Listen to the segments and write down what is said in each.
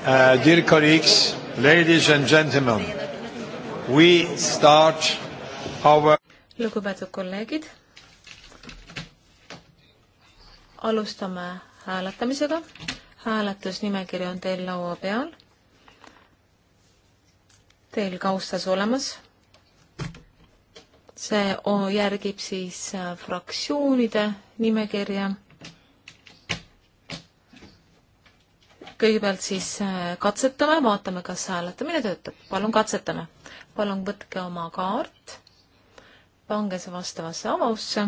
Uh, dear colleagues, ladies and gentlemen, we start our lugupeetud kolleegid, alustame hääletamisega. hääletusnimekiri on teil laua peal. Teil kaustas olemas. see järgib siis äh, fraktsioonide nimekirja kõigepealt siis äh, katsetame, vaatame, kas hääletamine töötab. palun katsetame. palun võtke oma kaart, pange see vastavasse avausse.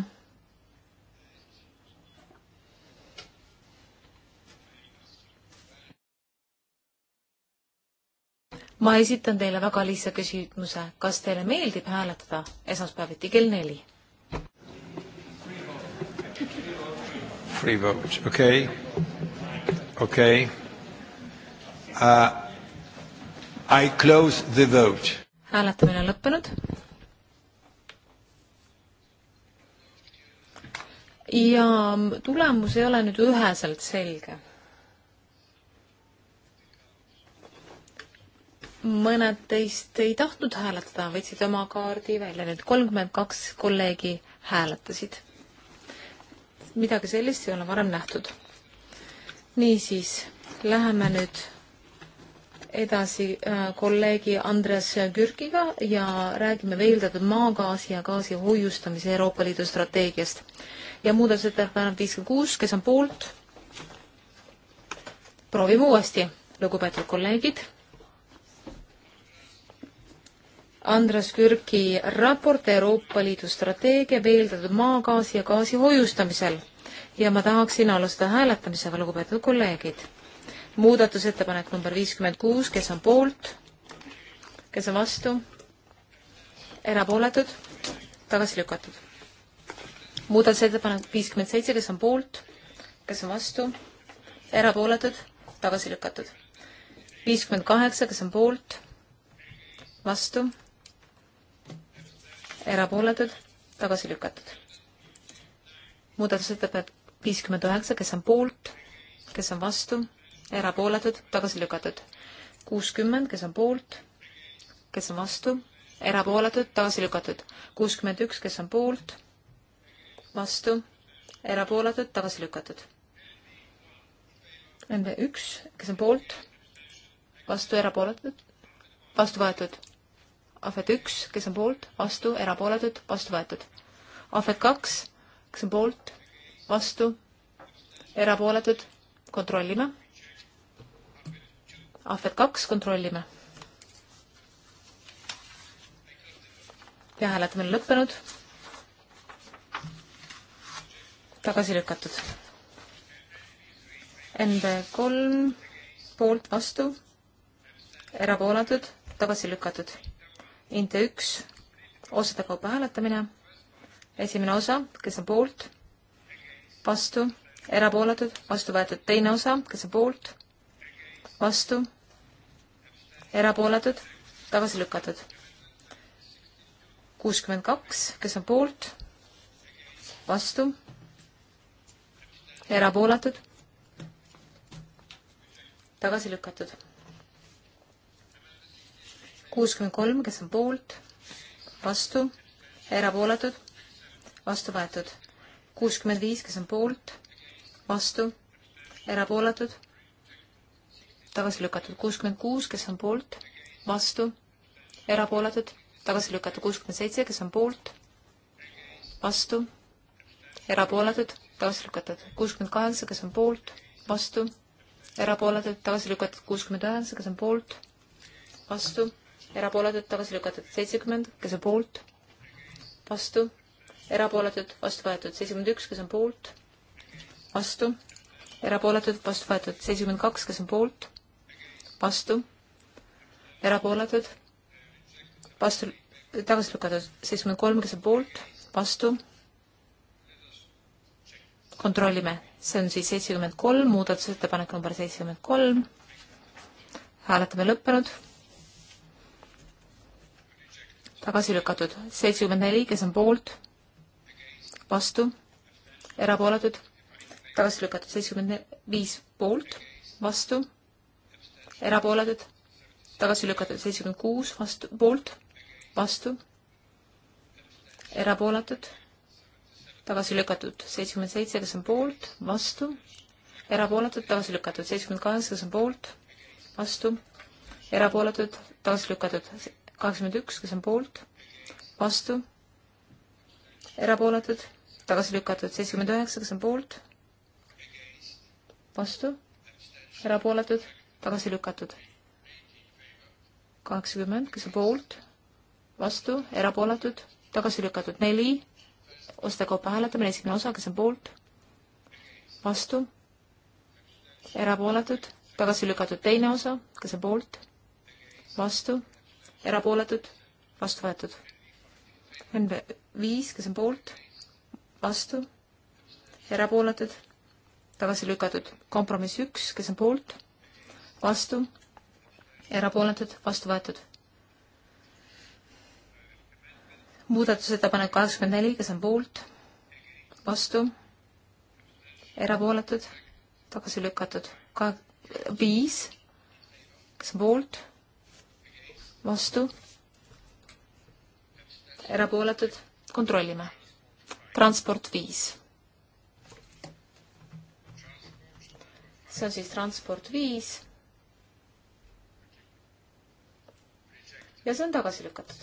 ma esitan teile väga lihtsa küsimuse, kas teile meeldib hääletada esmaspäeviti kell neli? Free vote, okei okay., okei okay Uh, I close the vote. hääletamine on lõppenud. ja tulemus ei ole nüüd üheselt selge. mõned teist ei tahtnud hääletada, võtsid oma kaardi välja, nüüd kolmkümmend kaks kolleegi hääletasid. midagi sellist ei ole varem nähtud. niisiis, läheme nüüd edasi äh, kolleegi Andres Gürkiga ja räägime veeldatud maagaasi ja gaasi hoiustamise Euroopa Liidu strateegiast. ja muudatusettepanek viiskümmend kuus, kes on poolt? proovime uuesti, lugupeetud kolleegid. Andres Gürki raport Euroopa Liidu strateegia veeldatud maagaasi ja gaasi hoiustamisel ja ma tahaksin alustada hääletamisega, lugupeetud kolleegid muudatusettepanek number viiskümmend kuus, kes on poolt, kes on vastu, erapooletud, tagasi lükatud. muudatusettepanek viiskümmend seitse, kes on poolt, kes on vastu, erapooletud, tagasi lükatud. viiskümmend kaheksa, kes on poolt, vastu, erapooletud, tagasi lükatud. muudatusettepanek viiskümmend üheksa, kes on poolt, kes on vastu erapooletud, tagasi lükatud. kuuskümmend, kes on poolt, kes on vastu, erapooletud, tagasi lükatud. kuuskümmend üks, kes on poolt, vastu, erapooletud, tagasi lükatud. Nende üks, kes on poolt, vastu, erapooletud, vastu võetud. ahvet üks, kes on poolt, vastu, erapooletud, vastu võetud. ahvet kaks, kes on poolt, vastu, erapooletud, kontrollime ahved kaks kontrollime. ja hääletamine lõppenud. tagasi lükatud. NB kolm poolt vastu, erapooletud, tagasi lükatud. Int üks, osade kaupa hääletamine. esimene osa, kes on poolt, vastu, erapooletud, vastu võetud teine osa, kes on poolt vastu, erapooletud, tagasi lükatud. kuuskümmend kaks, kes on poolt, vastu, erapooletud, tagasi lükatud. kuuskümmend kolm, kes on poolt, vastu, erapooletud, vastu võetud. kuuskümmend viis, kes on poolt, vastu, erapooletud tagasi lükatud kuuskümmend kuus, kes on poolt, vastu, erapooletud, tagasi lükatud kuuskümmend seitse, kes on poolt, vastu, erapooletud, tagasi lükatud kuuskümmend kaheksa, kes on poolt, vastu, erapooletud, tagasi lükatud kuuskümmend üheksa, kes on poolt, vastu, erapooletud, tagasi lükatud seitsekümmend, kes on poolt, vastu, erapooletud, vastu võetud seitsekümmend üks, kes on poolt, vastu, erapooletud, vastu võetud seitsekümmend kaks, kes on poolt, vastu, erapooletud, vastu, tagasi lükatud, seitsekümmend kolm, kes on poolt, vastu, kontrollime, see on siis seitsekümmend kolm, muudatusettepanek number seitsekümmend kolm, hääletame lõppenud, tagasi lükatud, seitsekümmend neli, kes on poolt, vastu, erapooletud tagasi lükatud seitsekümmend viis poolt, vastu, erapooletud, tagasi lükatud seitsekümmend kuus vastu, poolt, vastu, erapooletud, tagasi lükatud seitsekümmend seitse, kes on poolt, vastu, erapooletud, tagasi lükatud seitsekümmend kaheksa, kes on poolt, vastu, erapooletud, tagasi lükatud kaheksakümmend üks, kes on poolt, vastu, erapooletud, tagasi lükatud seitsekümmend üheksa, kes on poolt, vastu, erapooletud tagasi lükatud. kaheksakümmend, kes on poolt, vastu, erapooletud, tagasi lükatud neli, osta kaupa hääletamine, esimene osa, kes on poolt, vastu, erapooletud, tagasi lükatud teine osa, kes on poolt, vastu, erapooletud, vastu võetud. viis, kes on poolt, vastu, erapooletud, tagasi lükatud. kompromiss üks, kes on poolt vastu, erapooletud, vastu võetud. muudatusettepanek kaheksakümmend neli, kes on poolt, vastu, erapooletud, tagasi lükatud, ka viis, kes on poolt, vastu, erapooletud, kontrollime. transport viis see on siis transport viis. ja see on tagasi lükatud.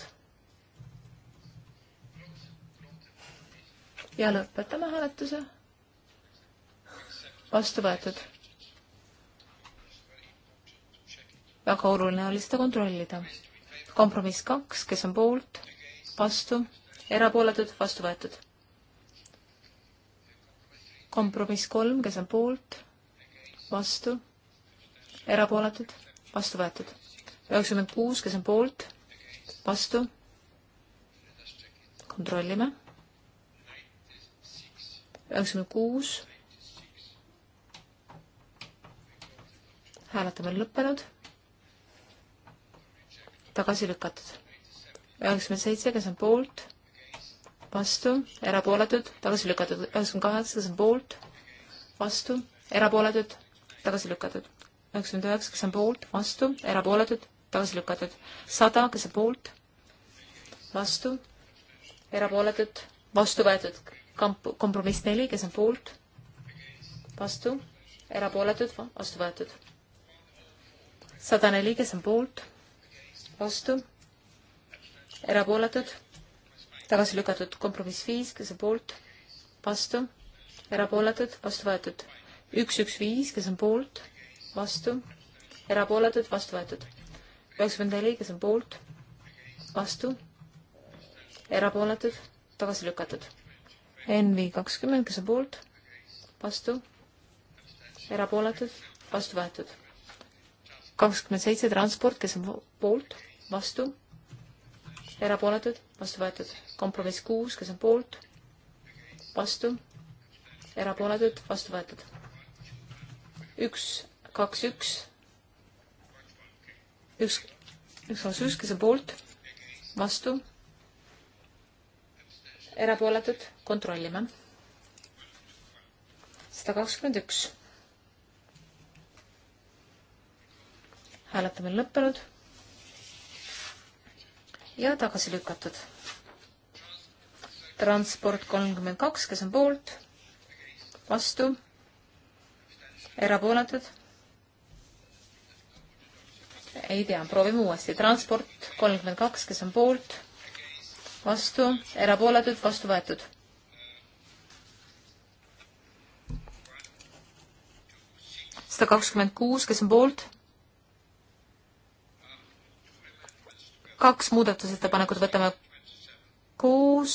ja lõpetame hääletuse. vastu võetud. väga oluline oli seda kontrollida. kompromiss kaks, kes on poolt, vastu, erapooletud, vastu võetud. kompromiss kolm, kes on poolt, vastu, erapooletud, vastu võetud üheksakümmend kuus, kes on poolt, vastu. kontrollime. üheksakümmend kuus. hääletamine on lõppenud. tagasi lükatud. üheksakümmend seitse, kes on poolt, vastu, erapooletud, tagasi lükatud. üheksakümmend kaheksa, kes on poolt, vastu, erapooletud, tagasi lükatud. üheksakümmend üheksa, kes on poolt, vastu, erapooletud tagasi lükatud. sada, kes on poolt, vastu, erapooletud, vastu võetud. kamp-, kompromiss neli, kes on poolt, vastu, erapooletud, vastu võetud. sada neli, kes on poolt, vastu, erapooletud, tagasi lükatud. kompromiss viis, kes on poolt, vastu, erapooletud, vastu võetud. üks, üks, viis, kes on poolt, vastu, erapooletud, vastu võetud üheksakümmend neli, kes on poolt, vastu, erapooletud, tagasi lükatud. NV kakskümmend, kes on poolt, vastu, erapooletud, vastu võetud. kakskümmend seitse, transport, kes on poolt, vastu, erapooletud, vastu võetud. kompromiss kuus, kes on poolt, vastu, erapooletud, vastu võetud. üks, kaks, üks üks, üks osa ükskese poolt, vastu, erapooletud, kontrollime. sada kakskümmend üks. hääletamine lõppenud ja tagasi lükatud. transport kolmkümmend kaks, kes on poolt, vastu, erapooletud ei tea, proovime uuesti. transport kolmkümmend kaks, kes on poolt, vastu, erapooletud, vastu võetud. sada kakskümmend kuus, kes on poolt? kaks muudatusettepanekut võtame kuus,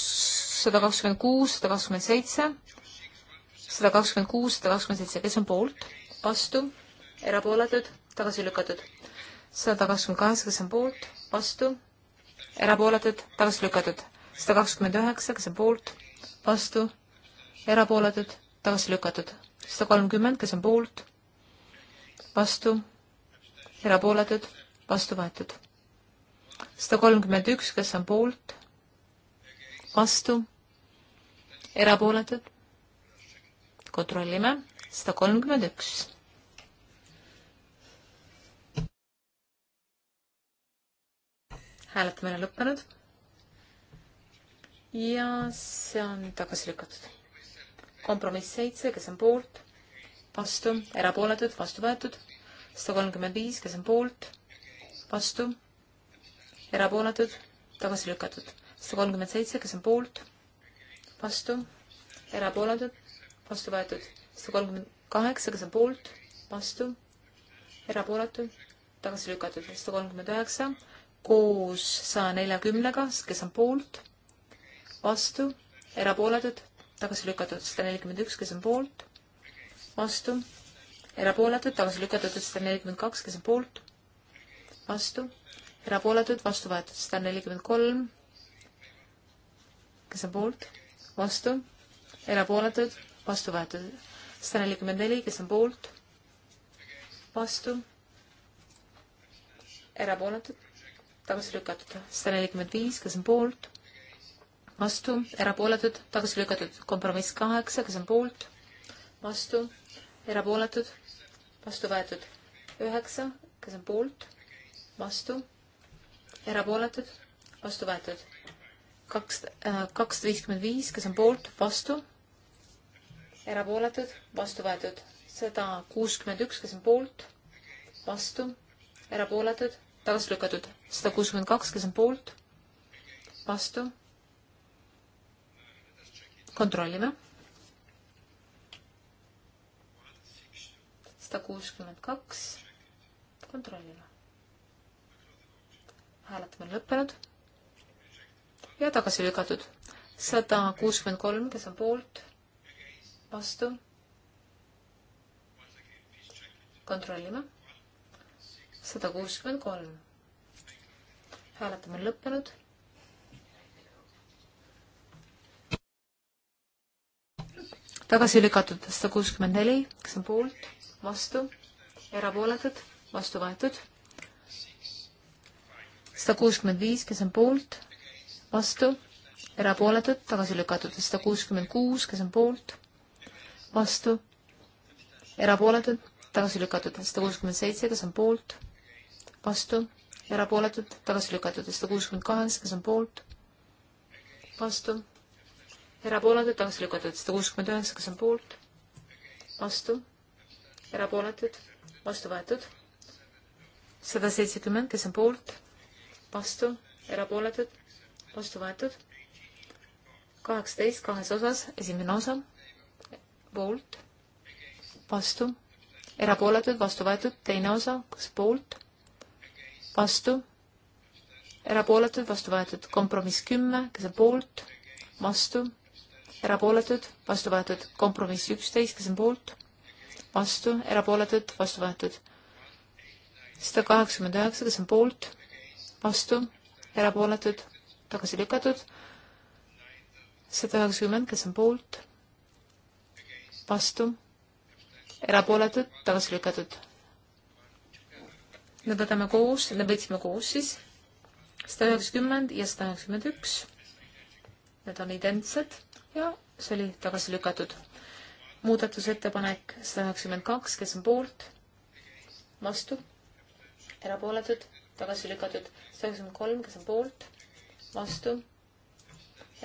sada kakskümmend kuus, sada kakskümmend seitse, sada kakskümmend kuus, sada kakskümmend seitse, kes on poolt, vastu, erapooletud, tagasi lükatud sada kakskümmend kaheksa, kes on poolt, vastu, erapooletud, tagasi lükatud. sada kakskümmend üheksa, kes on poolt, vastu, erapooletud, tagasi lükatud. sada kolmkümmend, kes on poolt, vastu, erapooletud, vastu võetud. sada kolmkümmend üks, kes on poolt, vastu, erapooletud, kontrollime, sada kolmkümmend üks hääletamine lõppenud. ja see on tagasi lükatud. kompromiss seitse, kes on poolt, vastu, erapooletud, vastu võetud. sada kolmkümmend viis, kes on poolt, vastu, erapooletud, tagasi lükatud. sada kolmkümmend seitse, kes on poolt, vastu, erapooletud, vastu võetud. sada kolmkümmend kaheksa, kes on poolt, vastu, erapooletud, tagasi lükatud. sada kolmkümmend üheksa koos saja neljakümnega, kes on poolt, vastu, erapooletud, tagasi lükatud sada nelikümmend üks, kes on poolt, vastu, erapooletud, tagasi lükatud sada nelikümmend kaks, kes on poolt, vastu, erapooletud, vastu võetud sada nelikümmend kolm, kes on poolt, vastu, erapooletud, vastu võetud sada nelikümmend neli, kes on poolt, vastu, erapooletud, tagasi lükatud. sada nelikümmend viis, kes on poolt, vastu, erapooletud, tagasi lükatud. kompromiss kaheksa, kes on poolt, vastu, erapooletud, vastu võetud. üheksa, kes on poolt, vastu, erapooletud, vastu võetud. kaks, äh, kakssada viiskümmend viis, kes on poolt, vastu, erapooletud, vastu võetud. sada kuuskümmend üks, kes on poolt, vastu, erapooletud, tagasi lükatud sada kuuskümmend kaks, kes on poolt, vastu. kontrollime. sada kuuskümmend kaks, kontrollime. hääletamine on lõppenud ja tagasi lükatud sada kuuskümmend kolm, kes on poolt, vastu. kontrollime sada kuuskümmend kolm. hääletamine lõppenud. tagasi lükatud sada kuuskümmend neli, kes on poolt, vastu, erapooletud, vastu võetud. sada kuuskümmend viis, kes on poolt, vastu, erapooletud, tagasi lükatud. sada kuuskümmend kuus, kes on poolt, vastu, erapooletud, tagasi lükatud. sada kuuskümmend seitse, kes on poolt vastu, erapooletud, tagasi lükatud, sada kuuskümmend kaheksa, kes on poolt, vastu, erapooletud, tagasi lükatud, sada kuuskümmend üheksa, kes on poolt, vastu, erapooletud, vastu võetud, sada seitsekümmend, kes on poolt, vastu, erapooletud, vastu võetud, kaheksateist kahes osas, esimene osa, poolt, vastu, erapooletud, vastu võetud, teine osa, kas poolt vastu, erapooletud, vastu võetud. kompromiss kümme, kes on poolt, vastu, erapooletud, vastu võetud. kompromiss üksteist, kes on poolt, vastu, erapooletud, vastu võetud. sada kaheksakümmend üheksa, kes on poolt, vastu, erapooletud, tagasi lükatud. sada üheksakümmend, kes on poolt, vastu, erapooletud, tagasi lükatud. Need võtame koos, need võtsime koos siis. sada üheksakümmend ja sada üheksakümmend üks. Need on identsed ja see oli tagasi lükatud. muudatusettepanek sada üheksakümmend kaks, kes on poolt, vastu, erapooletud, tagasi lükatud. sada üheksakümmend kolm, kes on poolt, vastu,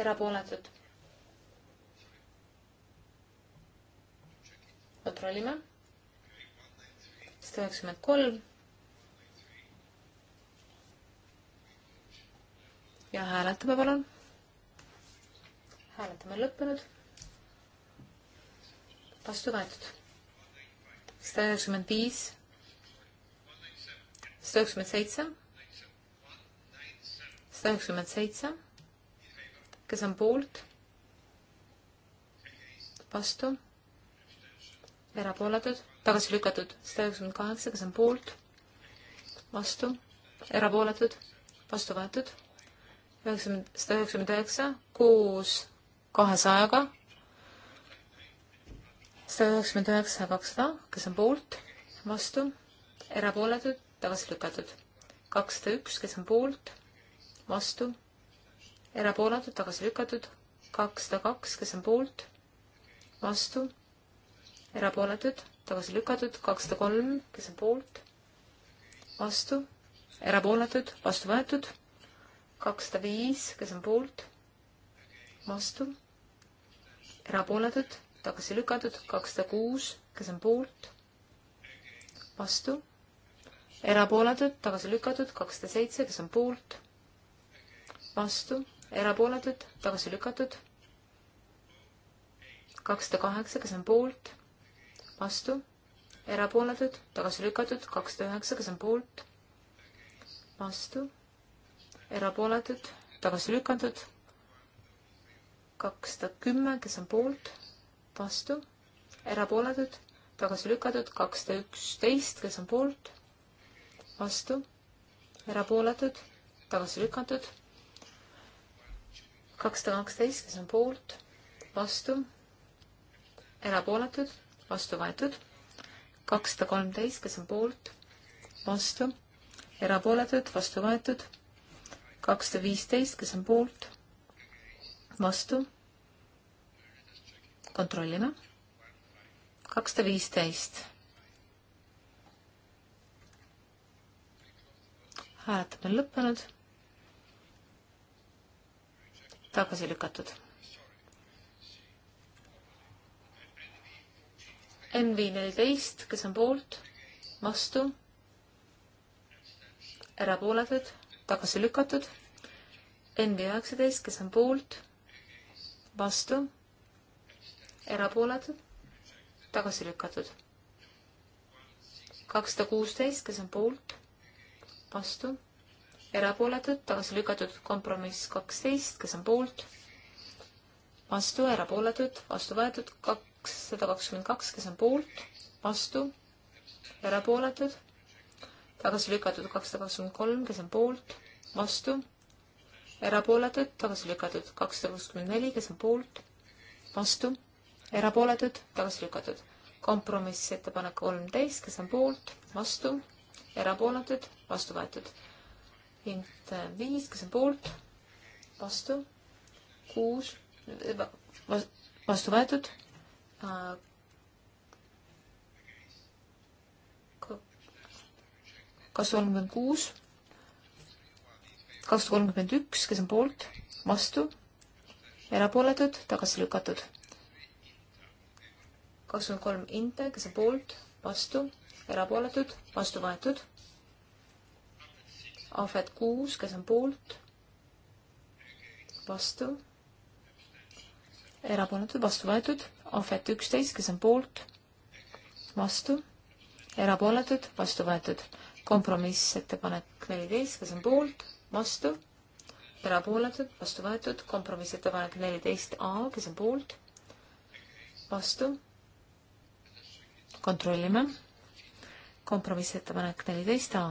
erapooletud. kontrollime. sada üheksakümmend kolm ja hääletame palun. hääletame lõppenud. vastu võetud. sada üheksakümmend viis, sada üheksakümmend seitse, sada üheksakümmend seitse, kes on poolt, vastu, erapooletud, tagasi lükatud, sada üheksakümmend kaheksa, kes on poolt, vastu, erapooletud, vastu võetud üheksakümmend, sada üheksakümmend üheksa, kuus kahesajaga, sada üheksakümmend üheksa, kakssada, kes on poolt, vastu, erapooletud, tagasi lükatud. kakssada üks, kes on poolt, vastu, erapooletud, tagasi lükatud. kakssada kaks, kes on poolt, vastu, erapooletud, tagasi lükatud. kakssada kolm, kes on poolt, vastu, erapooletud, vastu võetud kakssada viis, kes on poolt, vastu, erapooletud, tagasi lükatud, kakssada kuus, kes on poolt, vastu, erapooletud, tagasi lükatud, kakssada seitse, kes on poolt, vastu, erapooletud, tagasi lükatud, kakssada kaheksa, kes on poolt, vastu, erapooletud, tagasi lükatud, kakssada üheksa, kes on poolt, vastu erapooletud, tagasi lükatud. kakssada kümme, kes on poolt, vastu, erapooletud, tagasi lükatud, kakssada üksteist, kes on poolt, vastu, erapooletud, tagasi lükatud. kakssada kaksteist, kes on poolt, vastu, erapooletud, vastu võetud. kakssada kolmteist, kes on poolt, vastu, erapooletud, vastu võetud kakssada viisteist, kes on poolt, vastu, kontrollime, kakssada viisteist. hääletamine lõppenud, tagasi lükatud NV14, kes on poolt, vastu, erapooletud, tagasi lükatud. NB üheksateist, kes on poolt, vastu, erapooletud, tagasi lükatud. kakssada kuusteist, kes on poolt, vastu, erapooletud, tagasi lükatud, kompromiss kaksteist, kes on poolt, vastu, erapooletud, vastu võetud, kakssada kakskümmend kaks, kes on poolt, vastu, erapooletud tagasi lükatud kakssada kakskümmend kolm, kes on poolt, vastu, erapooletud, tagasi lükatud, kakssada kuuskümmend neli, kes on poolt, vastu, erapooletud, tagasi lükatud. kompromissettepanek kolmteist, kes on poolt, vastu, erapooletud, vastu võetud. int äh, viis, kes on poolt, vastu, kuus, äh, vastu võetud äh, kas kolmkümmend kuus kakssada kolmkümmend üks, kes on poolt, vastu, erapooletud, tagasi lükatud. kakskümmend kolm Inte, kes on poolt, vastu, erapooletud, vastu võetud. ahvet kuus, kes on poolt, vastu, erapooletud, vastu võetud. ahvet üksteist, kes on poolt, vastu, erapooletud, vastu võetud. kompromissettepanek neliteist, kes on poolt vastu, erapooletud, vastu võetud, kompromissettepanek neliteist A, kes on poolt, vastu, kontrollime, kompromissettepanek neliteist A.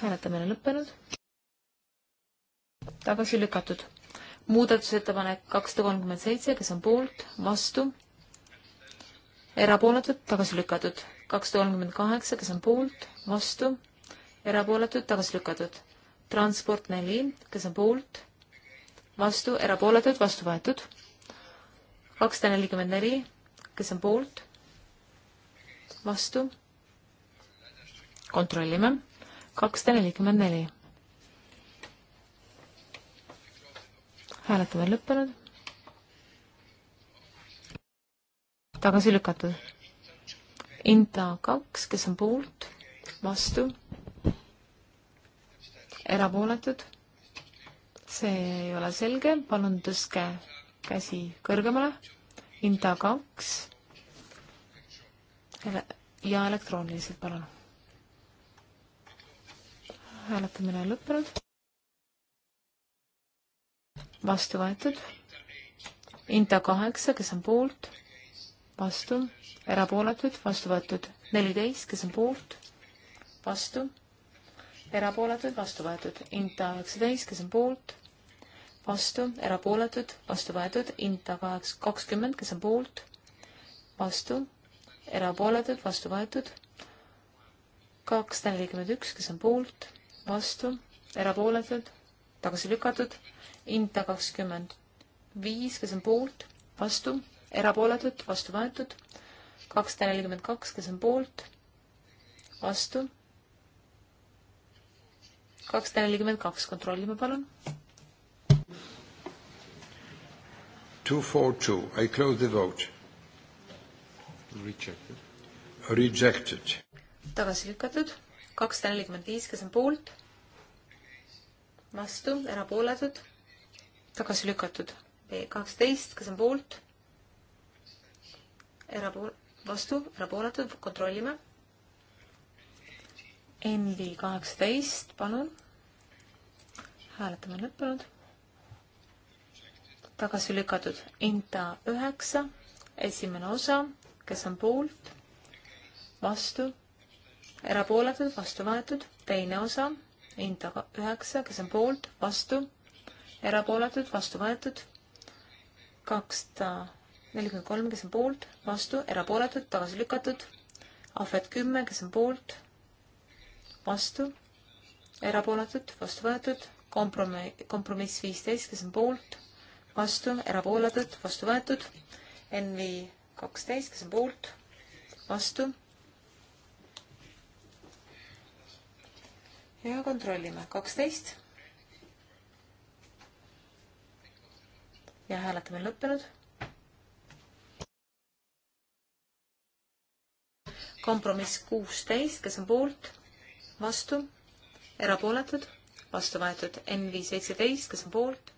hääletamine lõppenud, tagasi lükatud muudatusettepanek kakssada kolmkümmend seitse, kes on poolt, vastu erapooletud, tagasi lükatud. kakssada kolmkümmend kaheksa, kes on poolt, vastu, erapooletud, tagasi lükatud. transport neli, kes on poolt, vastu, erapooletud, vastu võetud. kakssada nelikümmend neli, kes on poolt, vastu, kontrollime, kakssada nelikümmend neli. hääletamine lõppenud tagasi lükatud. Inta kaks, kes on poolt, vastu, erapooletud. see ei ole selge, palun tõstke käsi kõrgemale. Inta kaks ja elektrooniliselt, palun. hääletamine on lõppenud. vastu võetud. Inta kaheksa, kes on poolt vastu, erapooletud, vastu võetud neliteist, kes on poolt, vastu, erapooletud, vastu võetud, Inta üheksateist, kes on poolt, vastu, erapooletud, vastu võetud, Inta kaheksa, kakskümmend, kes on poolt, vastu, erapooletud, vastu võetud, kaks, nelikümmend üks, kes on poolt, vastu, erapooletud, tagasi lükatud, Inta kakskümmend viis, kes on poolt, vastu, erapooletud, vastu võetud, kakssada nelikümmend kaks, kes on poolt, vastu, kakssada nelikümmend kaks, kontrollime palun. Two four two, I close the vote. Rejected. Rejected. tagasi lükatud, kakssada nelikümmend viis, kes on poolt, vastu, erapooletud, tagasi lükatud, kaksteist, kes on poolt erapool-, vastu, erapooletud, kontrollime. NV kaheksateist, palun. hääletame lõppenud. tagasi lükatud INTA üheksa, esimene osa, kes on poolt, vastu, erapooletud, vastu võetud, teine osa, INTA üheksa, kes on poolt, vastu, erapooletud, vastu võetud, kakssada nelikümmend kolm, kes on poolt, vastu, erapooletud, tagasi lükatud. ahvet kümme, kes on poolt, vastu, erapooletud, vastu võetud. kompromiss, kompromiss viisteist, kes on poolt, vastu, erapooletud, vastu võetud. NV kaksteist, kes on poolt, vastu. ja kontrollime, kaksteist. ja hääletamine lõppenud kompromiss kuusteist, kes on poolt, vastu, erapooletud, vastu võetud. NV seitseteist, kes on poolt,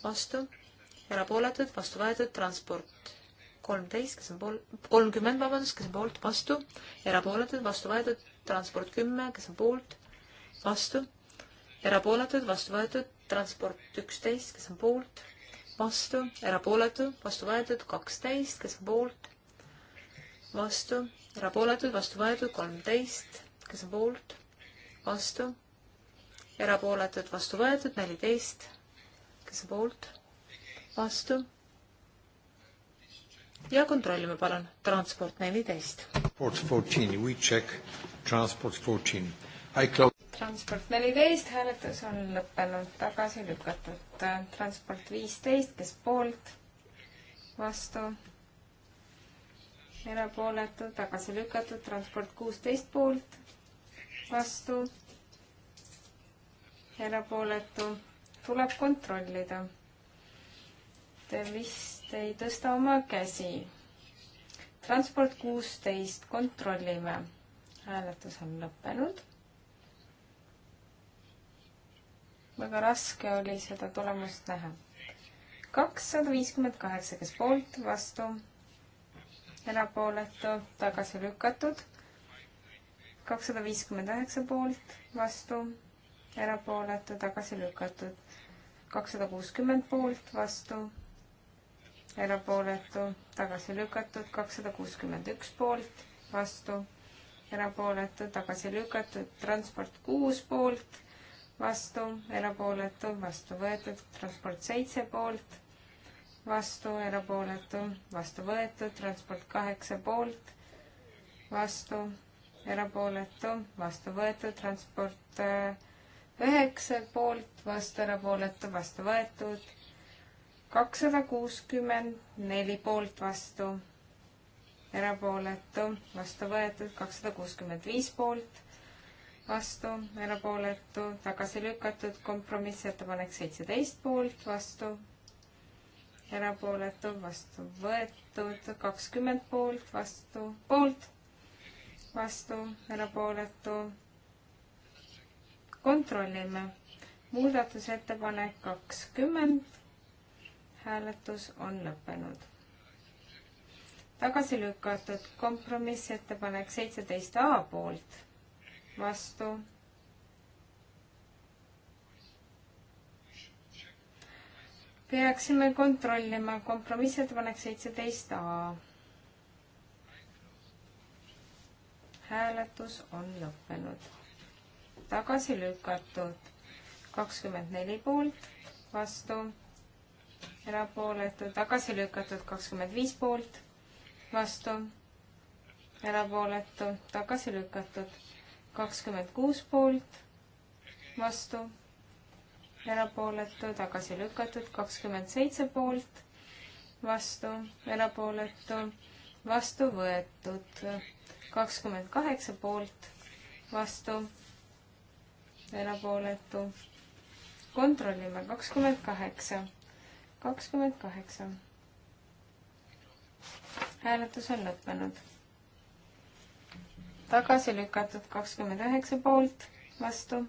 vastu, erapooletud, vastu võetud, transport kolmteist, kes on pool, kolmkümmend, vabandust, kes on poolt, vastu, erapooletud, vastu võetud, transport kümme, kes on poolt, vastu, erapooletud, vastu võetud, transport üksteist, kes on poolt, vastu, erapooletu, vastu võetud, kaksteist, kes on poolt, vastu, erapooletud, vastu võetud, kolmteist, kes on poolt, vastu, erapooletud, vastu võetud, neliteist, kes on poolt, vastu. ja kontrollime palun, transport neliteist. transport neliteist, hääletus on lõppenud, tagasi lükatud. transport viisteist, kes poolt, vastu erapooletu, tagasi lükatud, transport kuusteist poolt, vastu, erapooletu, tuleb kontrollida. Te vist ei tõsta oma käsi. transport kuusteist, kontrollime. hääletus on lõppenud. väga raske oli seda tulemust näha. kakssada viiskümmend kaheksa, kes poolt, vastu erapooletu, tagasi lükatud. kakssada viiskümmend üheksa poolt, vastu, erapooletu, tagasi lükatud. kakssada kuuskümmend poolt, vastu, erapooletu, tagasi lükatud. kakssada kuuskümmend üks poolt, vastu, erapooletu, tagasi lükatud. transport kuus poolt, vastu, erapooletu, vastu võetud. transport seitse poolt vastu, erapooletu, vastu võetud, transport kaheksa poolt, vastu, erapooletu, vastu võetud, transport äh, üheksa poolt, vastu, erapooletu, vastu võetud, kakssada kuuskümmend neli poolt, vastu, erapooletu, vastu võetud, kakssada kuuskümmend viis poolt vastu, erapooletu, tagasi lükatud, kompromissettepanek seitseteist poolt, vastu, erapooletu, vastu võetud, kakskümmend poolt, vastu, poolt, vastu, erapooletu. kontrollime. muudatusettepanek kakskümmend. hääletus on lõppenud. tagasi lükatud kompromissettepanek seitseteist A poolt, vastu peaksime kontrollima kompromissettepanek seitseteist A. hääletus on lõppenud. tagasi lükatud kakskümmend neli poolt, vastu, erapooletu, tagasi lükatud kakskümmend viis poolt, vastu, erapooletu, tagasi lükatud kakskümmend kuus poolt, vastu erapooletu, tagasi lükatud, kakskümmend seitse poolt, vastu, erapooletu, vastu võetud, kakskümmend kaheksa poolt, vastu, erapooletu. kontrollime, kakskümmend kaheksa, kakskümmend kaheksa. hääletus on lõppenud. tagasi lükatud kakskümmend üheksa poolt, vastu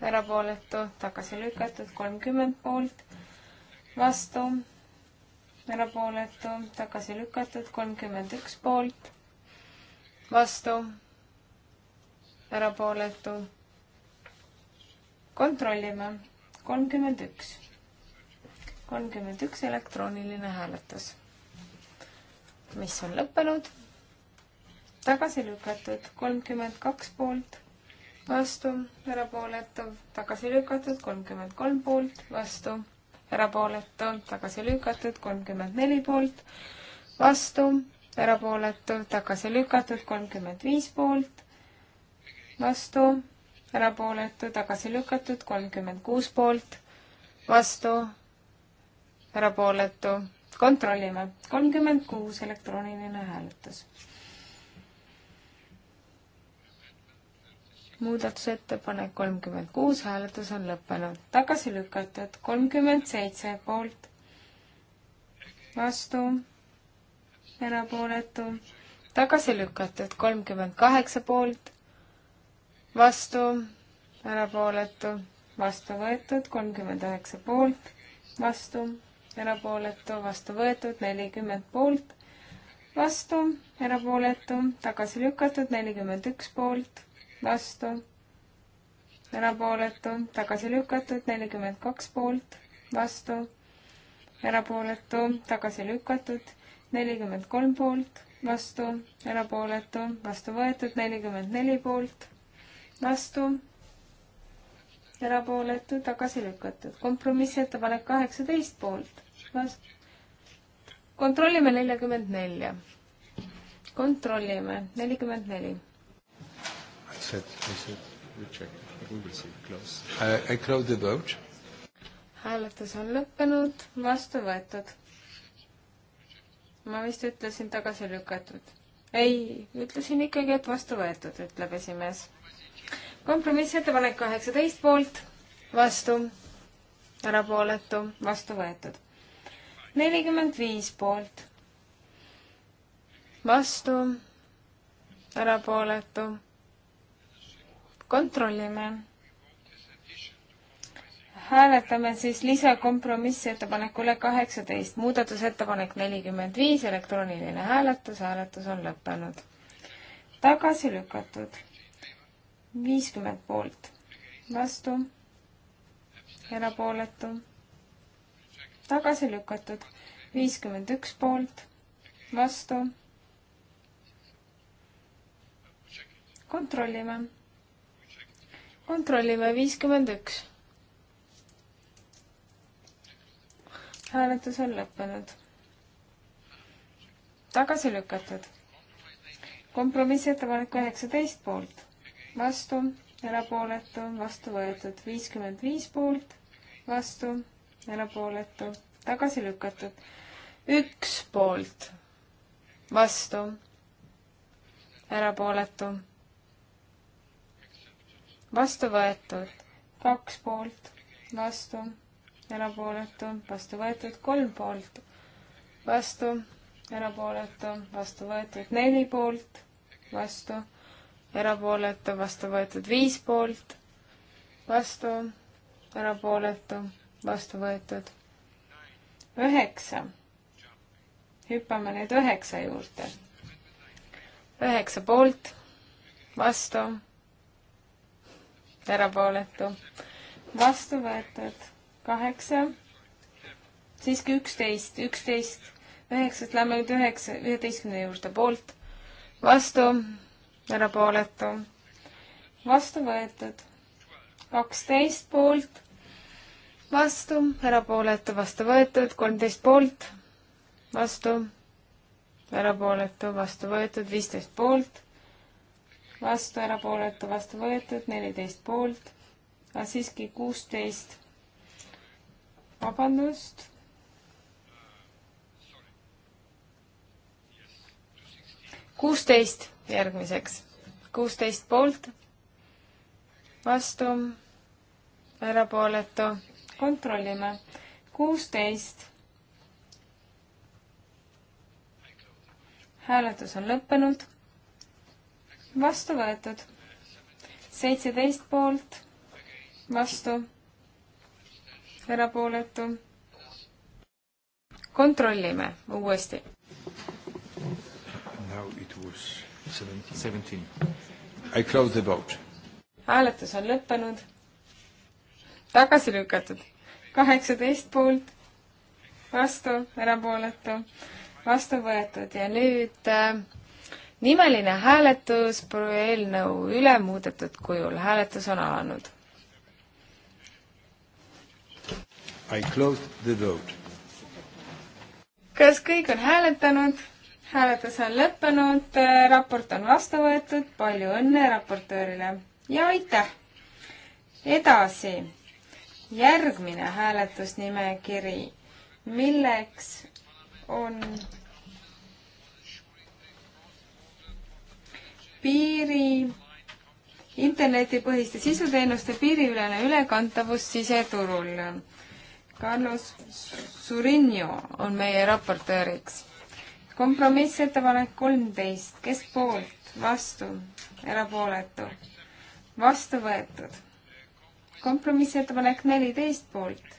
erapooletu, tagasi lükatud, kolmkümmend poolt, vastu, erapooletu, tagasi lükatud, kolmkümmend üks poolt, vastu, erapooletu. kontrollime, kolmkümmend üks, kolmkümmend üks elektrooniline hääletus, mis on lõppenud tagasi lükatud, kolmkümmend kaks poolt, vastu, erapooletu, tagasi lükatud, kolmkümmend kolm poolt, vastu, erapooletu, tagasi lükatud, kolmkümmend neli poolt, vastu, erapooletu, tagasi lükatud, kolmkümmend viis poolt, vastu, erapooletu, tagasi lükatud, kolmkümmend kuus poolt, vastu, erapooletu, kontrollime, kolmkümmend kuus elektrooniline hääletus muudatusettepanek kolmkümmend kuus, hääletus on lõppenud. tagasi lükatud kolmkümmend seitse poolt, vastu, erapooletu, tagasi lükatud kolmkümmend kaheksa poolt, vastu, erapooletu, vastu võetud kolmkümmend üheksa poolt, vastu, erapooletu, vastu võetud nelikümmend poolt, vastu, erapooletu, tagasi lükatud nelikümmend üks poolt vastu, erapooletu, tagasi lükatud, nelikümmend kaks poolt, vastu, erapooletu, tagasi lükatud, nelikümmend kolm poolt, vastu, erapooletu, vastu võetud, nelikümmend neli poolt, vastu, erapooletu, tagasi lükatud. kompromissettepanek kaheksateist poolt, vastu. kontrollime neljakümmend nelja. kontrollime, nelikümmend neli said, I said, we check, we will see, close. I, I close the vote. hääletus on lõppenud, vastu võetud. ma vist ütlesin tagasi lükatud. ei, ütlesin ikkagi, et vastu võetud, ütleb esimees. kompromissettepanek kaheksateist poolt, vastu, erapooletu, vastu võetud. nelikümmend viis poolt, vastu, erapooletu kontrollime. hääletame siis lisakompromissettepanekule kaheksateist, muudatusettepanek nelikümmend viis, elektrooniline hääletus, hääletus on lõppenud. tagasi lükatud. viiskümmend poolt, vastu, erapooletu, tagasi lükatud, viiskümmend üks poolt, vastu kontrollime kontrollime, viiskümmend üks. hääletus on lõppenud. tagasi lükatud. kompromissettepanek üheksateist poolt, vastu, erapooletu, vastu võetud, viiskümmend viis poolt, vastu, erapooletu, tagasi lükatud. üks poolt, vastu, erapooletu vastu võetud, kaks poolt, vastu, erapooletu, vastu võetud, kolm poolt, vastu, erapooletu, vastu võetud, neli poolt, vastu, erapooletu, vastu võetud, viis poolt, vastu, erapooletu, vastu võetud, üheksa. hüppame nüüd üheksa juurde. üheksa poolt, vastu erapooletu, vastu võetud kaheksa, siiski üksteist, üksteist, üheksast lähme nüüd üheksa, üheteistkümne juurde, poolt, vastu, erapooletu, vastu võetud kaksteist poolt, vastu, erapooletu, vastu võetud, kolmteist poolt, vastu, erapooletu, vastu võetud, viisteist poolt vastu, erapooletu, vastu võetud, neliteist poolt, aga siiski kuusteist. vabandust. kuusteist järgmiseks, kuusteist poolt, vastu, erapooletu, kontrollime, kuusteist. hääletus on lõppenud vastu võetud. seitseteist poolt, vastu, erapooletu. kontrollime uuesti. Now it was seventeen. I close the vote. hääletus on lõppenud. tagasi lükatud. kaheksateist poolt, vastu, erapooletu, vastu võetud ja nüüd äh, nimeline hääletus eelnõu üle muudetud kujul. hääletus on alanud. I closed the vote. kas kõik on hääletanud? hääletus on lõppenud, raport on vastu võetud, palju õnne raportöörile ja aitäh! edasi, järgmine hääletusnimekiri, milleks on piiri internetipõhiste sisuteenuste piiriülene ülekantavus siseturul. Carlos Surinio on meie raportööriks. kompromissettepanek kolmteist, kes poolt, vastu, erapooletu, vastu võetud. kompromissettepanek neliteist poolt,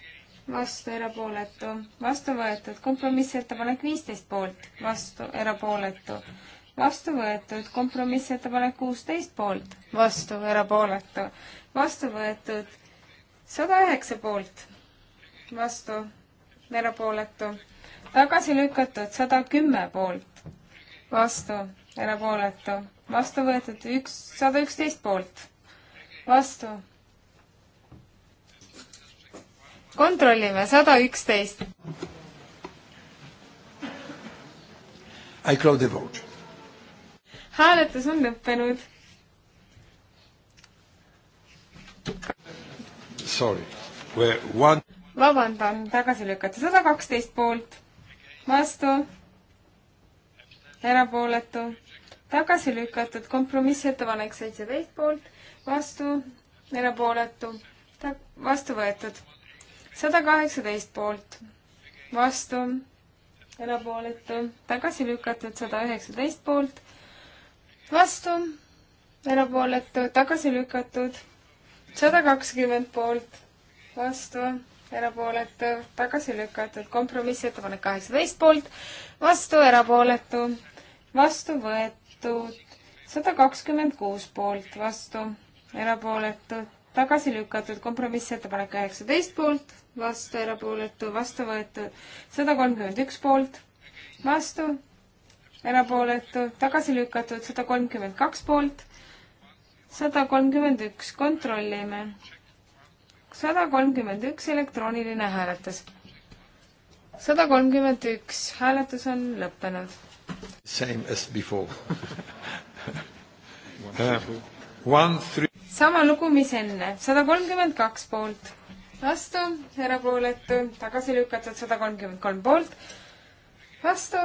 vastu, erapooletu, vastu võetud. kompromissettepanek viisteist poolt, vastu, erapooletu vastu võetud, kompromissettepanek kuusteist poolt, vastu, erapooletu, vastu võetud, sada üheksa poolt, vastu, erapooletu, tagasi lükatud, sada kümme poolt, vastu, erapooletu, vastu võetud üks, sada üksteist poolt, vastu. kontrollime, sada üksteist. I close the vote hääletus on lõppenud. One... vabandan, tagasi lükata, sada kaksteist poolt, vastu, erapooletu, tagasi lükatud, kompromissettepanek seitseteist poolt, vastu, erapooletu, ta-, vastu võetud, sada kaheksateist poolt, vastu, erapooletu, tagasi lükatud, sada üheksateist poolt, vastu, erapooletu, tagasi lükatud, sada kakskümmend poolt, vastu, erapooletu, tagasi lükatud, kompromissettepanek kaheksateist poolt, vastu, erapooletu, vastu võetud, sada kakskümmend kuus poolt, vastu, erapooletu, tagasi lükatud, kompromissettepanek üheksateist poolt, vastu, erapooletu, vastu võetud, sada kolmkümmend üks poolt, vastu, erapooletu, tagasi lükatud, sada kolmkümmend kaks poolt, sada kolmkümmend üks, kontrollime. sada kolmkümmend üks, elektrooniline hääletus. sada kolmkümmend üks, hääletus on lõppenud. Same as before uh,. One, three. sama lugu, mis enne, sada kolmkümmend kaks poolt, vastu, erapooletu, tagasi lükatud, sada kolmkümmend kolm poolt, vastu,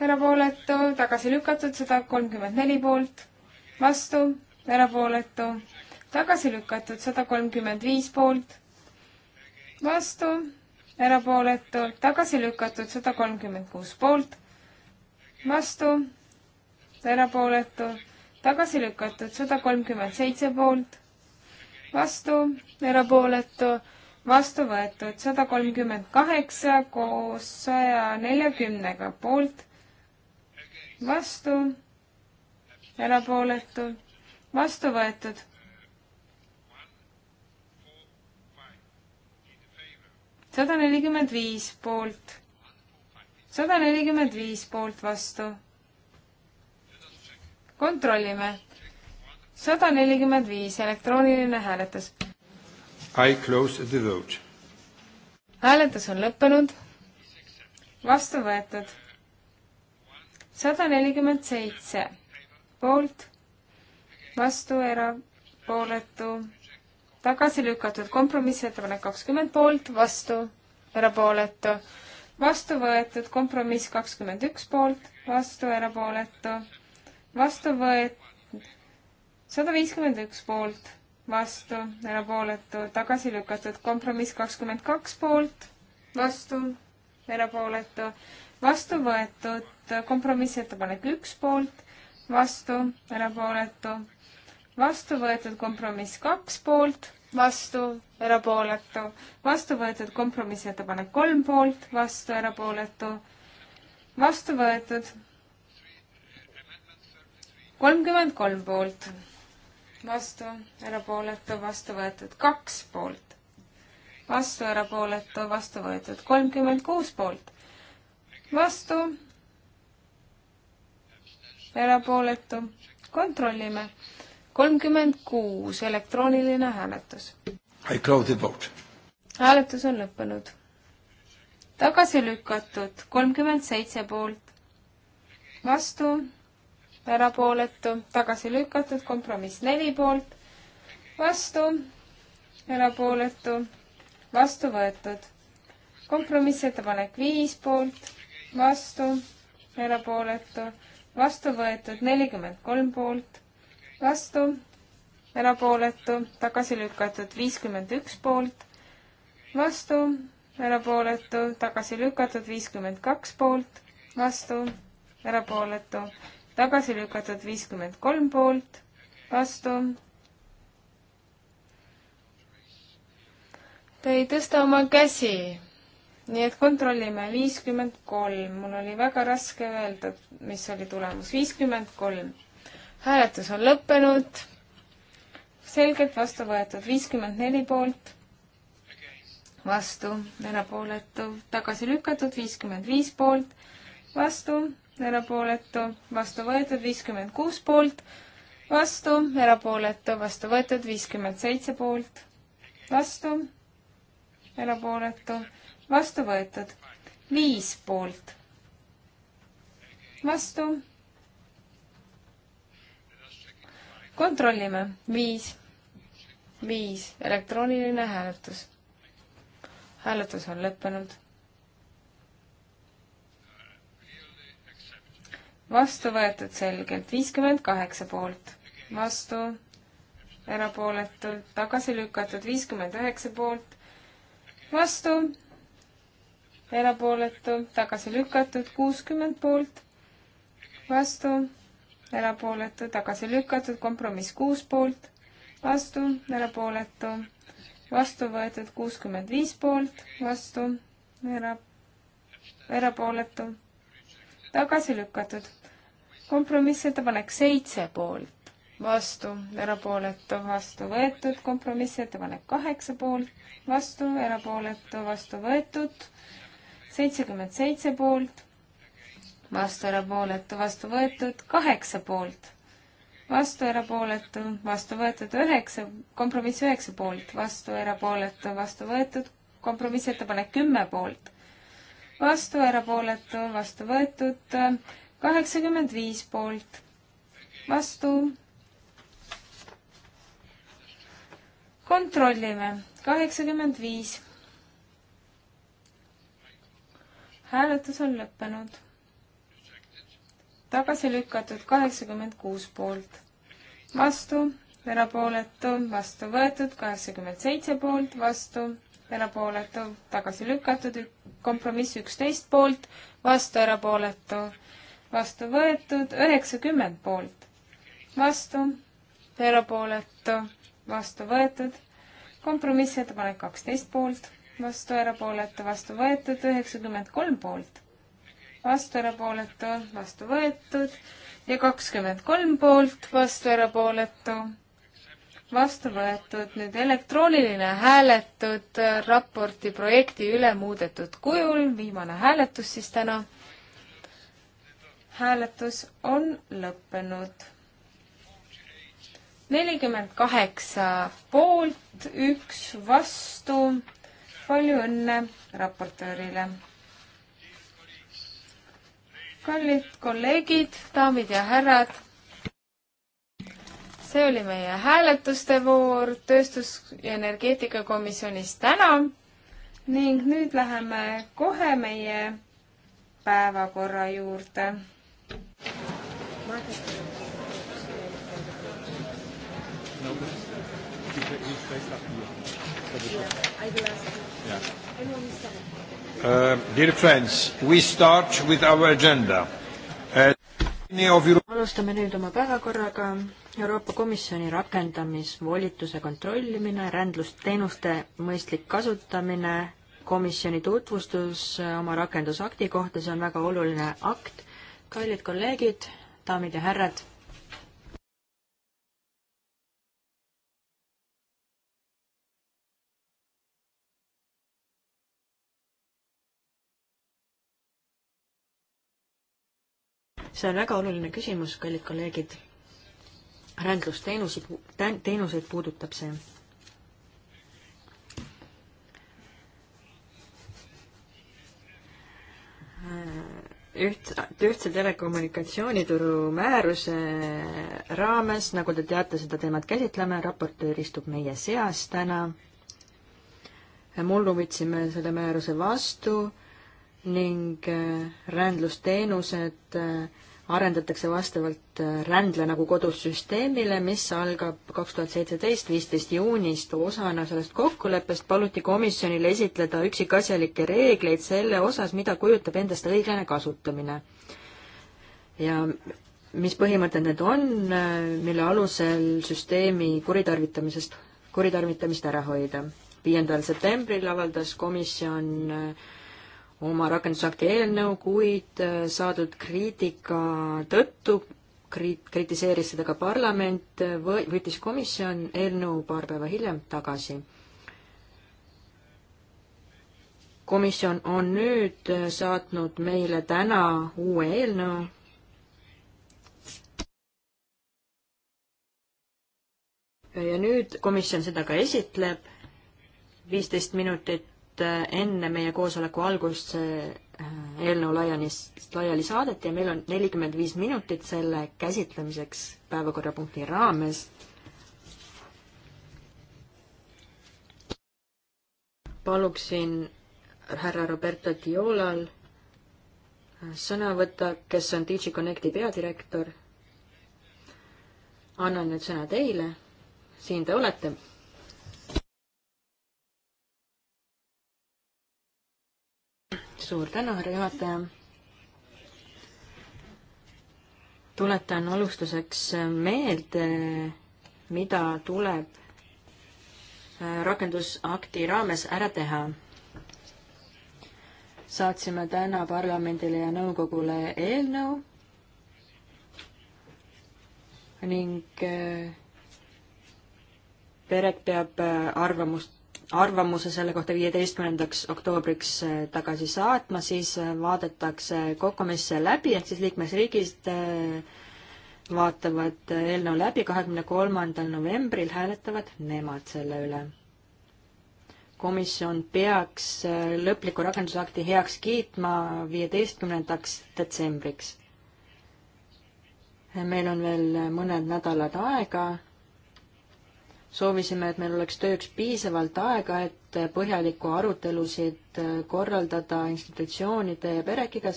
erapooletu, tagasi lükatud, sada kolmkümmend neli poolt, vastu, erapooletu, tagasi lükatud, sada kolmkümmend viis poolt, vastu, erapooletu, tagasi lükatud, sada kolmkümmend kuus poolt, vastu, erapooletu, tagasi lükatud, sada kolmkümmend seitse poolt, vastu, erapooletu, vastu võetud sada kolmkümmend kaheksa koos saja neljakümnega poolt, vastu, erapooletu, vastu võetud. sada nelikümmend viis poolt, sada nelikümmend viis poolt vastu. kontrollime. sada nelikümmend viis, elektrooniline hääletus. I close the vote. hääletus on lõppenud, vastu võetud sada nelikümmend seitse poolt, vastu, erapooletu, tagasi lükatud. kompromissettepanek kakskümmend poolt, vastu, erapooletu vastu võetud, kompromiss kakskümmend üks poolt, vastu erapooletu, vastu võet-, sada viiskümmend üks poolt, vastu erapooletu, tagasi lükatud, kompromiss kakskümmend kaks poolt, vastu erapooletu, vastu võetud kompromissettepanek üks poolt, vastu, erapooletu, vastu võetud kompromiss kaks poolt, vastu, erapooletu, vastu võetud kompromissettepanek kolm poolt, vastu, erapooletu, vastu võetud kolmkümmend kolm poolt, vastu, erapooletu, vastu võetud kaks poolt, vastu, erapooletu, vastu võetud kolmkümmend kuus poolt, vastu, erapooletu, kontrollime. kolmkümmend kuus, elektrooniline hääletus. hääletus on lõppenud. tagasi lükatud, kolmkümmend seitse poolt, vastu, erapooletu, tagasi lükatud, kompromiss neli poolt, vastu, erapooletu, vastu võetud kompromissettepanek viis poolt, vastu, erapooletu, vastu võetud nelikümmend kolm poolt, vastu, erapooletu, tagasi lükatud viiskümmend üks poolt, vastu, erapooletu, tagasi lükatud viiskümmend kaks poolt, vastu, erapooletu, tagasi lükatud viiskümmend kolm poolt, vastu, Te ei tõsta oma käsi nii et kontrollime, viiskümmend kolm, mul oli väga raske öelda, mis oli tulemus, viiskümmend kolm. hääletus on lõppenud, selgelt vastu võetud, viiskümmend neli poolt, vastu, erapooletu, tagasi lükatud, viiskümmend viis poolt, vastu, erapooletu, vastu võetud, viiskümmend kuus poolt, vastu, erapooletu, vastu võetud, viiskümmend seitse poolt, vastu, erapooletu vastu võetud. viis poolt, vastu. kontrollime, viis, viis, elektrooniline hääletus. hääletus on lõppenud. vastu võetud selgelt, viiskümmend kaheksa poolt, vastu, erapooletult, tagasi lükatud, viiskümmend üheksa poolt, vastu, erapooletu, tagasi lükatud, kuuskümmend poolt, vastu, erapooletu, tagasi lükatud, kompromiss kuus poolt, vastu, erapooletu, vastu võetud kuuskümmend viis poolt, vastu, era-, erapooletu, tagasi lükatud. kompromissettepanek seitse poolt, vastu, erapooletu, vastu võetud, kompromissettepanek kaheksa poolt, vastu, erapooletu, vastu võetud seitsekümmend seitse poolt, vastu erapooletu, vastu võetud kaheksa poolt, vastu erapooletu, vastu võetud üheksa, kompromiss üheksa poolt, vastu erapooletu, vastu võetud, kompromissettepanek kümme poolt, vastu erapooletu, vastu võetud kaheksakümmend viis poolt, vastu kontrollime, kaheksakümmend viis hääletus on lõppenud. tagasi lükatud kaheksakümmend kuus poolt, vastu, erapooletu, vastu võetud kaheksakümmend seitse poolt, vastu, erapooletu, tagasi lükatud, kompromiss üksteist poolt, vastu, erapooletu, vastu võetud üheksakümmend poolt, vastu, erapooletu, vastu võetud, kompromissettepanek kaksteist poolt vastu, erapooletu, vastu võetud, üheksakümmend kolm poolt, vastu, erapooletu, vastu võetud ja kakskümmend kolm poolt, vastu, erapooletu, vastu võetud. nüüd elektrooniline hääletud raporti projekti üle muudetud kujul, viimane hääletus siis täna. hääletus on lõppenud nelikümmend kaheksa poolt, üks vastu, palju õnne raportöörile. kallid kolleegid, daamid ja härrad. see oli meie hääletuste voor tööstus- ja energeetikakomisjonis täna ning nüüd läheme kohe meie päevakorra juurde. No, he's based up here. Yeah, I will ask him. Uh, dear friends, we start with our agenda uh,. alustame nüüd oma päevakorraga. Euroopa Komisjoni rakendamisvolituse kontrollimine, rändlusteenuste mõistlik kasutamine, komisjoni tutvustus uh, oma rakendusakti kohta, see on väga oluline akt. kallid kolleegid, daamid ja härrad see on väga oluline küsimus, kallid kolleegid. rändlusteenuseid, teenuseid puudutab see. Äh, üht, ühtse telekommunikatsioonituru määruse raames, nagu te teate, seda teemat käsitleme, raportöör istub meie seas täna. mullu võtsime selle määruse vastu ning äh, rändlusteenused äh, arendatakse vastavalt äh, rändle nagu kodus süsteemile, mis algab kaks tuhat seitseteist, viisteist juunist. osana sellest kokkuleppest paluti komisjonil esitleda üksikasjalikke reegleid selle osas, mida kujutab endast õiglane kasutamine. ja mis põhimõtted need on, mille alusel süsteemi kuritarvitamisest, kuritarvitamist ära hoida. viiendal septembril avaldas komisjon äh, oma rakendusakti eelnõu, kuid äh, saadud kriitika tõttu kriit-, kritiseeris seda ka parlament, äh, või-, võttis komisjon eelnõu paar päeva hiljem tagasi. komisjon on nüüd äh, saatnud meile täna uue eelnõu, ja nüüd komisjon seda ka esitleb, viisteist minutit et äh, enne meie koosoleku algust see äh, eelnõu laiali, laiali saadeti ja meil on nelikümmend viis minutit selle käsitlemiseks päevakorrapunkti raames. paluksin härra Roberto Diolal äh, sõna võtta, kes on DigiConnecti peadirektor. annan nüüd sõna teile. siin te olete suur tänu, härra juhataja. tuletan alustuseks meelde, mida tuleb äh, rakendusakti raames ära teha. saatsime täna parlamendile ja nõukogule eelnõu ning äh, PEREK peab äh, arvamust arvamuse selle kohta viieteistkümnendaks oktoobriks äh, tagasi saatma, siis äh, vaadatakse kompromisse läbi, ehk siis liikmesriigid äh, vaatavad eelnõu läbi, kahekümne kolmandal novembril hääletavad nemad selle üle. komisjon peaks lõpliku rakendusakti heaks kiitma viieteistkümnendaks detsembriks. meil on veel mõned nädalad aega soovisime, et meil oleks tööks piisavalt aega, et põhjalikku arutelusid korraldada institutsioonide ja perekiga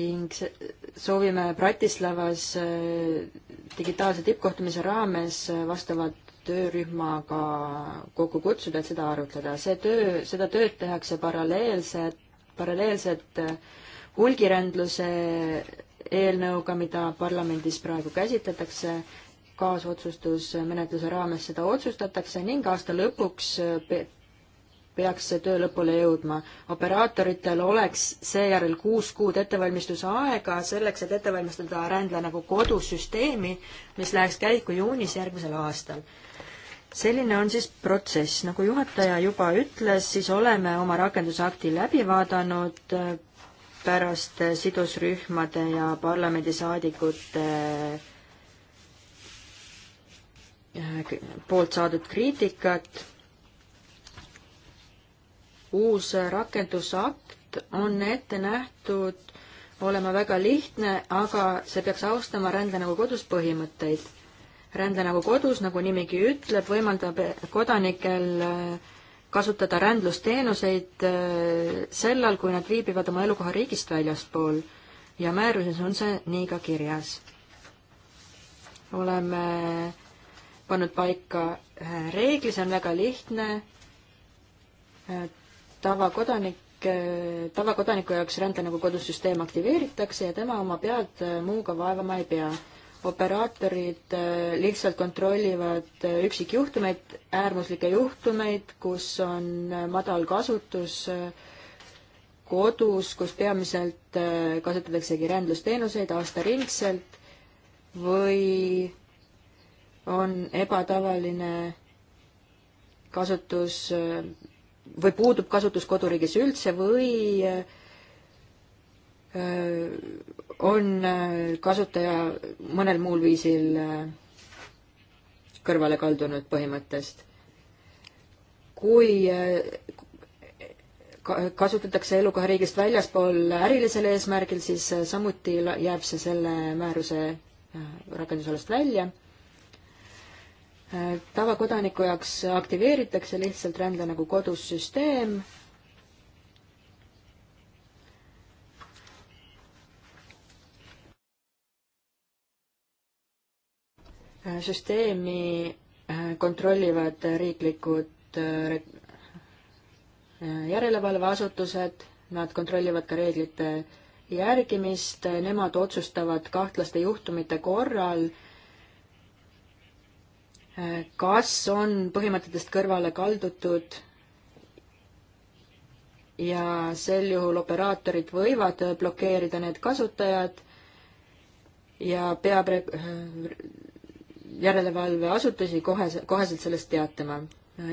ning soovime Bratislavas äh, digitaalse tippkohtumise raames äh, vastavat töörühmaga kokku kutsuda, et seda arutleda. see töö, seda tööd tehakse paralleelselt, paralleelselt äh, hulgirändluse eelnõuga, mida parlamendis praegu käsitletakse, kaasotsustusmenetluse raames seda otsustatakse ning aasta lõpuks peaks see töö lõpule jõudma. operaatoritel oleks seejärel kuus kuud ettevalmistuse aega selleks, et ette valmistada rändla nagu kodusüsteemi, mis läheks käiku juunis järgmisel aastal. selline on siis protsess, nagu juhataja juba ütles, siis oleme oma rakendusakti läbi vaadanud, pärast äh, sidusrühmade ja parlamendisaadikute äh, poolt saadud kriitikat. uus rakendusakt on ette nähtud olema väga lihtne, aga see peaks austama rände nagu kodus põhimõtteid. rände nagu kodus, nagu nimigi ütleb, võimaldab kodanikel äh, kasutada rändlusteenuseid äh, sellal, kui nad viibivad oma elukoha riigist väljaspool ja määruses on see nii ka kirjas. oleme pannud paika äh, reegli, see on väga lihtne, äh, tavakodanik, tavakodaniku jaoks rände nagu kodusüsteem aktiveeritakse ja tema oma pead muuga vaevama ei pea operaatorid äh, lihtsalt kontrollivad äh, üksikjuhtumeid, äärmuslikke juhtumeid, kus on äh, madal kasutus kodus, kus peamiselt kasutataksegi rändlusteenuseid aastaringselt või on ebatavaline kasutus või puudub kasutus koduriigis üldse või äh, Äh, on äh, kasutaja mõnel muul viisil äh, kõrvale kaldunud põhimõttest. kui kasutatakse elukohariigist väljaspool ärilisel eesmärgil, siis samuti jääb see selle määruse rakendusalast välja. tavakodaniku jaoks aktiveeritakse lihtsalt rände nagu kodus süsteem Äh, süsteemi äh, kontrollivad riiklikud äh, järelevalveasutused, nad kontrollivad ka reeglite järgimist, nemad otsustavad kahtlaste juhtumite korral, kas on põhimõtetest kõrvale kaldutud ja sel juhul operaatorid võivad blokeerida need kasutajad ja peab järelevalveasutusi kohe, koheselt sellest teatama.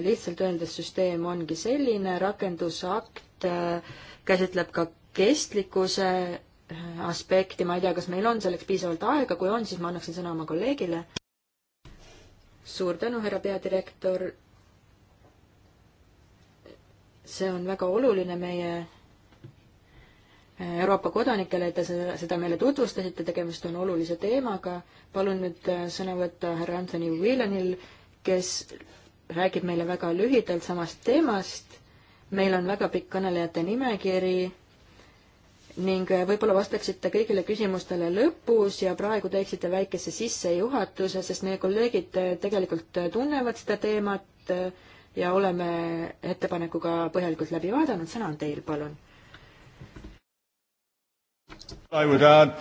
lihtsalt öeldes süsteem ongi selline, rakendusakt äh, käsitleb ka kestlikkuse äh, aspekti, ma ei tea, kas meil on selleks piisavalt aega, kui on, siis ma annaksin sõna oma kolleegile. suur tänu, härra peadirektor. see on väga oluline meie Euroopa kodanikele, et te seda meile tutvustasite, tegemist on olulise teemaga. palun nüüd äh, sõna võtta härra Anthony Whelanil, kes räägib meile väga lühidalt samast teemast. meil on väga pikk kõnelejate nimekiri ning äh, võib-olla vastaksite kõigile küsimustele lõpus ja praegu teeksite väikese sissejuhatuse, sest meie kolleegid äh, tegelikult tunnevad seda teemat ja oleme ettepaneku ka põhjalikult läbi vaadanud. sõna on teil, palun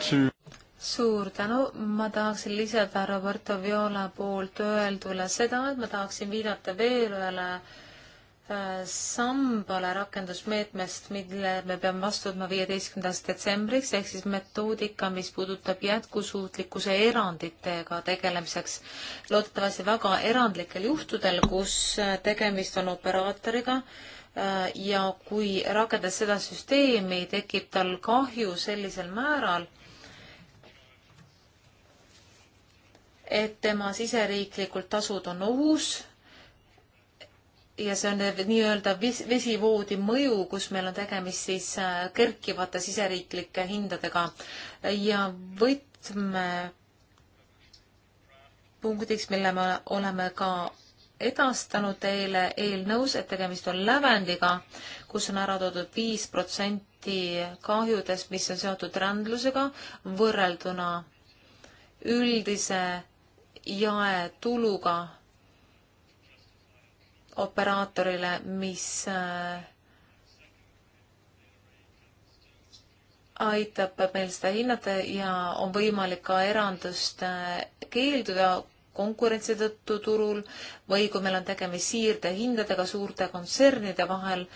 To... suur tänu, ma tahaksin lisada Roberto Viola poolt öeldule seda, et ma tahaksin viidata veel ühele äh, sambale rakendusmeetmest, mille me peame vastu võtma viieteistkümnendaks detsembriks, ehk siis metoodika, mis puudutab jätkusuutlikkuse eranditega tegelemiseks. loodetavasti väga erandlikel juhtudel, kus äh, tegemist on operaatoriga, Äh, ja kui rakendades seda süsteemi, tekib tal kahju sellisel määral, et tema siseriiklikult tasud on ohus ja see on nii-öelda vesivoodi mõju, kus meil on tegemist siis äh, kerkivate siseriiklike hindadega ja võtme punktiks, mille me oleme ka edastanud teile eelnõus, et tegemist on lävendiga, kus on ära toodud viis protsenti kahjudest, mis on seotud rändlusega, võrrelduna üldise jaetuluga operaatorile, mis äh, aitab meil seda hinnata ja on võimalik ka erandust äh, keelduda, konkurentsi tõttu turul või kui meil on tegemist siirdehindadega suurte kontsernide vahel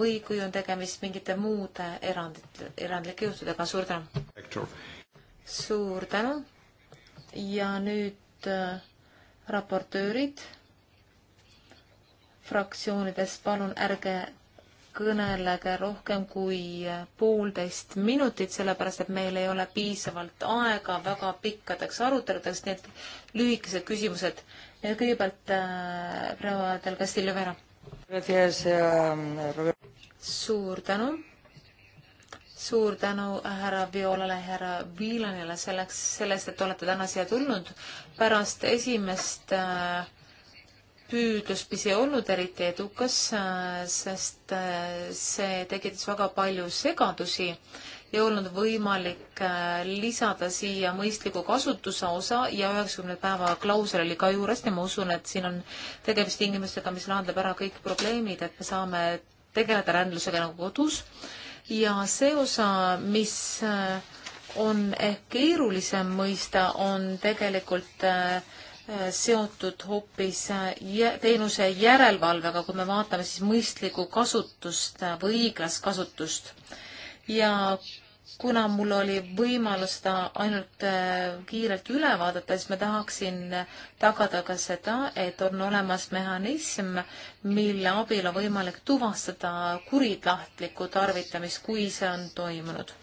või kui on tegemist mingite muude erandite, erandlike juhtudega. suur tänu! suur tänu! ja nüüd äh, raportöörid fraktsioonidest, palun ärge kõnelege rohkem kui poolteist minutit, sellepärast et meil ei ole piisavalt aega väga pikkadeks aruteludeks, nii et lühikesed küsimused. kõigepealt äh, proua äh, Del Castillo Vera. Eh, suur tänu. suur tänu härra Violale, härra Viilanile selleks, sellest, et olete täna siia tulnud. pärast esimest äh, püüdluspis ei olnud eriti edukas, äh, sest äh, see tekitas väga palju segadusi ei olnud võimalik äh, lisada siia mõistliku kasutuse osa ja üheksakümne päeva klausel oli ka juures ja ma usun, et siin on tegemist tingimustega, mis lahendab ära kõik probleemid, et me saame tegeleda rändlusega nagu kodus ja see osa, mis on ehk keerulisem mõista, on tegelikult äh, seotud hoopis teenuse järelevalvega, kui me vaatame siis mõistlikku kasutust või õiglast kasutust. ja kuna mul oli võimalus seda ainult äh, kiirelt üle vaadata, siis ma tahaksin tagada ka seda, et on olemas mehhanism, mille abil on võimalik tuvastada kuritahtlikku tarvitamist, kui see on toimunud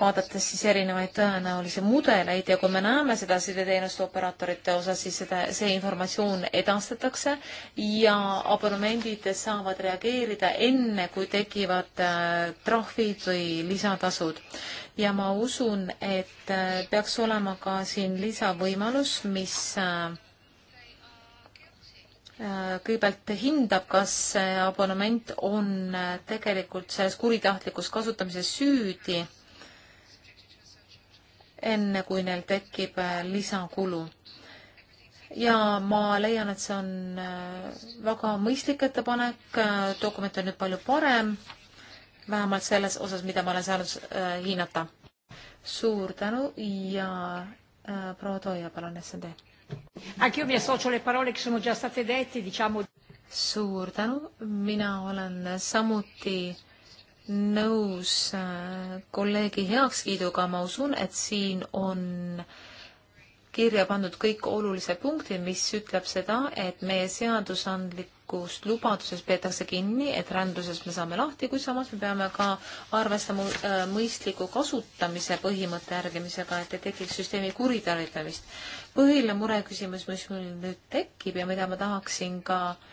vaadates siis erinevaid tõenäolisi mudeleid ja kui me näeme seda sideteenuste operaatorite osas, siis seda, see informatsioon edastatakse ja abonemendid saavad reageerida enne, kui tekivad äh, trahvid või lisatasud. ja ma usun, et äh, peaks olema ka siin lisavõimalus, mis äh, äh kõigepealt hindab, kas abonement on äh, tegelikult selles kuritahtlikus kasutamises süüdi enne kui neil tekib äh, lisakulu. ja ma leian, et see on äh, väga mõistlik ettepanek, äh, dokument on nüüd palju parem, vähemalt selles osas, mida ma olen saanud hinnata. suur tänu ja proua Toia, palun, SMD. suur tänu, mina olen samuti nõus äh, kolleegi heakskiiduga, ma usun, et siin on kirja pandud kõik olulised punktid, mis ütleb seda, et meie seadusandlikust lubadusest peetakse kinni, et rändusest me saame lahti, kui samas me peame ka arvestama äh, mõistliku kasutamise põhimõtte järgimisega, et ei tekiks süsteemi kuritarvitamist. põhiline mureküsimus, mis mul nüüd tekib ja mida ma tahaksin ka äh,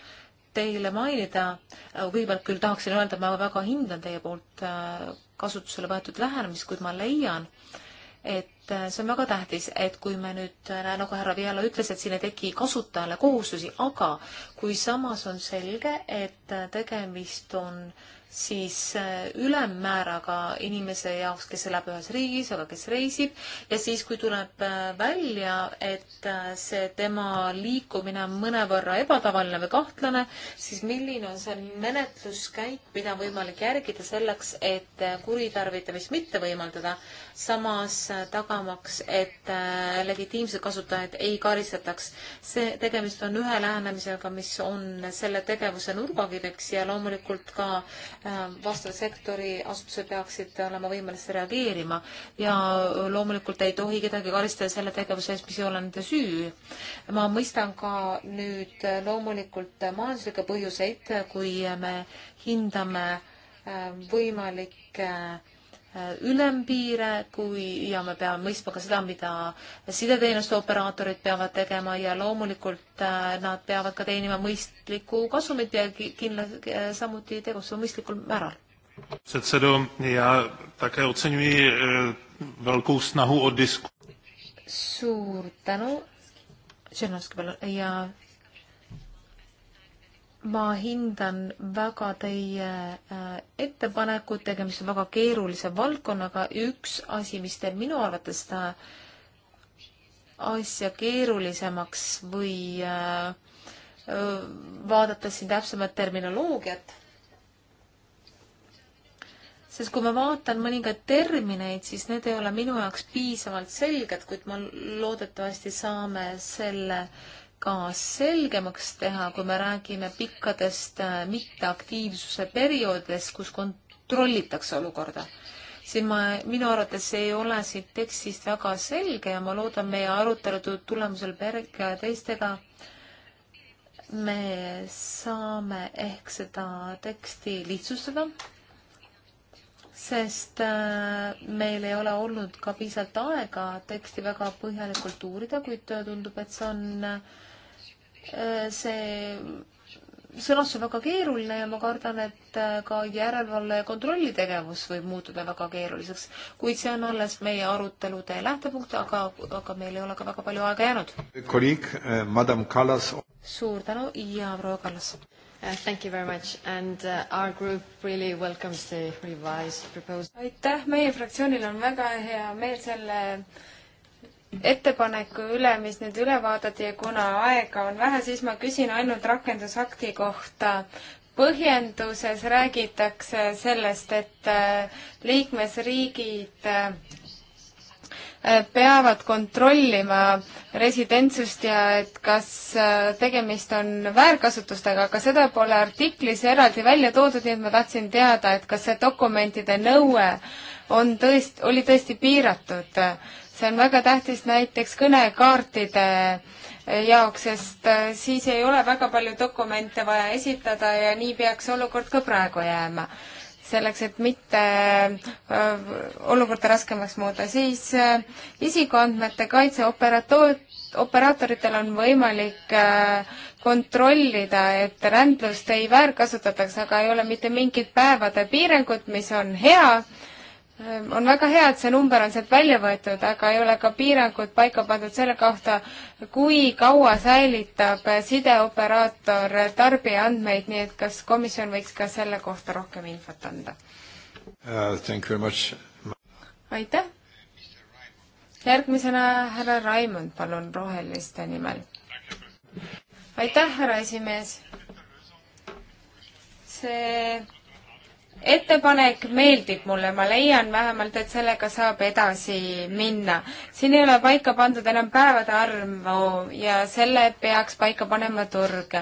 teile mainida, kõigepealt küll tahaksin öelda, ma väga hindan teie poolt äh, kasutusele võetud lähenemist, kuid ma leian, et äh, see on väga tähtis, et kui me nüüd, äh, nagu härra Viala ütles, et siin ei teki kasutajale kohustusi, aga kui samas on selge, et tegemist on äh, siis äh, ülemmääraga inimese jaoks, kes elab ühes riigis, aga kes reisib ja siis, kui tuleb äh, välja, et äh, see tema liikumine on mõnevõrra ebatavaline või kahtlane, siis milline on see menetluskäik, mida on võimalik järgida selleks, et kuritarvitamist mitte võimaldada, samas tagamaks, et legitiimsed kasutajad ei karistataks. see, tegemist on ühe lähenemisega, mis on selle tegevuse nurgakiviks ja loomulikult ka Äh, vastava sektori asutused peaksid olema võimelised reageerima ja loomulikult ei tohi kedagi karistada selle tegevuse eest, mis ei ole nende süü. ma mõistan ka nüüd loomulikult majanduslikke põhjuseid, kui me hindame võimalikke äh, äh ülempiire, kui, ja me peame mõistma ka seda, mida sideteenuste operaatorid peavad tegema ja loomulikult äh, nad peavad ka teenima mõistlikku kasumit ja kindla-, äh, samuti tegutsema mõistlikul määral. Předsedo, já také oceňuji e, velkou snahu o disku. Suur tänu, Žernovski, palun, ja ma hindan väga teie äh, ettepanekut, tegemist on väga keerulise valdkonnaga. üks asi, mis teeb minu arvates seda asja keerulisemaks või äh, äh, vaadates siin täpsemat terminoloogiat, sest kui ma vaatan mõningaid termineid, siis need ei ole minu jaoks piisavalt selged, kuid ma loodetavasti saame selle äh, ka selgemaks teha, kui me räägime pikkadest äh, mitteaktiivsuse perioodidest, kus kontrollitakse olukorda. siin ma, minu arvates ei ole siit tekstist väga selge ja ma loodan meie arutelu tulemusel Berg ja teistega me saame ehk seda teksti lihtsustada, sest äh, meil ei ole olnud ka piisavalt aega teksti väga põhjalikult uurida, kuid äh, tundub, et see on äh, Äh, see sõnastus on väga keeruline ja ma kardan, et äh, ka järelevalve ja kontrollitegevus võib muutuda väga keeruliseks, kuid see on alles meie arutelude lähtepunkt, aga, aga meil ei ole ka väga palju aega jäänud. kolleeg äh,, madam Kallas. suur tänu ja proua Kallas. Uh, thank you very much and uh, our group really welcomes the revised proposal. aitäh, meie fraktsioonil on väga hea meel selle uh, ettepaneku üle, mis nüüd üle vaadati ja kuna aega on vähe, siis ma küsin ainult rakendusakti kohta. põhjenduses räägitakse sellest, et äh, liikmesriigid äh, peavad kontrollima residentsust ja et kas äh, tegemist on väärkasutustega, aga seda pole artiklis eraldi välja toodud, nii et ma tahtsin teada, et kas see dokumentide nõue on tõest-, oli tõesti piiratud see on väga tähtis näiteks kõnekaartide jaoks, sest äh, siis ei ole väga palju dokumente vaja esitada ja nii peaks olukord ka praegu jääma. selleks, et mitte äh, olukorda raskemaks muuta, siis äh, isikuandmete kaitse operatoor, operaatoritel on võimalik kontrollida, et rändlust ei väärkasutataks, aga ei ole mitte mingit päevade piirangut, mis on hea Ehm, on väga hea, et see number on sealt välja võetud, aga ei ole ka piirangut paika pandud selle kohta, kui kaua säilitab sideoperaator tarbija andmeid, nii et kas komisjon võiks ka selle kohta rohkem infot anda uh,? aitäh! järgmisena härra Raimond, palun, Roheliste nimel. aitäh, härra esimees! see ettepanek meeldib mulle, ma leian vähemalt, et sellega saab edasi minna. siin ei ole paika pandud enam päevade arvu ja selle peaks paika panema turg.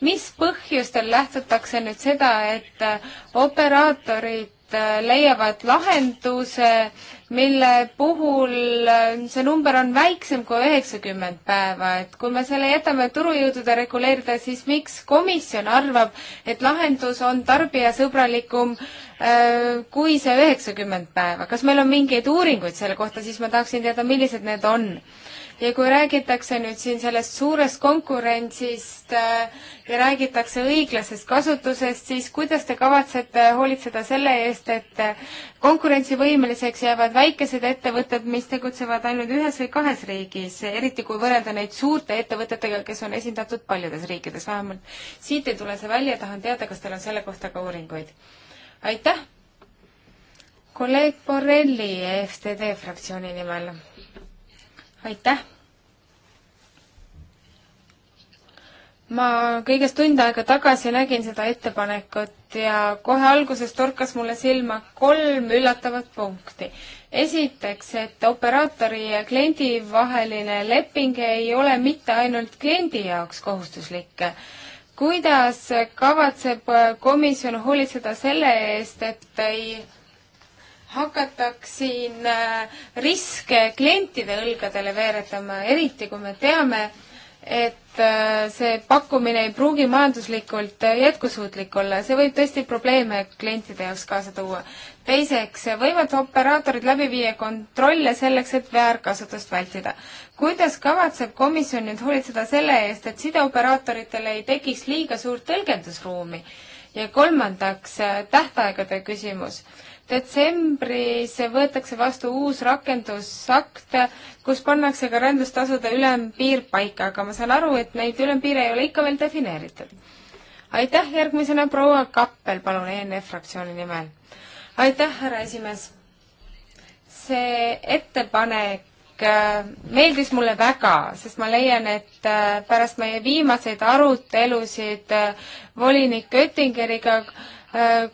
mis põhjustel lähtutakse nüüd seda, et operaatorid Äh, leiavad lahenduse, mille puhul äh, see number on väiksem kui üheksakümmend päeva, et kui me selle jätame turujõudude reguleerida, siis miks komisjon arvab, et lahendus on tarbijasõbralikum äh, kui see üheksakümmend päeva, kas meil on mingeid uuringuid selle kohta, siis ma tahaksin teada, millised need on ja kui räägitakse nüüd siin sellest suurest konkurentsist äh, ja räägitakse õiglasest kasutusest, siis kuidas te kavatsete hoolitseda selle eest, et äh, konkurentsivõimeliseks jäävad väikesed ettevõtted, mis tegutsevad ainult ühes või kahes riigis, eriti kui võrrelda neid suurte ettevõtetega, kes on esindatud paljudes riikides, vähemalt siit ei tule see välja, tahan teada, kas teil on selle kohta ka uuringuid. aitäh! kolleeg Borrelli EFTD fraktsiooni nimel aitäh! ma kõigest tund aega tagasi nägin seda ettepanekut ja kohe alguses torkas mulle silma kolm üllatavat punkti. esiteks, et operaatori ja kliendi vaheline leping ei ole mitte ainult kliendi jaoks kohustuslik. kuidas kavatseb komisjon hoolitseda selle eest, et ei hakataks siin äh, riske klientide õlgadele veeretama, eriti kui me teame, et äh, see pakkumine ei pruugi majanduslikult äh, jätkusuutlik olla, see võib tõesti probleeme klientide jaoks kaasa tuua. teiseks, võivad operaatorid läbi viia kontrolle selleks, et väärkasutust vältida. kuidas kavatseb komisjon nüüd hoolitseda selle eest, et sideoperaatoritele ei tekiks liiga suurt tõlgendusruumi? ja kolmandaks, tähtaegade küsimus detsembris võetakse vastu uus rakendusakt, kus pannakse ka rändustasude ülempiir paika, aga ma saan aru, et neid ülempiire ei ole ikka veel defineeritud. aitäh, järgmisena proua Kappel, palun, ENF fraktsiooni nimel. aitäh, härra esimees. see ettepanek äh, meeldis mulle väga, sest ma leian, et äh, pärast meie viimaseid arutelusid äh, volinik Oettingeriga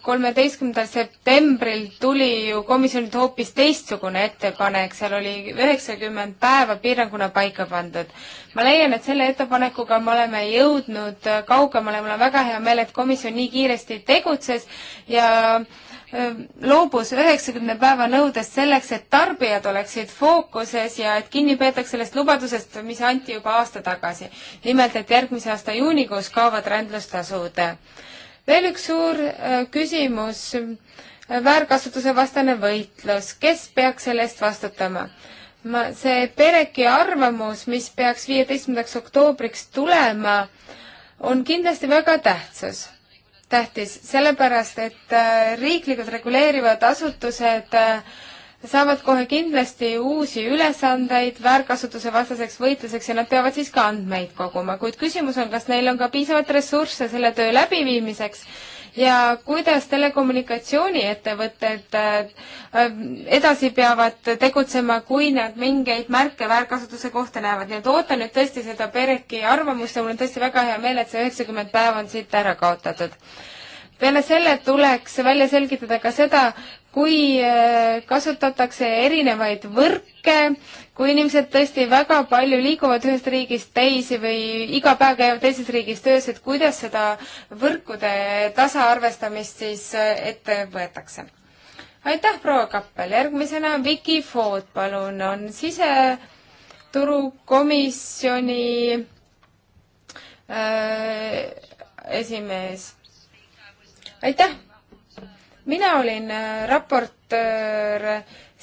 kolmeteistkümnendal septembril tuli ju komisjonilt hoopis teistsugune ettepanek, seal oli üheksakümmend päeva piiranguna paika pandud. ma leian, et selle ettepanekuga me oleme jõudnud kaugemale, mul on väga hea meel, et komisjon nii kiiresti tegutses ja loobus üheksakümne päeva nõudest selleks, et tarbijad oleksid fookuses ja et kinni peetaks sellest lubadusest, mis anti juba aasta tagasi. nimelt, et järgmise aasta juunikuus kaovad rändlustasud veel üks suur äh, küsimus, väärkasutuse vastane võitlus, kes peaks selle eest vastutama? ma, see Pereki arvamus, mis peaks viieteistkümnendaks oktoobriks tulema, on kindlasti väga tähtsus, tähtis, sellepärast et äh, riiklikud reguleerivad asutused äh, saavad kohe kindlasti uusi ülesandeid väärkasutuse vastaseks võitluseks ja nad peavad siis ka andmeid koguma, kuid küsimus on, kas neil on ka piisavalt ressursse selle töö läbiviimiseks ja kuidas telekommunikatsiooniettevõtted äh, edasi peavad tegutsema, kui nad mingeid märke väärkasutuse kohta näevad, nii et ootan nüüd tõesti seda Pereki arvamust ja mul on tõesti väga hea meel, et see üheksakümmend päeva on siit ära kaotatud peale selle tuleks välja selgitada ka seda, kui äh, kasutatakse erinevaid võrke, kui inimesed tõesti väga palju liiguvad ühest riigist teisi või iga päev käivad teises riigis töös, et kuidas seda võrkude tasaarvestamist siis äh, ette võetakse? aitäh, proua Kappel, järgmisena Vicky Food, palun, on siseturukomisjoni äh, esimees. aitäh mina olin äh, raportöör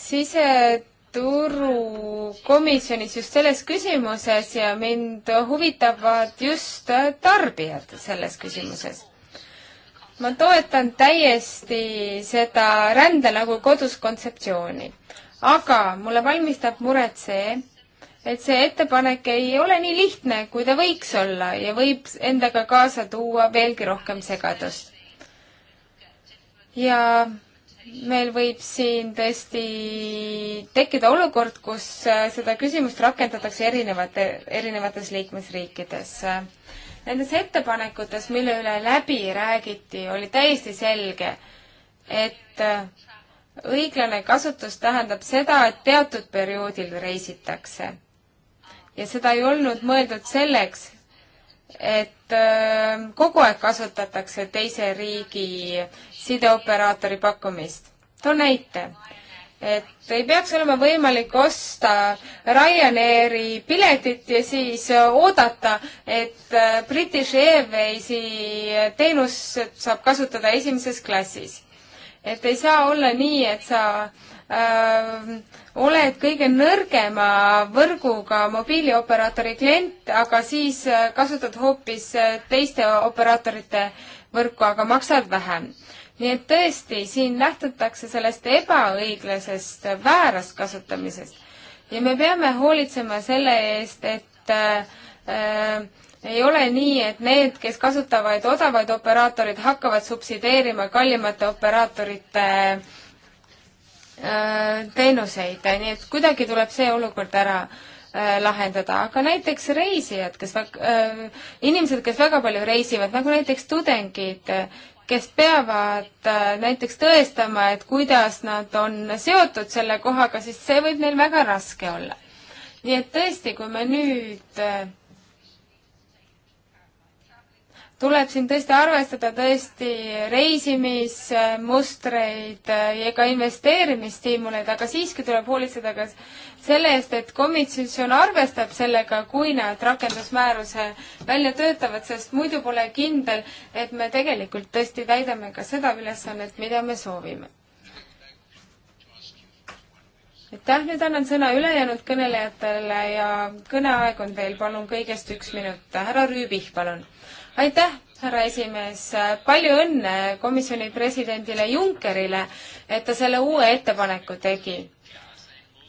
siseturukomisjonis just selles küsimuses ja mind huvitavad just äh, tarbijad selles küsimuses. ma toetan täiesti seda rände nagu kodus kontseptsiooni, aga mulle valmistab muret see, et see ettepanek ei ole nii lihtne, kui ta võiks olla ja võib endaga kaasa tuua veelgi rohkem segadust ja meil võib siin tõesti tekkida olukord, kus äh, seda küsimust rakendatakse erinevate, erinevates liikmesriikides. Nendes ettepanekutes, mille üle läbi räägiti, oli täiesti selge, et äh, õiglane kasutus tähendab seda, et teatud perioodil reisitakse. ja seda ei olnud mõeldud selleks, et äh, kogu aeg kasutatakse teise riigi sideoperaatori pakkumist. toon näite, et ei peaks olema võimalik osta Ryanairi piletit ja siis oodata, et äh, British Airwaysi teenust saab kasutada esimeses klassis. et ei saa olla nii, et sa öö, äh, oled kõige nõrgema võrguga mobiilioperaatori klient, aga siis äh, kasutad hoopis teiste operaatorite võrku, aga maksad vähem nii et tõesti, siin lähtutakse sellest ebaõiglasest väärast kasutamisest ja me peame hoolitsema selle eest, et äh, ei ole nii, et need, kes kasutavad odavaid operaatoreid, hakkavad subsideerima kallimate operaatorite äh, teenuseid, nii et kuidagi tuleb see olukord ära äh, lahendada, aga näiteks reisijad, kes äh,, inimesed, kes väga palju reisivad, nagu näiteks tudengid, kes peavad äh, näiteks tõestama, et kuidas nad on seotud selle kohaga, siis see võib neil väga raske olla. nii et tõesti, kui me nüüd äh, tuleb siin tõesti arvestada tõesti reisimismustreid äh, ja ka investeerimisstiimuleid, aga siiski tuleb hoolitseda ka selle eest, et komisjon arvestab sellega, kui nad rakendusmääruse välja töötavad, sest muidu pole kindel, et me tegelikult tõesti täidame ka seda ülesannet, mida me soovime. aitäh, nüüd annan sõna ülejäänud kõnelejatele ja kõneaeg on teil palun kõigest üks minut. härra Rüübih, palun aitäh, härra esimees, palju õnne komisjoni presidendile Junckerile, et ta selle uue ettepaneku tegi.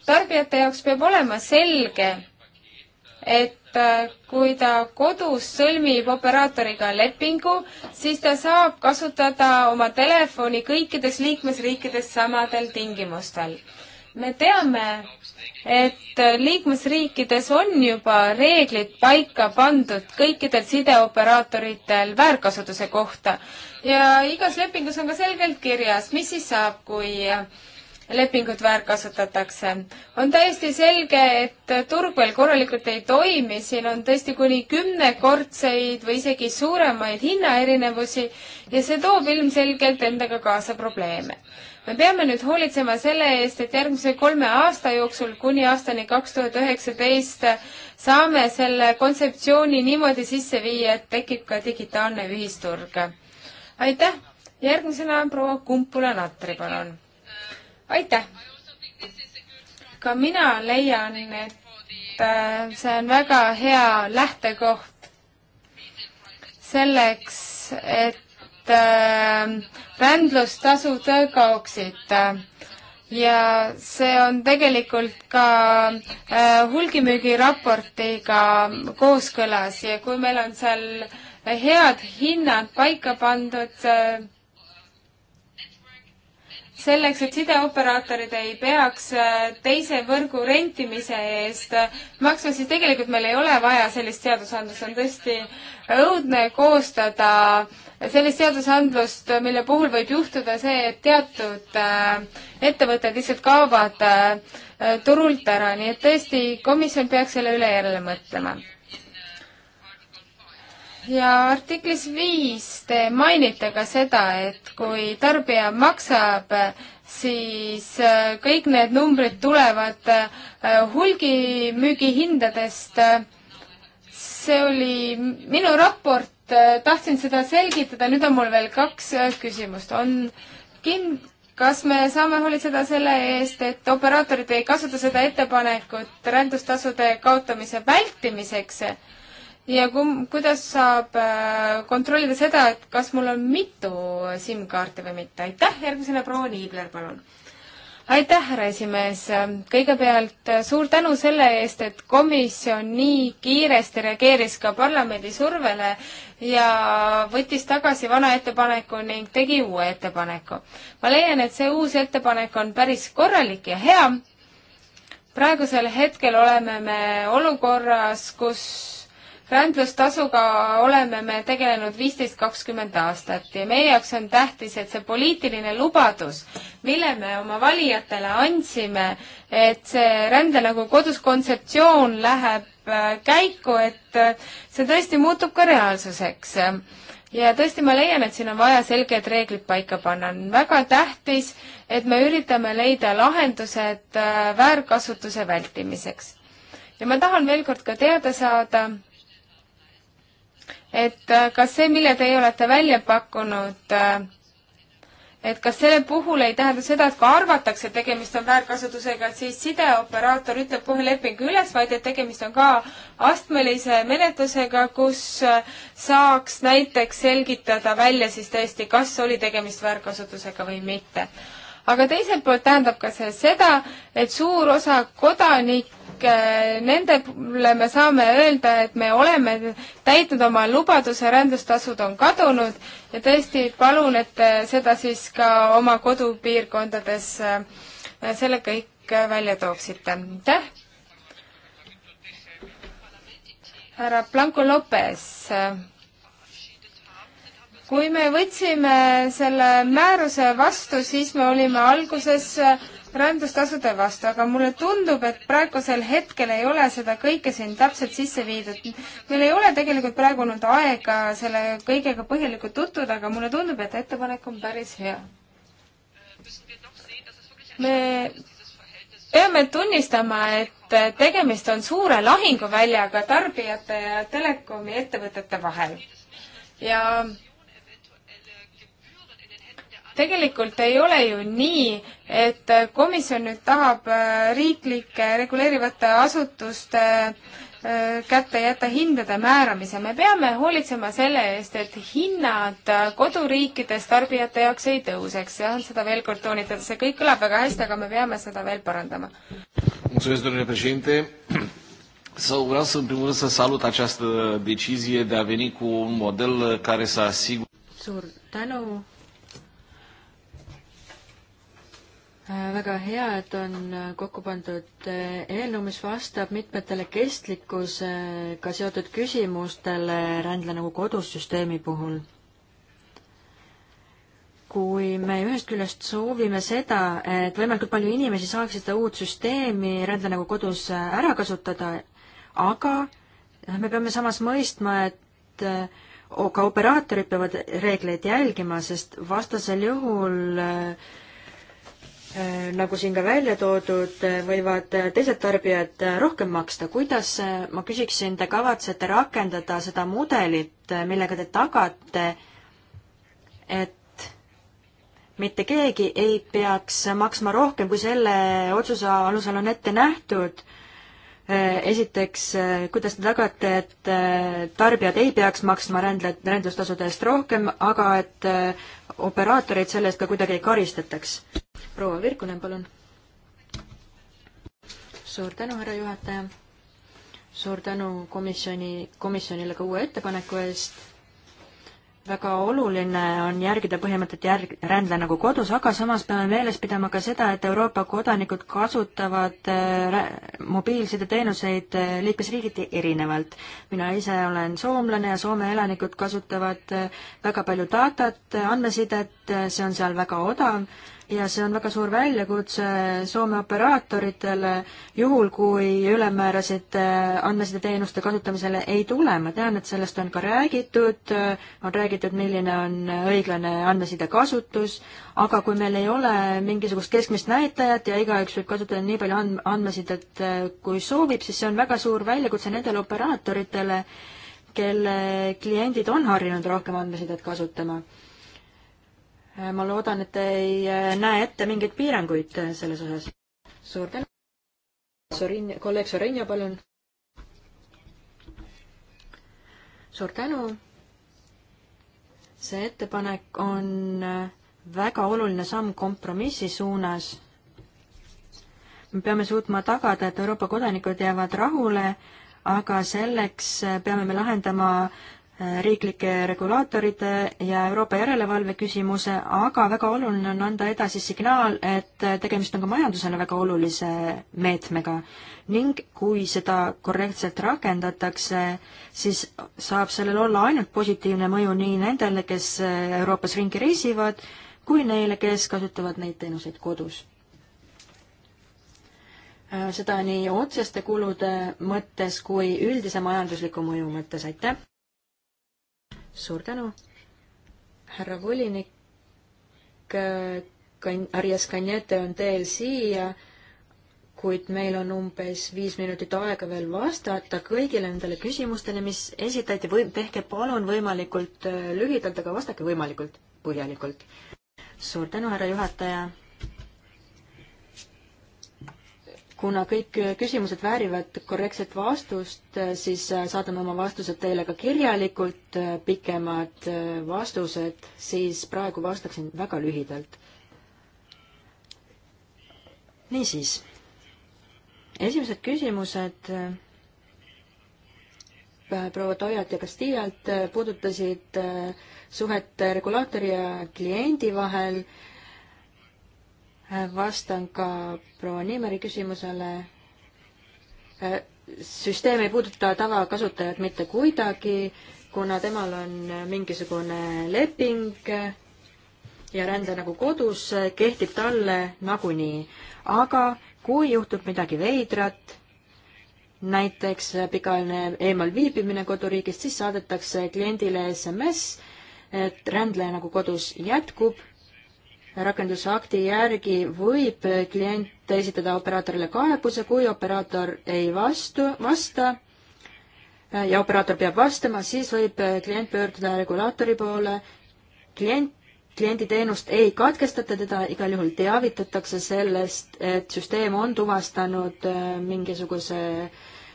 tarbijate jaoks peab olema selge, et äh, kui ta kodus sõlmib operaatoriga lepingu, siis ta saab kasutada oma telefoni kõikides liikmesriikides samadel tingimustel. me teame, et liikmesriikides on juba reeglid paika pandud kõikidel sideoperaatoritel väärkasutuse kohta ja igas lepingus on ka selgelt kirjas, mis siis saab, kui lepingut väärkasutatakse. on täiesti selge, et turg veel korralikult ei toimi, siin on tõesti kuni kümnekordseid või isegi suuremaid hinnaerinevusi ja see toob ilmselgelt endaga kaasa probleeme me peame nüüd hoolitsema selle eest, et järgmise kolme aasta jooksul kuni aastani kaks tuhat üheksateist saame selle kontseptsiooni niimoodi sisse viia, et tekib ka digitaalne ühisturg. aitäh, järgmisena proua Kumpula-Natri, palun. aitäh. ka mina leian, et äh, see on väga hea lähtekoht selleks, et et ähm, rändlustasud kaoksid ja see on tegelikult ka äh, hulgimüügiraportiga kooskõlas ja kui meil on seal head hinnad paika pandud, äh, selleks, et sideoperaatorid ei peaks äh, teise võrgu rentimise eest maksma, siis tegelikult meil ei ole vaja sellist seadusandlust, on tõesti õudne koostada sellist seadusandlust, mille puhul võib juhtuda see, et teatud äh, ettevõtted lihtsalt kaovad äh, turult ära, nii et tõesti, komisjon peaks selle üle jälle mõtlema ja artiklis viis te mainite ka seda, et kui tarbija maksab, siis äh, kõik need numbrid tulevad äh, hulgimüügihindadest. see oli minu raport, äh, tahtsin seda selgitada, nüüd on mul veel kaks küsimust. on kin-, kas me saame hoolitseda selle eest, et operaatorid ei kasuta seda ettepanekut rändustasude kaotamise vältimiseks? ja kum-, kuidas saab äh, kontrollida seda, et kas mul on mitu SIM-kaarti või mitte? aitäh, järgmisena proua Niibler, palun! aitäh, härra esimees! kõigepealt äh, suur tänu selle eest, et komisjon nii kiiresti reageeris ka parlamendi survele ja võttis tagasi vana ettepaneku ning tegi uue ettepaneku. ma leian, et see uus ettepanek on päris korralik ja hea. praegusel hetkel oleme me olukorras, kus rändlustasuga oleme me tegelenud viisteist, kakskümmend aastat ja meie jaoks on tähtis, et see poliitiline lubadus, mille me oma valijatele andsime, et see rände nagu kodus kontseptsioon läheb äh, käiku, et äh, see tõesti muutub ka reaalsuseks. ja tõesti, ma leian, et siin on vaja selged reeglid paika panna. on väga tähtis, et me üritame leida lahendused äh, väärkasutuse vältimiseks. ja ma tahan veel kord ka teada saada, et äh, kas see, mille teie olete välja pakkunud, äh, et kas selle puhul ei tähenda seda, et kui arvatakse, et tegemist on väärkasutusega, et siis sideoperaator ütleb kohe lepingu üles, vaid et tegemist on ka astmelise menetlusega, kus äh, saaks näiteks selgitada välja siis tõesti, kas oli tegemist väärkasutusega või mitte aga teiselt poolt tähendab ka see seda, et suur osa kodanikke kodanike, äh, nendele me saame öelda, et me oleme täitnud oma lubaduse, rändustasud on kadunud ja tõesti palun, et äh, seda siis ka oma kodupiirkondades äh, selle kõik välja tooksite. aitäh! härra Blanco Lopez kui me võtsime selle määruse vastu, siis me olime alguses rändustasude vastu, aga mulle tundub, et praegusel hetkel ei ole seda kõike siin täpselt sisse viidud. meil ei ole tegelikult praegu olnud aega selle kõigega põhjalikult tutvuda, aga mulle tundub, et ettepanek on päris hea. me peame tunnistama, et tegemist on suure lahinguväljaga tarbijate ja telekomi ettevõtete vahel ja tegelikult ei ole ju nii, et komisjon nüüd tahab äh, riiklike reguleerivate asutuste äh, kätte jätta hindade määramise. me peame hoolitsema selle eest, et hinnad koduriikides tarbijate jaoks ei tõuseks. jah, seda veel kord toonitada, see kõik kõlab väga hästi, aga me peame seda veel parandama. Să vreau să, în primul rând, să salut această decizie de a veni cu un model care să asigure... Suur tänu Äh, väga hea, et on äh, kokku pandud äh, eelnõu, mis vastab mitmetele kestlikkusega seotud küsimustele rändle nagu kodussüsteemi puhul. kui me ühest küljest soovime seda, et võimalikult palju inimesi saaksid seda uut süsteemi rändle nagu kodus ära kasutada, aga me peame samas mõistma, et ka operaatorid peavad reegleid jälgima, sest vastasel juhul äh, Äh, nagu siin ka välja toodud, äh, võivad äh, teised tarbijad rohkem maksta. kuidas, ma küsiksin, te kavatsete rakendada seda mudelit, millega te tagate, et mitte keegi ei peaks maksma rohkem, kui selle otsuse alusel on ette nähtud. esiteks, kuidas te tagate, et tarbijad ei peaks maksma rändle, rändlustasude eest rohkem, aga et operaatoreid selle eest ka kuidagi ei karistataks? proua Virkunen, palun. suur tänu, härra juhataja. suur tänu komisjoni, komisjonile ka uue ettepaneku eest. väga oluline on järgida põhimõtet järg-, rändle nagu kodus, aga samas peame meeles pidama ka seda, et Euroopa kodanikud kasutavad äh, mobiilsideteenuseid äh, liikmesriigiti erinevalt. mina ise olen soomlane ja Soome elanikud kasutavad äh, väga palju datat, andmesidet, äh, see on seal väga odav ja see on väga suur väljakutse Soome operaatoritele, juhul kui ülemäärasid äh, andmesideteenuste kasutamisele ei tule. ma tean, et sellest on ka räägitud, äh, on räägitud, milline on õiglane andmeside kasutus, aga kui meil ei ole mingisugust keskmist näitajat ja igaüks võib kasutada nii palju and-, andmesidet, äh, kui soovib, siis see on väga suur väljakutse nendele operaatoritele, kelle kliendid on harjunud rohkem andmesidet kasutama Äh, ma loodan, et te ei äh, näe ette mingeid piiranguid äh, selles osas. suur tänu. Sorin, kolleeg Sorinja, palun. suur tänu. see ettepanek on väga oluline samm kompromissi suunas. me peame suutma tagada, et Euroopa kodanikud jäävad rahule, aga selleks peame me lahendama Äh, riiklike regulaatorite ja Euroopa järelevalve küsimuse, aga väga oluline on anda edasi signaal, et äh, tegemist on ka majandusele väga olulise meetmega. ning kui seda korrektselt rakendatakse, siis saab sellel olla ainult positiivne mõju nii nendele, kes äh, Euroopas ringi reisivad, kui neile, kes kasutavad neid teenuseid kodus seda nii otseste kulude mõttes kui üldise majandusliku mõju mõttes, aitäh! suur tänu, härra volinik. Arias Kanjete on teel siia, kuid meil on umbes viis minutit aega veel vastata kõigile nendele küsimustele, mis esitati või tehke palun võimalikult äh, lühidalt, aga vastake võimalikult põhjalikult. suur tänu, härra juhataja kuna kõik küsimused väärivad korrektset vastust, siis äh, saadame oma vastused teile ka kirjalikult, äh, pikemad äh, vastused, siis praegu vastaksin väga lühidalt. niisiis, esimesed küsimused proua Toialt ja Castillalt puudutasid suhet regulaatori ja kliendi vahel vastan ka proua Niimeri küsimusele. Äh, süsteem ei puuduta tavakasutajat mitte kuidagi, kuna temal on mingisugune leping ja rände nagu kodus kehtib talle nagunii. aga kui juhtub midagi veidrat, näiteks pikaajaline eemalviibimine koduriigist, siis saadetakse kliendile SMS, et rändleja nagu kodus jätkub rakendusakti järgi võib klient esitada operaatorile kaebuse, kui operaator ei vastu, vasta äh, ja operaator peab vastama, siis võib äh, klient pöörduda regulaatori poole. klient, klienditeenust ei katkestata, teda igal juhul teavitatakse sellest, et süsteem on tuvastanud äh, mingisuguse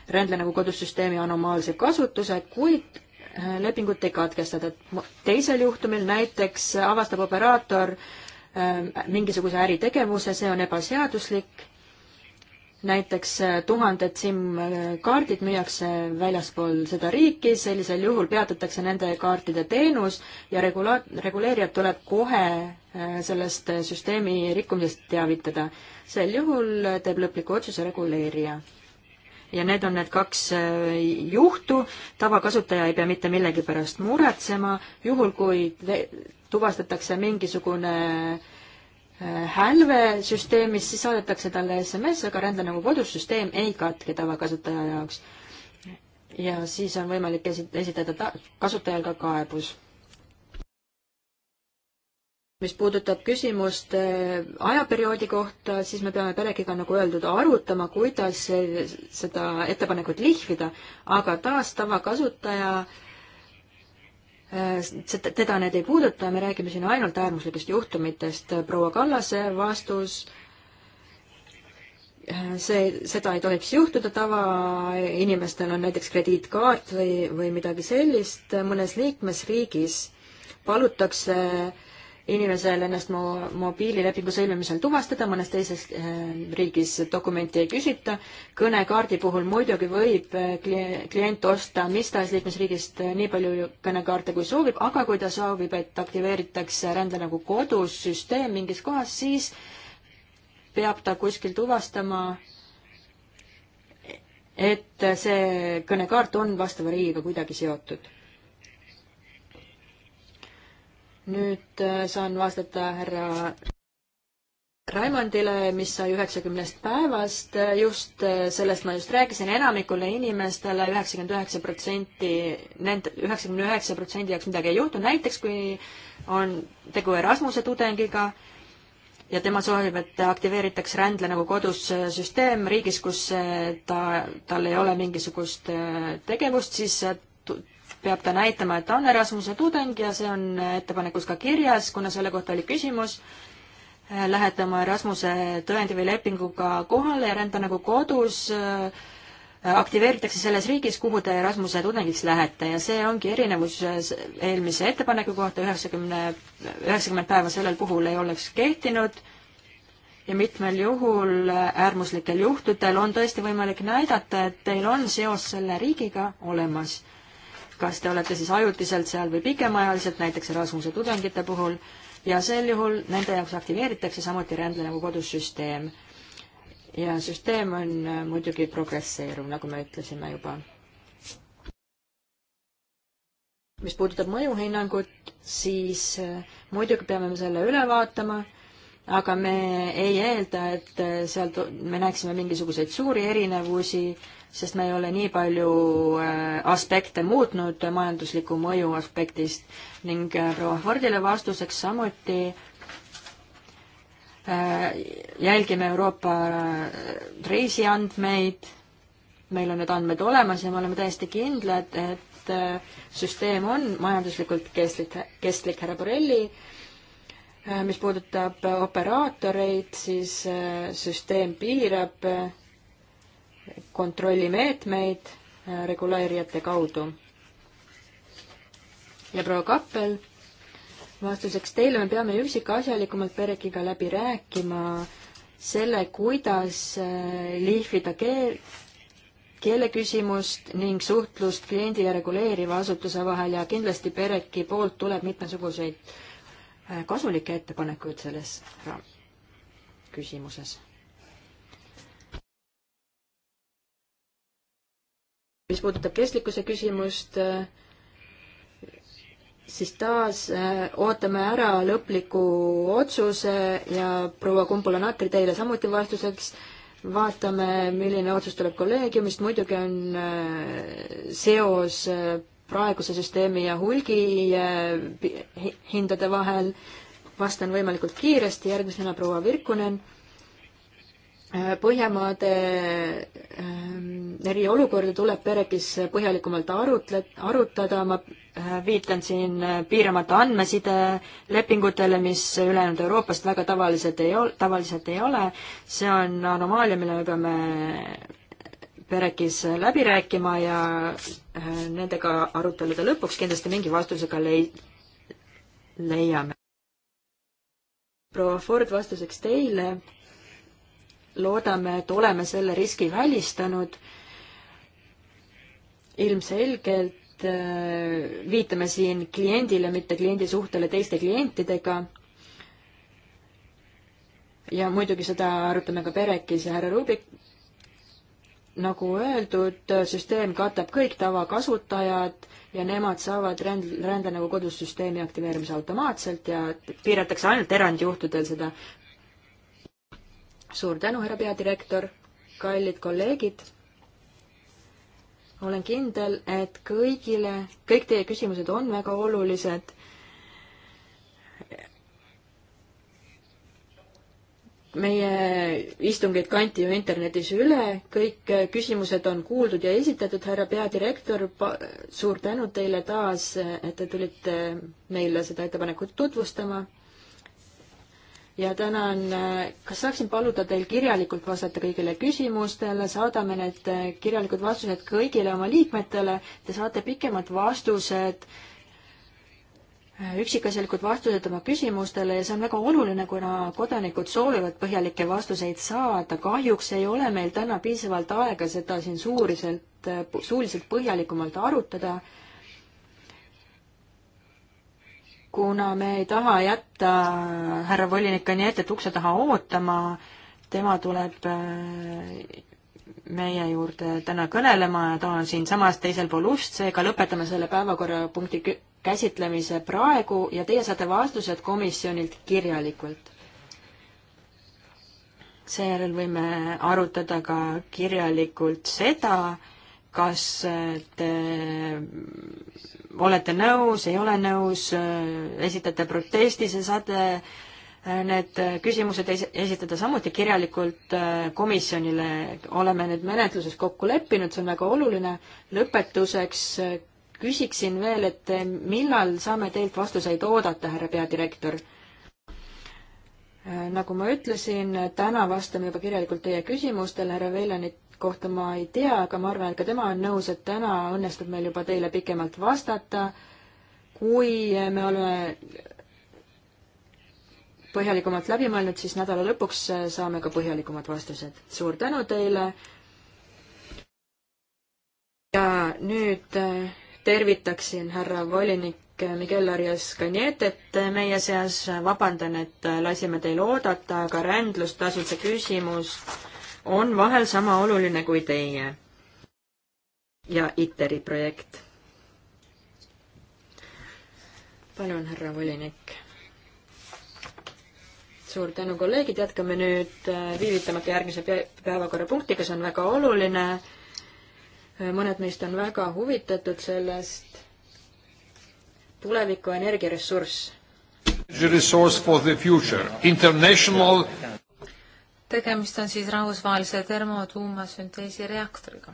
rändle nagu kodussüsteemi anomaalse kasutuse, kuid lepingut ei katkestata. teisel juhtumil näiteks avastab operaator Ähm, mingisuguse äritegevuse, see on ebaseaduslik. näiteks äh, tuhanded SIM-kaardid müüakse väljaspool seda riiki, sellisel juhul peatatakse nende kaartide teenus ja regula-, reguleerijad tuleb kohe äh, sellest äh, süsteemi rikkumisest teavitada. sel juhul teeb lõpliku otsuse reguleerija ja need on need kaks juhtu, tavakasutaja ei pea mitte millegi pärast muretsema, juhul kui tuvastatakse mingisugune äh, hälve süsteemis, siis saadetakse talle SMS, aga rändenõukogu nagu kodusüsteem ei katke tavakasutaja jaoks. ja siis on võimalik esi-, esitada ta-, kasutajal ka kaebus. mis puudutab küsimust äh, ajaperioodi kohta, siis me peame Perekiga, nagu öeldud, arutama, kuidas seda ettepanekut lihvida, aga taas tavakasutaja äh, teda need ei puuduta, me räägime siin ainult äärmuslikest juhtumitest. proua Kallase vastus, see, seda ei tohiks juhtuda, tavainimestel on näiteks krediitkaart või, või midagi sellist, mõnes liikmesriigis palutakse äh, inimesel ennast mo-, mobiililepingu sõlmimisel tuvastada, mõnes teises äh, riigis dokumenti ei küsita. kõnekaardi puhul muidugi võib äh, kli-, klient osta mis tahes liikmesriigist äh, nii palju kõnekaarte, kui soovib, aga kui ta soovib, et aktiveeritakse rände nagu kodus süsteem mingis kohas, siis peab ta kuskil tuvastama, et see kõnekaart on vastava riigiga kuidagi seotud nüüd äh, saan vastata härra Raimondile, mis sai üheksakümnest päevast, äh, just äh, sellest ma just rääkisin, enamikule inimestele üheksakümmend üheksa protsenti, nende, üheksakümne üheksa protsendi jaoks midagi ei juhtu, näiteks kui on tegu Erasmuse tudengiga ja tema soovib, et aktiveeritaks rändle nagu kodus süsteem riigis, kus ta, tal ei ole mingisugust tegevust, siis peab ta näitama, et ta on Erasmuse tudeng ja see on ettepanekus ka kirjas, kuna selle kohta oli küsimus, äh, lähetama Erasmuse tõendi või lepinguga kohale ja rända nagu kodus, äh, aktiveeritakse selles riigis, kuhu te Erasmuse tudengiks lähete ja see ongi erinevus äh, eelmise ettepaneku kohta, üheksakümne, üheksakümmend päeva sellel puhul ei oleks kehtinud ja mitmel juhul äärmuslikel juhtudel on tõesti võimalik näidata, et teil on seos selle riigiga olemas kas te olete siis ajutiselt seal või pikemaajaliselt, näiteks Erasmuse tudengite puhul, ja sel juhul nende jaoks aktiveeritakse samuti rände nagu kodus süsteem. ja süsteem on äh, muidugi progresseeruv, nagu me ütlesime juba. mis puudutab mõjuhinnangut, siis äh, muidugi peame me selle üle vaatama aga me ei eelda, et äh, seal me näeksime mingisuguseid suuri erinevusi sest me ei ole nii palju äh, aspekte muutnud majandusliku mõju aspektist ning äh, proua Fordile vastuseks samuti äh, jälgime Euroopa reisiandmeid, meil on need andmed olemas ja me oleme täiesti kindlad, et süsteem on majanduslikult kestlik, kestlik, härra Borrelli. mis puudutab operaatoreid, siis süsteem piirab kontrollimeetmeid äh, reguleerijate kaudu. ja proua Kappel, vastuseks teile me peame üksikasjalikumalt Berekiga läbi rääkima selle, kuidas äh, lihvida keel, keeleküsimust ning suhtlust kliendi ja reguleeriva asutuse vahel ja kindlasti Pereki poolt tuleb mitmesuguseid äh, kasulikke ettepanekuid selles küsimuses mis puudutab kestlikkuse küsimust, siis taas äh, ootame ära lõpliku otsuse ja proua Kumpula-Natri teile samuti vastuseks vaatame, milline otsus tuleb kolleegiumist, muidugi on äh, seos äh, praeguse süsteemi ja hulgi hindade vahel, vastan võimalikult kiiresti, järgmisena proua Virkunen. Põhjamaade ähm, eriolukorda tuleb Perekis põhjalikumalt arutle-, arutada, ma äh, viitan siin äh, piiramata andmeside lepingutele, mis ülejäänud Euroopast väga tavaliselt ei ol-, tavaliselt ei ole, see on anomaalia, mille me peame Perekis läbi rääkima ja äh, nendega arutelude lõpuks kindlasti mingi vastuse ka lei-, leiame. proua Ford, vastuseks teile loodame, et oleme selle riski välistanud. ilmselgelt äh, viitame siin kliendile, mitte kliendi suhtele teiste klientidega. ja muidugi seda arutame ka Perekis ja härra Rubik. nagu öeldud, süsteem katab kõik tavakasutajad ja nemad saavad ränd-, rände nagu kodus süsteemi aktiveerimise automaatselt ja piiratakse ainult erandjuhtudel seda suur tänu, härra peadirektor, kallid kolleegid. olen kindel, et kõigile, kõik teie küsimused on väga olulised. meie istungeid kanti ju internetis üle, kõik küsimused on kuuldud ja esitatud, härra peadirektor, suur tänu teile taas, et te tulite meile seda ettepanekut tutvustama ja tänan, kas saaksin paluda teil kirjalikult vastata kõigile küsimustele, saadame need äh, kirjalikud vastused kõigile oma liikmetele, te saate pikemad vastused, äh, üksikasjalikud vastused oma küsimustele ja see on väga oluline, kuna kodanikud soovivad põhjalikke vastuseid saada, kahjuks ei ole meil täna piisavalt aega seda siin suuriselt, äh, suuliselt põhjalikumalt arutada kuna me ei taha jätta härra volinikku nii ette, et ukse taha ootama, tema tuleb äh, meie juurde täna kõnelema ja ta on siinsamas teisel pool ust, seega lõpetame selle päevakorrapunkti käsitlemise praegu ja teie saate vastused komisjonilt kirjalikult. seejärel võime arutada ka kirjalikult seda, kas te olete nõus, ei ole nõus, esitate protesti, see saate äh, need küsimused esitada samuti kirjalikult äh, komisjonile. oleme nüüd menetluses kokku leppinud, see on väga oluline. lõpetuseks äh, küsiksin veel, et millal saame teilt vastuseid oodata, härra peadirektor? nagu ma ütlesin, täna vastame juba kirjalikult teie küsimustele, härra Veljanit kohta ma ei tea, aga ma arvan, et ka tema on nõus, et täna õnnestub meil juba teile pikemalt vastata. kui me oleme põhjalikumalt läbi mõelnud, siis nädala lõpuks saame ka põhjalikumad vastused. suur tänu teile. ja nüüd äh, tervitaksin härra volinik äh, Miguel Arias Canietet äh, meie seas. vabandan, et lasime teil oodata, aga rändlustasudse küsimus on vahel sama oluline kui teie ja ITER-i projekt. palun, härra volinik. suur tänu, kolleegid, jätkame nüüd äh, viivitamata järgmise päevakorrapunktiga, see on väga oluline. Äh, mõned meist on väga huvitatud sellest. tuleviku energiaressurss. Resource for the future, international tegemist on siis rahvusvahelise termotuumasünteesi reaktoriga.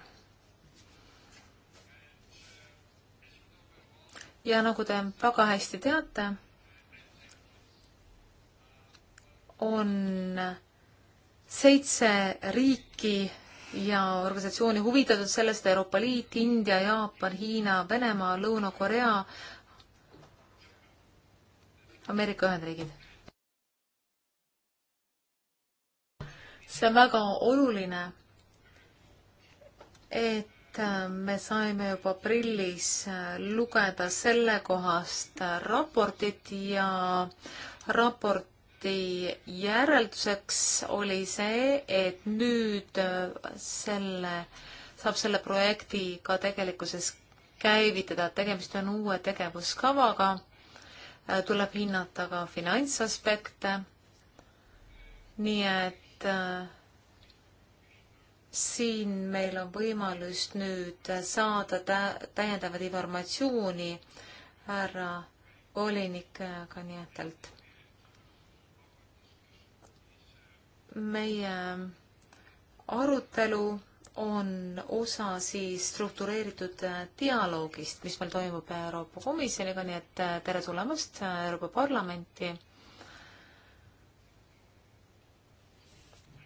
ja nagu te väga hästi teate, on seitse riiki ja organisatsiooni huvitatud sellest, Euroopa Liit, India, Jaapan, Hiina, Venemaa, Lõuna-Korea, Ameerika Ühendriigid. see on väga oluline, et äh, me saime juba aprillis äh, lugeda sellekohast äh, raportit ja raporti järelduseks oli see, et nüüd selle, saab selle projekti ka tegelikkuses käivitada, et tegemist on uue tegevuskavaga, tuleb hinnata ka finantsaspekte, nii et et äh, siin meil on võimalus nüüd saada täiendavat informatsiooni härra volinik Kanietelt. meie arutelu on osa siis struktureeritud äh, dialoogist, mis meil toimub Euroopa Komisjoniga, nii et äh, tere tulemast Euroopa Parlamenti.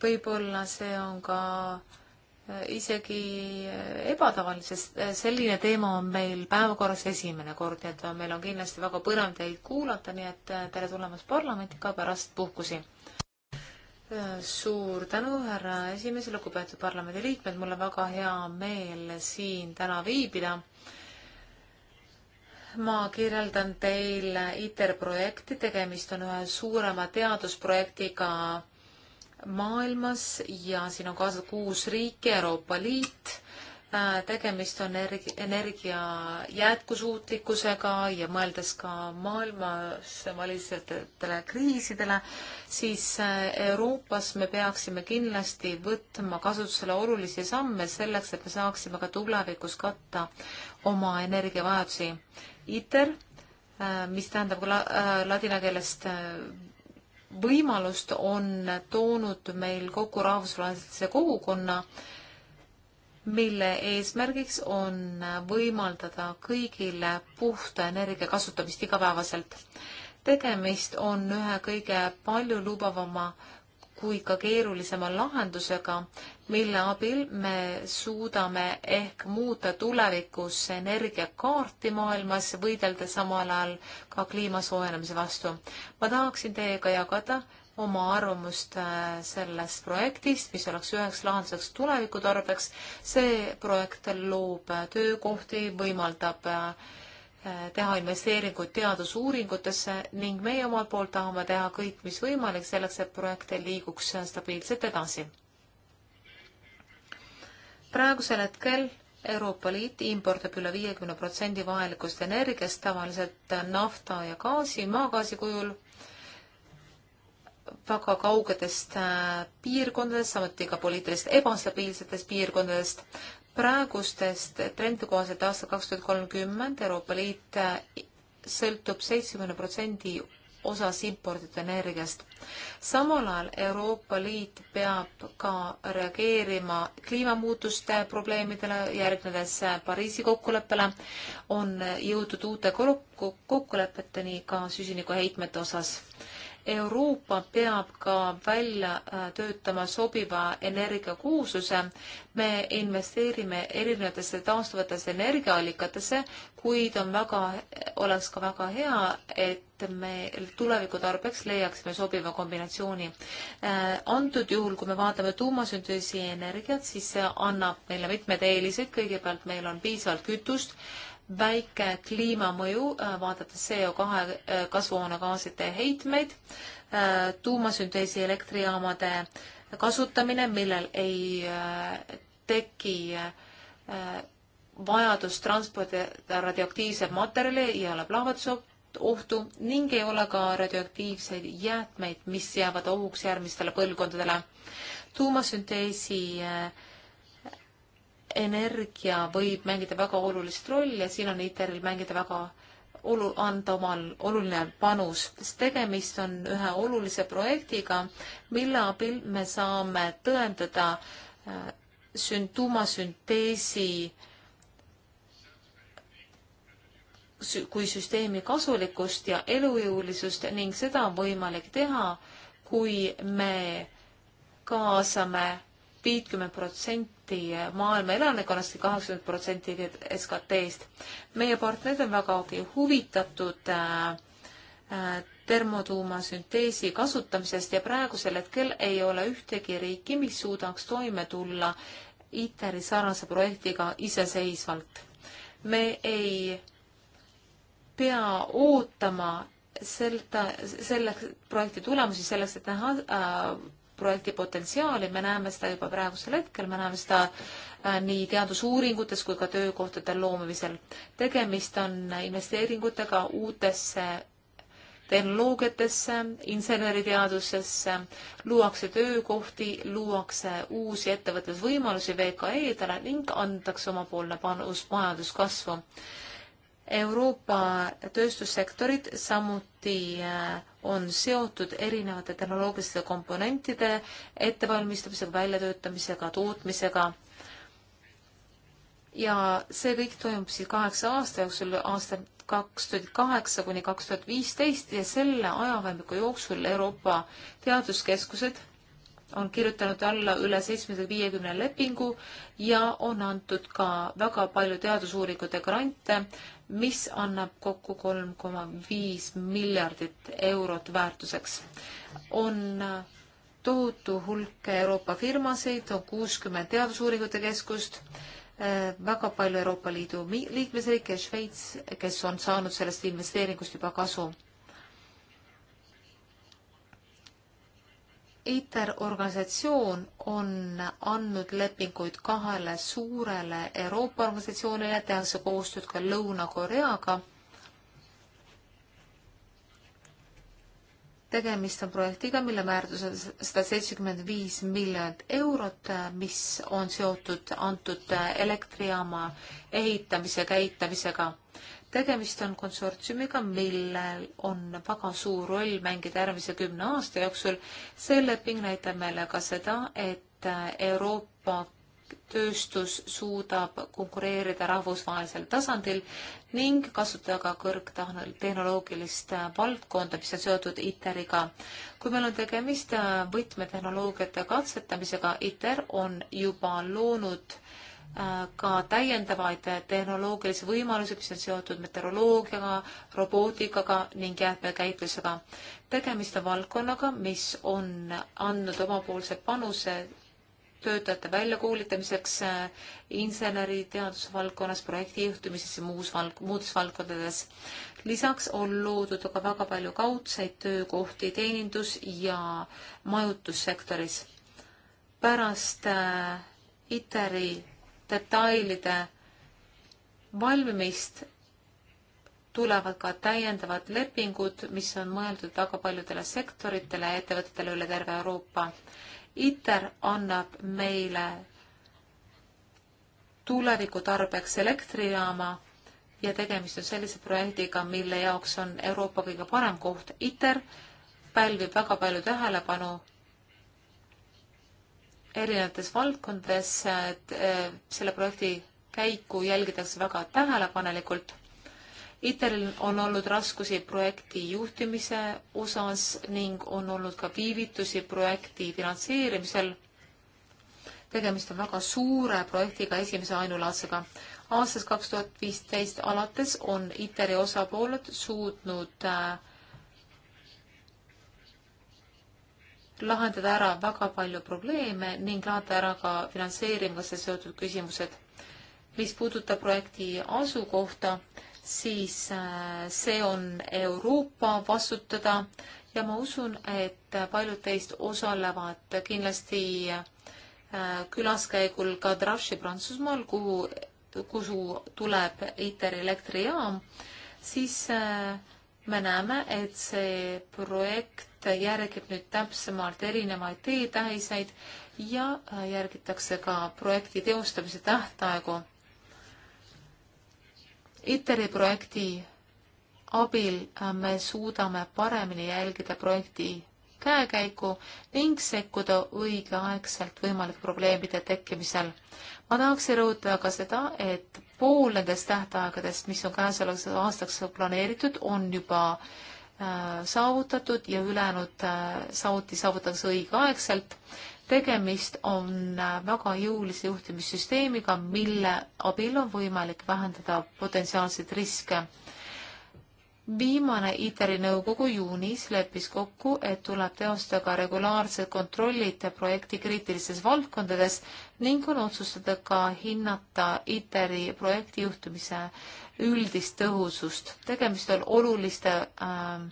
võib-olla see on ka äh, isegi äh, ebatavaline, sest äh, selline teema on meil päevakorras esimene kord, nii et meil on kindlasti väga põnev teid kuulata, nii et tere tulemast parlamenti ka pärast puhkusi. suur tänu, härra esimees, lugupeetud parlamendiliikmed, mul on väga hea meel siin täna viibida ma kirjeldan teile ITER projekti, tegemist on ühe suurema teadusprojektiga maailmas ja siin on kaasatud kuus riiki, Euroopa Liit, äh, tegemist on energi-, energia jätkusuutlikkusega ja mõeldes ka maailmas valitsetele kriisidele, siis äh, Euroopas me peaksime kindlasti võtma kasutusele olulisi samme selleks, et me saaksime ka tulevikus katta oma energiavajadusi. ITER, äh, mis tähendab la-, ladina keelest võimalust on toonud meil kokku rahvusvahelise kogukonna, mille eesmärgiks on võimaldada kõigile puhta energia kasutamist igapäevaselt. tegemist on ühe kõige paljulubavama kui ka keerulisema lahendusega mille abil me suudame ehk muuta tulevikus energiakaarti maailmas, võidelda samal ajal ka kliima soojenemise vastu. ma tahaksin teiega jagada oma arvamust äh, sellest projektist, mis oleks üheks lahenduseks tuleviku tarbeks. see projekt loob äh, töökohti, võimaldab äh, teha investeeringuid teadusuuringutesse ning meie omalt poolt tahame teha kõik, mis võimalik selleks, et projekt liiguks stabiilselt edasi praegusel hetkel Euroopa Liit impordib üle viiekümne protsendi vajalikust energiast, tavaliselt nafta ja gaasi, maagaasi kujul, väga kaugetest äh, piirkondadest, samuti ka poliitilist ebastabiilsetest piirkondadest. praegustest trendide kohaselt aastal kaks tuhat kolmkümmend Euroopa Liit äh, sõltub seitsmekümne protsendi osas imporditud energiast. samal ajal Euroopa Liit peab ka reageerima kliimamuutuste probleemidele, järgnedes Pariisi kokkuleppele on jõudnud uute kokkulepeteni ka süsinikuheitmete osas Euroopa peab ka välja äh, töötama sobiva energiakuususe. me investeerime erinevatesse taastuvatesse energiaallikatesse, kuid on väga, oleks ka väga hea, et me tuleviku tarbeks leiaksime sobiva kombinatsiooni. Äh, antud juhul, kui me vaatame tuumasünteesi energiat, siis see annab meile mitmed eelised, kõigepealt meil on piisavalt kütust väike kliimamõju, äh, vaadates CO2 äh, kasvuhoonegaaside heitmeid, äh, tuumasünteesi elektrijaamade kasutamine, millel ei teki vajadus transportida radioaktiivseid materjali, ei ole plahvatusohtu ning ei ole ka radioaktiivseid jäätmeid, mis jäävad ohuks järgmistele põlvkondadele. tuumasünteesi äh, energia võib mängida väga olulist rolli ja siin on ITER-il mängida väga olu-, anda omal oluline panus, sest tegemist on ühe olulise projektiga, mille abil me saame tõendada äh, sün-, tuumasünteesi kui süsteemi kasulikkust ja elujõulisust ning seda on võimalik teha, kui me kaasame viitkümmend protsenti protsenti maailma elanikkonnast ja kaheksakümmend protsenti SKT-st. meie partnerid on vägagi huvitatud äh, äh, termotuumasünteesi kasutamisest ja praegusel hetkel ei ole ühtegi riiki, mis suudaks toime tulla ITER-i sarnase projektiga iseseisvalt. me ei pea ootama seda, selle projekti tulemusi selleks, et näha äh, projekti potentsiaali, me näeme seda juba praegusel hetkel, me näeme seda äh, nii teadusuuringutes kui ka töökohtade loomisel. tegemist on investeeringutega uutesse tehnoloogiatesse, inseneriteadusesse, luuakse töökohti, luuakse uusi ettevõtlusvõimalusi VKE-dele ning antakse omapoolne panus majanduskasvu Euroopa tööstussektorid samuti äh, on seotud erinevate tehnoloogiliste komponentide ettevalmistamisega, väljatöötamisega, tootmisega. ja see kõik toimub siis kaheksa aasta jooksul, aastal kaks tuhat kaheksa kuni kaks tuhat viisteist ja selle ajavahemiku jooksul Euroopa teaduskeskused on kirjutanud alla üle seitsmesaja viiekümne lepingu ja on antud ka väga palju teadusuuringute grante mis annab kokku kolm koma viis miljardit eurot väärtuseks. on äh, tohutu hulk Euroopa firmasid, on kuuskümmend teadusuuringute keskust, äh, väga palju Euroopa Liidu liikmesriike ja Šveits, kes on saanud sellest investeeringust juba kasu ITER-organisatsioon on andnud lepinguid kahele suurele Euroopa organisatsioonile, tehakse koostööd ka Lõuna-Koreaga. tegemist on projektiga, mille määrdus on sada seitsekümmend viis miljonit eurot, mis on seotud antud elektrijaama ehitamise käitamisega tegemist on konsortsiumiga, millel on väga suur roll mängida järgmise kümne aasta jooksul. see leping näitab meile ka seda, et Euroopa tööstus suudab konkureerida rahvusvahelisel tasandil ning kasutada ka kõrgtehnoloogilist valdkonda, mis on seotud ITER-iga. kui meil on tegemist võtmetehnoloogiate katsetamisega, ITER on juba loonud ka täiendavaid tehnoloogilisi võimalusi, mis on seotud meteoroloogiaga, robootikaga ning jäätmekäitlusega. tegemist on valdkonnaga, mis on andnud omapoolse panuse töötajate väljakoolitamiseks eh, inseneriteaduse valdkonnas, projektijuhtimises ja muus valg-, muudes valdkondades. lisaks on loodud aga väga palju kaudseid töökohti teenindus- ja majutussektoris. pärast eh, ITER-i detailide valmimist tulevad ka täiendavad lepingud, mis on mõeldud väga paljudele sektoritele ja ettevõtetele üle terve Euroopa. ITER annab meile tuleviku tarbeks elektrijaama ja tegemist on sellise projektiga, mille jaoks on Euroopa kõige parem koht. ITER pälvib väga palju tähelepanu erinevates valdkondades, et eh, selle projekti käiku jälgitakse väga tähelepanelikult. ITER-il on olnud raskusi projekti juhtimise osas ning on olnud ka viivitusi projekti finantseerimisel. tegemist on väga suure projektiga, esimese ainulaadsega. aastast kaks tuhat viisteist alates on ITER-i osapooled suutnud äh, lahendada ära väga palju probleeme ning lahendada ära ka finantseerimisega seotud küsimused. mis puudutab projekti asukohta, siis äh, see on Euroopa vastutada ja ma usun, et paljud teist osalevad kindlasti äh, külaskäigul Kadrashi Prantsusmaal, kuhu, kuhu tuleb ITER elektrijaam, siis äh, me näeme, et see projekt järgib nüüd täpsemalt erinevaid teetähiseid ja järgitakse ka projekti teostamise tähtaegu. ITER-i projekti abil me suudame paremini jälgida projekti käekäigu ning sekkuda õigeaegselt võimalike probleemide tekkimisel. ma tahaksin rõhutada ka seda, et pool nendest tähtaegadest, mis on käesolevaks aastaks planeeritud, on juba äh, saavutatud ja ülejäänud äh, samuti saavutatakse õigeaegselt. tegemist on äh, väga jõulise juhtimissüsteemiga, mille abil on võimalik vähendada potentsiaalseid riske viimane ITER-i nõukogu juunis leppis kokku, et tuleb teosta ka regulaarsed kontrollid projekti kriitilistes valdkondades ning on otsustada ka hinnata ITER-i projekti juhtimise üldist tõhusust. tegemist on oluliste äh,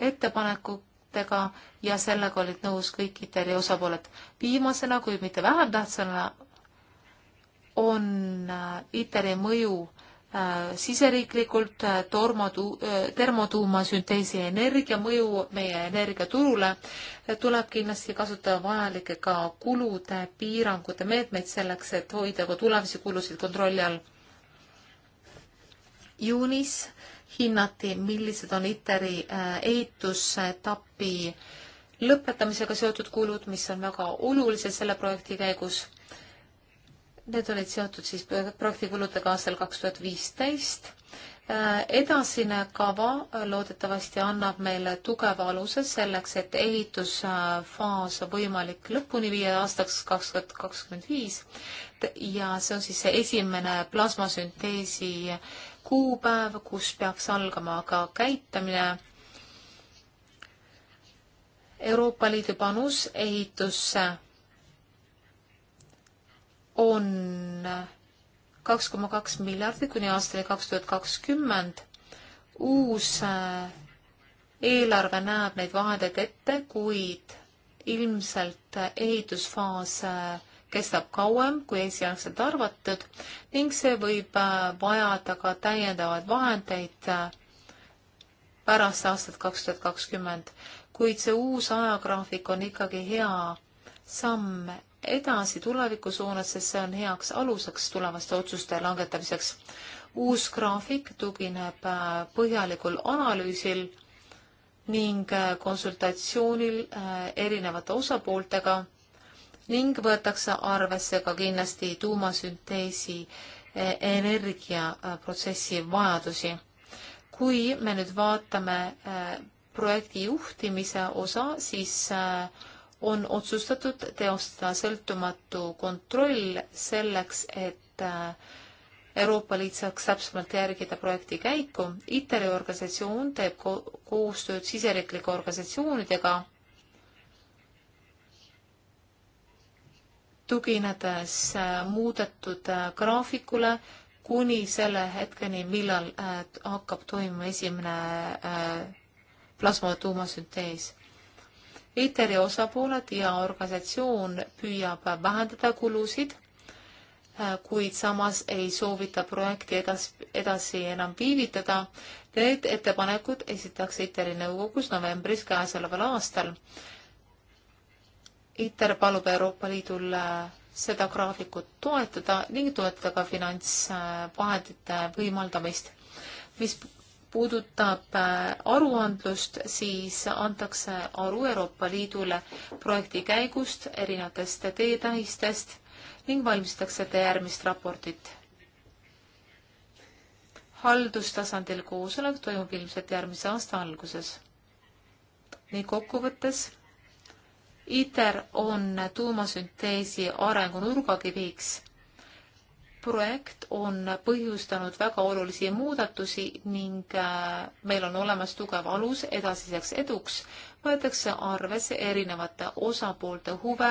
ettepanekutega ja sellega olid nõus kõik ITER-i osapooled. viimasena, kuid mitte vähem tähtsana, on äh, ITER-i mõju Äh, siseriiklikult äh, tormotu-, äh, termotuumasünteesi energia mõju meie energiaturule, tuleb kindlasti kasutada vajalikke ka kulude piirangute meetmeid selleks, et hoida ka tulevasi kulusid kontrolli all. juunis hinnati, millised on ITER-i ehitusetapi lõpetamisega seotud kulud, mis on väga olulised selle projekti käigus Need olid seotud siis projektikuludega aastal kaks tuhat viisteist. edasine kava loodetavasti annab meile tugeva aluse selleks, et ehitusfaas on võimalik lõpuni viia aastaks kaks tuhat kakskümmend viis ja see on siis see esimene plasmasünteesi kuupäev, kus peaks algama ka käitamine Euroopa Liidu panus ehitusse on kaks koma kaks miljardit kuni aastani kaks tuhat kakskümmend. uus äh, eelarve näeb neid vahendeid ette, kuid ilmselt ehitusfaas äh, kestab kauem kui esialgselt arvatud ning see võib äh, vajada ka täiendavaid vahendeid pärast aastat kaks tuhat kakskümmend, kuid see uus ajagraafik on ikkagi hea samm edasi tuleviku suunas, sest see on heaks aluseks tulevaste otsuste langetamiseks. uus graafik tugineb äh, põhjalikul analüüsil ning äh, konsultatsioonil äh, erinevate osapooltega ning võetakse arvesse ka kindlasti tuumasünteesi energiaprotsessi vajadusi. kui me nüüd vaatame projekti juhtimise osa, siis äh, on otsustatud teostada sõltumatu kontroll selleks, et äh, Euroopa Liit saaks täpsemalt järgida projekti käiku. ITERi organisatsioon teeb ko koostööd siseriiklike organisatsioonidega, tuginedes äh, muudetud äh, graafikule kuni selle hetkeni, millal hakkab toimuma esimene plasmatuumasüntees ITER-i osapooled ja organisatsioon püüab vähendada kulusid, kuid samas ei soovita projekti edas, edasi enam viivitada. Need ettepanekud esitakse ITER-i nõukogus novembris käesoleval aastal. ITER palub Euroopa Liidul seda graafikut toetada ning toetada ka finantsvahendite võimaldamist. mis puudutab äh, aruandlust, siis antakse aru Euroopa Liidule projekti käigust, erinevatest teetähistest ning valmistatakse ette järgmist raportit. haldustasandil koosolek toimub ilmselt järgmise aasta alguses. nii kokkuvõttes, ITER on tuumasünteesi arengu nurgakiviks projekt on põhjustanud väga olulisi muudatusi ning äh, meil on olemas tugev alus edasiseks eduks. võetakse arvesse erinevate osapoolte huve,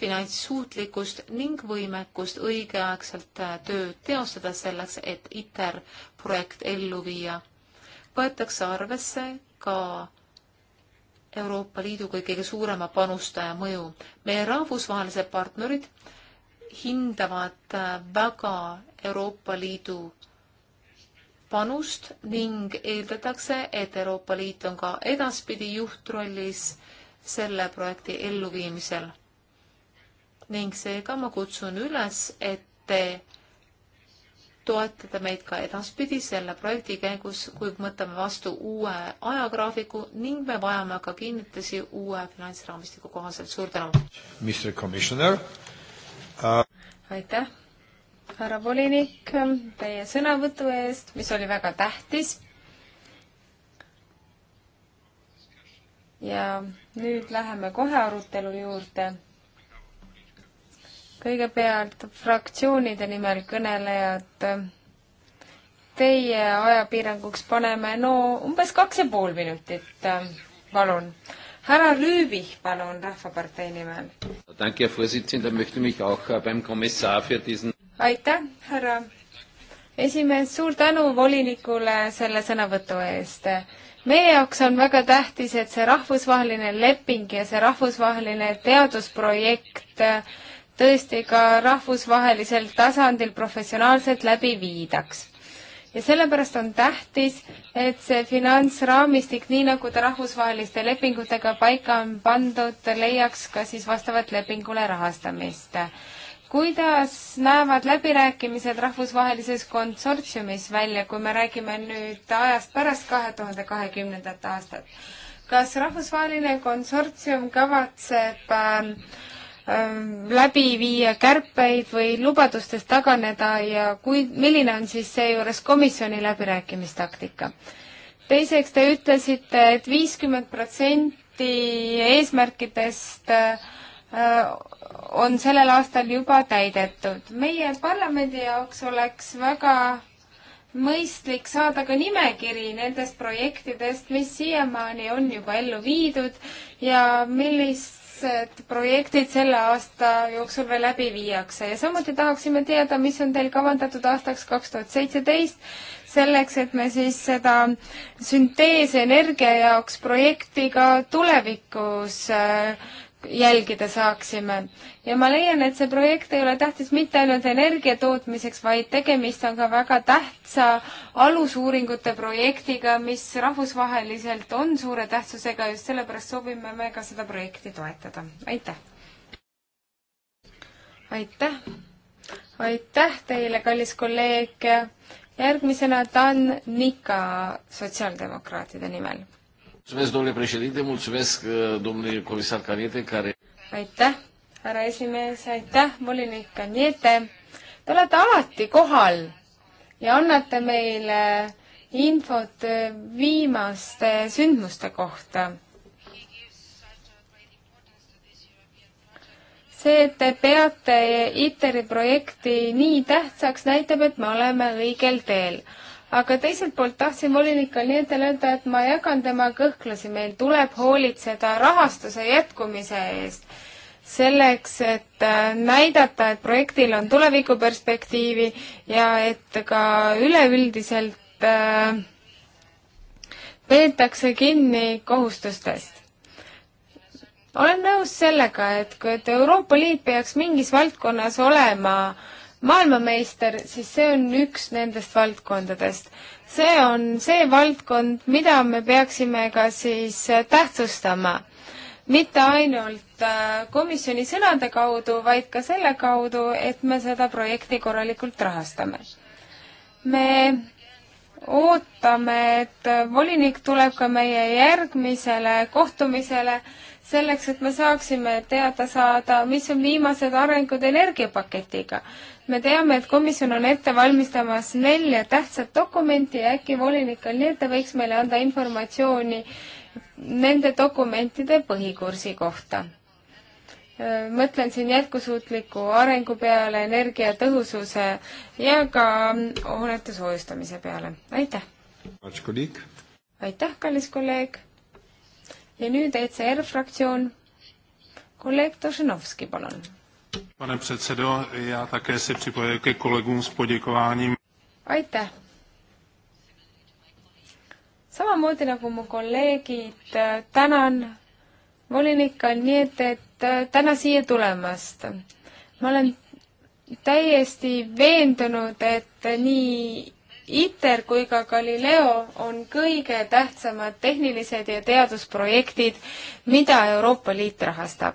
finantssuutlikkust ning võimekust õigeaegselt äh, tööd teostada selleks, et ITER projekt ellu viia. võetakse arvesse ka Euroopa Liidu kõige suurema panustaja mõju. meie rahvusvahelised partnerid hindavad äh, väga Euroopa Liidu panust ning eeldatakse, et Euroopa Liit on ka edaspidi juhtrollis selle projekti elluviimisel. ning seega ma kutsun üles, et te toetada meid ka edaspidi selle projekti käigus, kui võtame vastu uue ajagraafiku ning me vajame ka kinnitusi uue finantsraamistiku kohaselt. suur tänu! aitäh, härra volinik, teie sõnavõtu eest, mis oli väga tähtis. ja nüüd läheme kohe arutelu juurde kõigepealt fraktsioonide nimel kõnelejad. Teie ajapiiranguks paneme no umbes kaks ja pool minutit, palun härra Lüübih, palun, Rahvapartei nimel. Äh, aitäh, härra esimees, suur tänu volinikule selle sõnavõtu eest. meie jaoks on väga tähtis, et see rahvusvaheline leping ja see rahvusvaheline teadusprojekt äh, tõesti ka rahvusvahelisel tasandil professionaalselt läbi viidaks ja sellepärast on tähtis, et see finantsraamistik, nii nagu ta rahvusvaheliste lepingutega paika on pandud, leiaks ka siis vastavat lepingule rahastamist. kuidas näevad läbirääkimised rahvusvahelises konsortsiumis välja, kui me räägime nüüd ajast pärast kahe tuhande kahekümnendat aastat? kas rahvusvaheline konsortsium kavatseb äh, Ähm, läbi viia kärpeid või lubadustest taganeda ja kui, milline on siis seejuures komisjoni läbirääkimistaktika? teiseks, te ütlesite et, et viiskümmend protsenti eesmärkidest äh, on sellel aastal juba täidetud. meie parlamendi jaoks oleks väga mõistlik saada ka nimekiri nendest projektidest, mis siiamaani on juba ellu viidud ja millist millised projektid selle aasta jooksul veel läbi viiakse ja samuti tahaksime teada, mis on teil kavandatud aastaks kaks tuhat seitseteist, selleks, et me siis seda sünteesenergia jaoks projekti ka tulevikus äh, jälgida saaksime. ja ma leian, et see projekt ei ole tähtis mitte ainult energia tootmiseks, vaid tegemist on ka väga tähtsa alusuuringute projektiga, mis rahvusvaheliselt on suure tähtsusega, just sellepärast soovime me ka seda projekti toetada. aitäh! aitäh! aitäh teile, kallis kolleeg! järgmisena Dan Nika sotsiaaldemokraatide nimel mulțumesc, domnule președinte, mulțumesc uh, domnule comisar Caniete, care... aitäh, härra esimees, aitäh, volinik Caniete. Te olete alati kohal ja annate meile infot viimaste sündmuste kohta see, et te peate ITER-i projekti nii tähtsaks, näitab, et me oleme õigel teel aga teiselt poolt tahtsin volinik Kalnietele öelda, et ma jagan tema kõhklusi, meil tuleb hoolitseda rahastuse jätkumise eest selleks, et äh, näidata, et projektil on tulevikuperspektiivi ja et ka üleüldiselt äh, peetakse kinni kohustustest. olen nõus sellega, et kui, et Euroopa Liit peaks mingis valdkonnas olema äh, maailmameister, siis see on üks nendest valdkondadest. see on see valdkond, mida me peaksime ka siis äh, tähtsustama. mitte ainult äh, komisjoni sõnade kaudu, vaid ka selle kaudu, et me seda projekti korralikult rahastame. me ootame, et äh, volinik tuleb ka meie järgmisele kohtumisele selleks, et me saaksime teada saada, mis on viimased arengud energiapaketiga me teame, et komisjon on ette valmistamas nelja tähtsat dokumenti ja äkki volinik Kalniete võiks meile anda informatsiooni nende dokumentide põhikursi kohta. mõtlen siin jätkusuutliku arengu peale, energiatõhususe ja ka hoonete soojustamise peale. aitäh! aitäh, kallis kolleeg! ja nüüd ECR fraktsioon. kolleeg Tošenovski, palun pane předsedo, já také se připojuji ke kolegům s poděkováním. aitäh! samamoodi nagu mu kolleegid, tänan volinik Kalniet, et täna siia tulemast. ma olen täiesti veendunud, et nii ITER kui ka Galileo on kõige tähtsamad tehnilised ja teadusprojektid, mida Euroopa Liit rahastab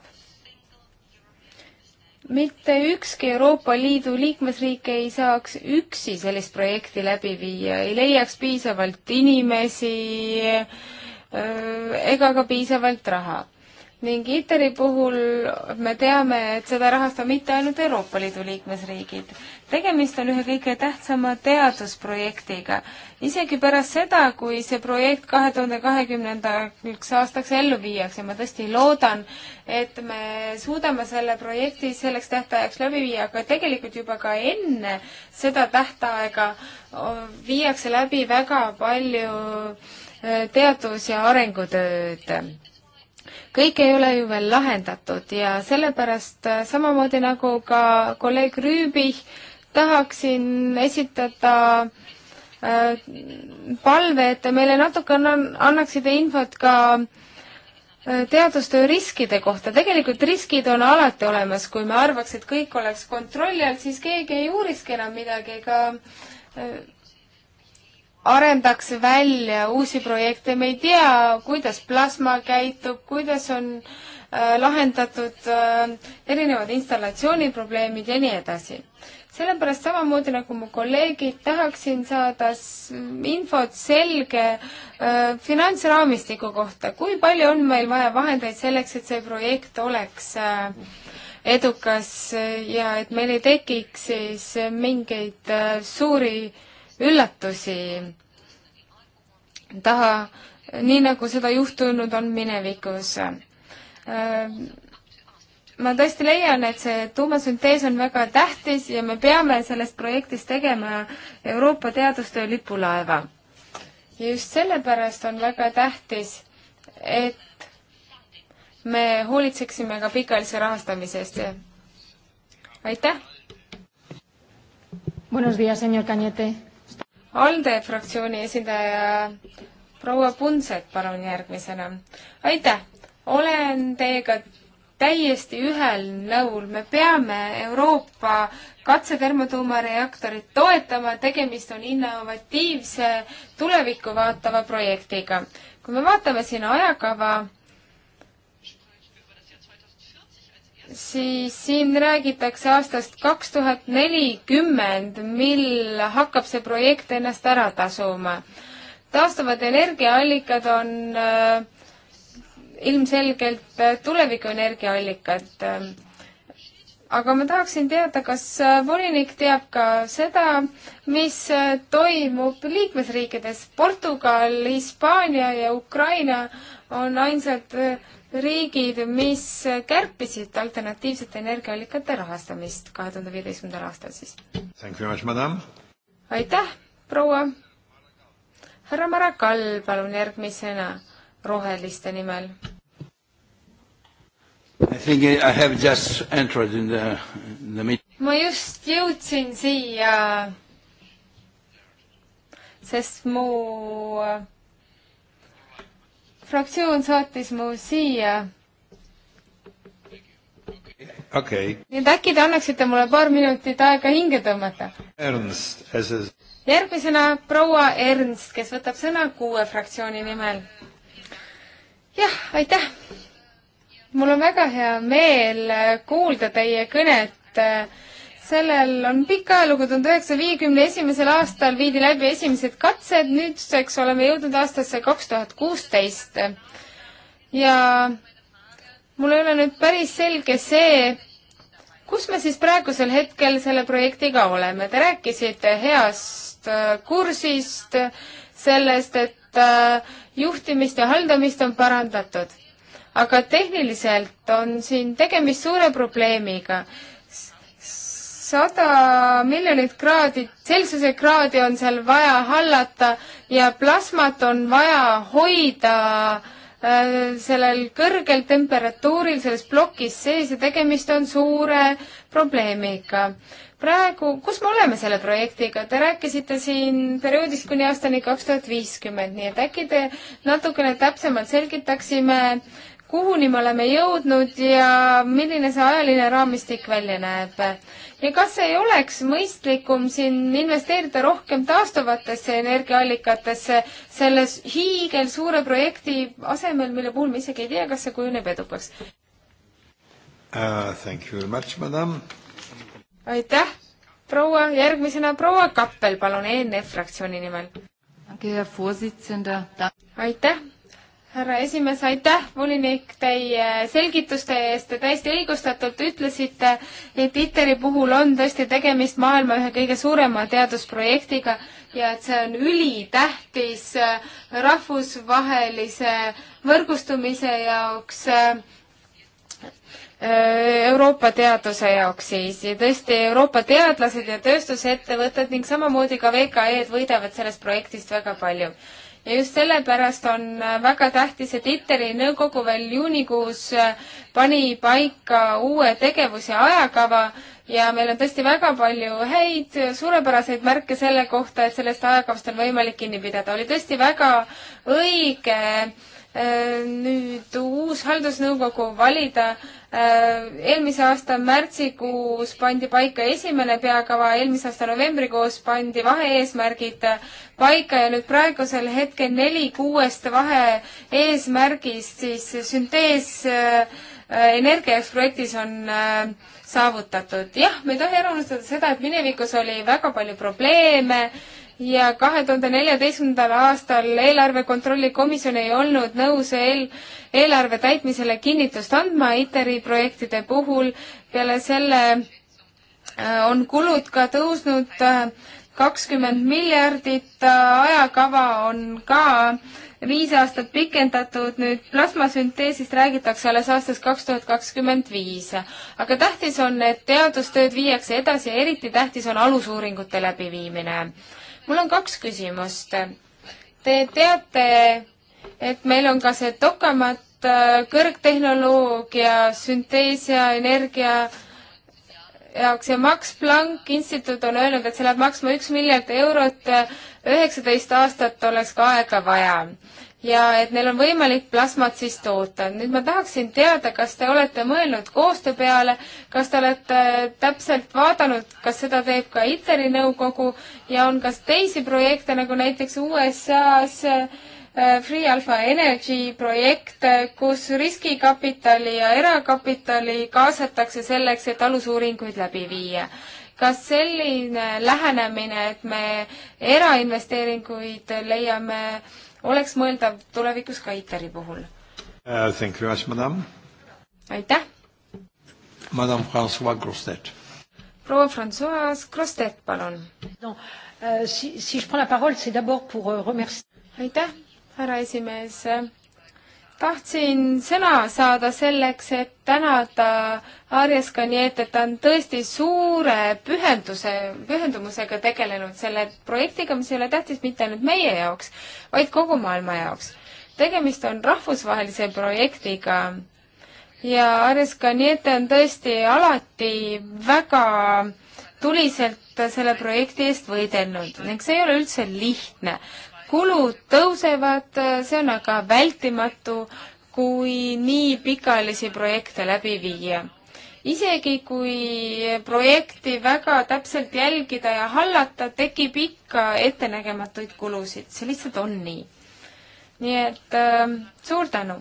mitte ükski Euroopa Liidu liikmesriik ei saaks üksi sellist projekti läbi viia, ei leiaks piisavalt inimesi äh, ega ka piisavalt raha ning ITER-i puhul me teame, et seda rahastab mitte ainult Euroopa Liidu liikmesriigid. tegemist on ühe kõige tähtsama teadusprojektiga. isegi pärast seda, kui see projekt kahe tuhande kahekümnendaks aastaks ellu viiakse, ma tõesti loodan, et me suudame selle projekti selleks tähtajaks läbi viia, aga tegelikult juba ka enne seda tähtaega viiakse läbi väga palju äh, teadus- ja arengutööd kõik ei ole ju veel lahendatud ja sellepärast äh, samamoodi nagu ka kolleeg Rüübich, tahaksin esitada äh, palve, et te meile natukene annaksite infot ka äh, teadustöö riskide kohta, tegelikult riskid on alati olemas, kui me arvaks, et kõik oleks kontrolli all, siis keegi ei uurikski enam midagi ega äh, arendaks välja uusi projekte, me ei tea, kuidas plasma käitub, kuidas on äh, lahendatud äh, erinevad installatsiooniprobleemid ja nii edasi. sellepärast samamoodi nagu mu kolleegid, tahaksin saada infot selge äh, finantsraamistiku kohta, kui palju on meil vaja vahendeid selleks, et see projekt oleks edukas ja et meil ei tekiks siis mingeid suuri äh, üllatusi taha, nii nagu seda juhtunud on minevikus. Äh, ma tõesti leian, et see tuumasüntees on väga tähtis ja me peame sellest projektist tegema Euroopa teadustöö lipulaeva. ja just sellepärast on väga tähtis, et me hoolitseksime ka pikaajalise rahastamise eest. aitäh! Buenos días, señor Cañete. ALDE fraktsiooni esindaja proua Punset, palun järgmisena. aitäh, olen teiega täiesti ühel nõul, me peame Euroopa katsetermotuumareaktorit toetama, tegemist on innovatiivse tulevikku vaatava projektiga. kui me vaatame siin ajakava, siis siin räägitakse aastast kaks tuhat nelikümmend, mil hakkab see projekt ennast ära tasuma. taastuvad energiaallikad on äh, ilmselgelt äh, tuleviku energiaallikad äh,. aga ma tahaksin teada, kas äh, volinik teab ka seda, mis äh, toimub liikmesriikides. Portugal, Hispaania ja Ukraina on ainsad äh, riigid, mis kärpisid alternatiivsete energiaallikate rahastamist kahe tuhande viieteistkümnendal aastal siis. aitäh, proua! härra Marakal, palun järgmisena roheliste nimel. The... ma just jõudsin siia, sest mu fraktsioon saatis mu siia. okei okay.. nii et äkki te annaksite mulle paar minutit aega hinge tõmmata? Ernst, SS. järgmisena proua Ernst, kes võtab sõna kuue fraktsiooni nimel. jah, aitäh. mul on väga hea meel kuulda teie kõnet äh, sellel on pikk ajalugu, tuhande üheksasaja viiekümne esimesel aastal viidi läbi esimesed katsed, nüüdseks oleme jõudnud aastasse kaks tuhat kuusteist. ja mul ei ole nüüd päris selge see, kus me siis praegusel hetkel selle projektiga oleme. Te rääkisite heast äh, kursist, sellest, et äh, juhtimist ja haldamist on parandatud aga tehniliselt on siin tegemist suure probleemiga sada miljonit kraadi, seltsuse kraadi on seal vaja hallata ja plasmat on vaja hoida äh, sellel kõrgel temperatuuril selles plokis sees ja tegemist on suure probleemiga. praegu, kus me oleme selle projektiga, te rääkisite siin perioodist kuni aastani kaks tuhat viiskümmend, nii et äkki te natukene täpsemalt selgitaksime, kuhuni me oleme jõudnud ja milline see ajaline raamistik välja näeb ja kas ei oleks mõistlikum siin investeerida rohkem taastuvatesse energiaallikatesse selle hiigelsuure projekti asemel, mille puhul me isegi ei tea, kas see kujuneb edukaks uh,? Thank you very much, madam. aitäh, proua, järgmisena proua Kappel, palun, ENF fraktsiooni nimel. aitäh härra esimees, aitäh, volinik, teie selgituste eest. Te täiesti õigustatult ütlesite, et ITER-i puhul on tõesti tegemist maailma ühe kõige suurema teadusprojektiga ja et see on ülitähtis äh, rahvusvahelise võrgustumise jaoks äh, äh, Euroopa teaduse jaoks siis ja tõesti Euroopa teadlased ja tööstusettevõtted ning samamoodi ka VKE-d võidavad sellest projektist väga palju ja just sellepärast on äh, väga tähtis, et ITER-i nõukogu veel juunikuus äh, pani paika uue tegevuse ajakava ja meil on tõesti väga palju häid, suurepäraseid märke selle kohta, et sellest ajakavast on võimalik kinni pidada. oli tõesti väga õige äh, nüüd uus haldusnõukogu valida Äh, eelmise aasta märtsikuus pandi paika esimene peakava, eelmise aasta novembrikuus pandi vahe-eesmärgid paika ja nüüd praegusel hetkel neli kuuest vahe-eesmärgist siis süntees äh, energia jaoks projektis on äh, saavutatud. jah, me ei tohi ära unustada seda, et minevikus oli väga palju probleeme ja kahe tuhande neljateistkümnendal aastal eelarve kontrolli komisjon ei olnud nõus eel, eelarve täitmisele kinnitust andma ITER-i projektide puhul. peale selle äh, on kulud ka tõusnud äh, kakskümmend miljardit, äh, ajakava on ka viis aastat pikendatud, nüüd plasmasünteesist räägitakse alles aastast kaks tuhat kakskümmend viis. aga tähtis on, et teadustööd viiakse edasi ja eriti tähtis on alusuuringute läbiviimine mul on kaks küsimust. Te teate, et meil on ka see dokamat, äh, kõrgtehnoloogia, süntees ja energia jaoks ja Max Planck instituut on öelnud, et see läheb maksma üks miljard eurot, üheksateist aastat oleks ka aega vaja ja et neil on võimalik plasmat siis toota. nüüd ma tahaksin teada, kas te olete mõelnud koostöö peale, kas te olete täpselt vaadanud, kas seda teeb ka ITER-i nõukogu ja on kas teisi projekte, nagu näiteks USA-s äh, Free Alpha Energy projekt, kus riskikapitali ja erakapitali kaasatakse selleks, et alusuuringuid läbi viia kas selline lähenemine, et me erainvesteeringuid leiame äh, oleks mõeldav tulevikus ka ITER-i puhul uh,. Thank you, madam. aitäh. Madame Francois Grosset. proua Francois Grosset, palun no,. Uh, si, si je prends la parole, c'est d'abord pour uh, remercier. aitäh, härra esimees tahtsin sõna saada selleks, et tänada Arjas Kanietet, ta on tõesti suure pühenduse, pühendumusega tegelenud selle projektiga, mis ei ole tähtis mitte ainult meie jaoks, vaid kogu maailma jaoks. tegemist on rahvusvahelise projektiga ja Arjas Kaniete on tõesti alati väga tuliselt selle projekti eest võidelnud ning see ei ole üldse lihtne kulud tõusevad, see on aga vältimatu, kui nii pikaajalisi projekte läbi viia. isegi kui projekti väga täpselt jälgida ja hallata, tekib ikka ettenägematuid kulusid, see lihtsalt on nii. nii et äh, suur tänu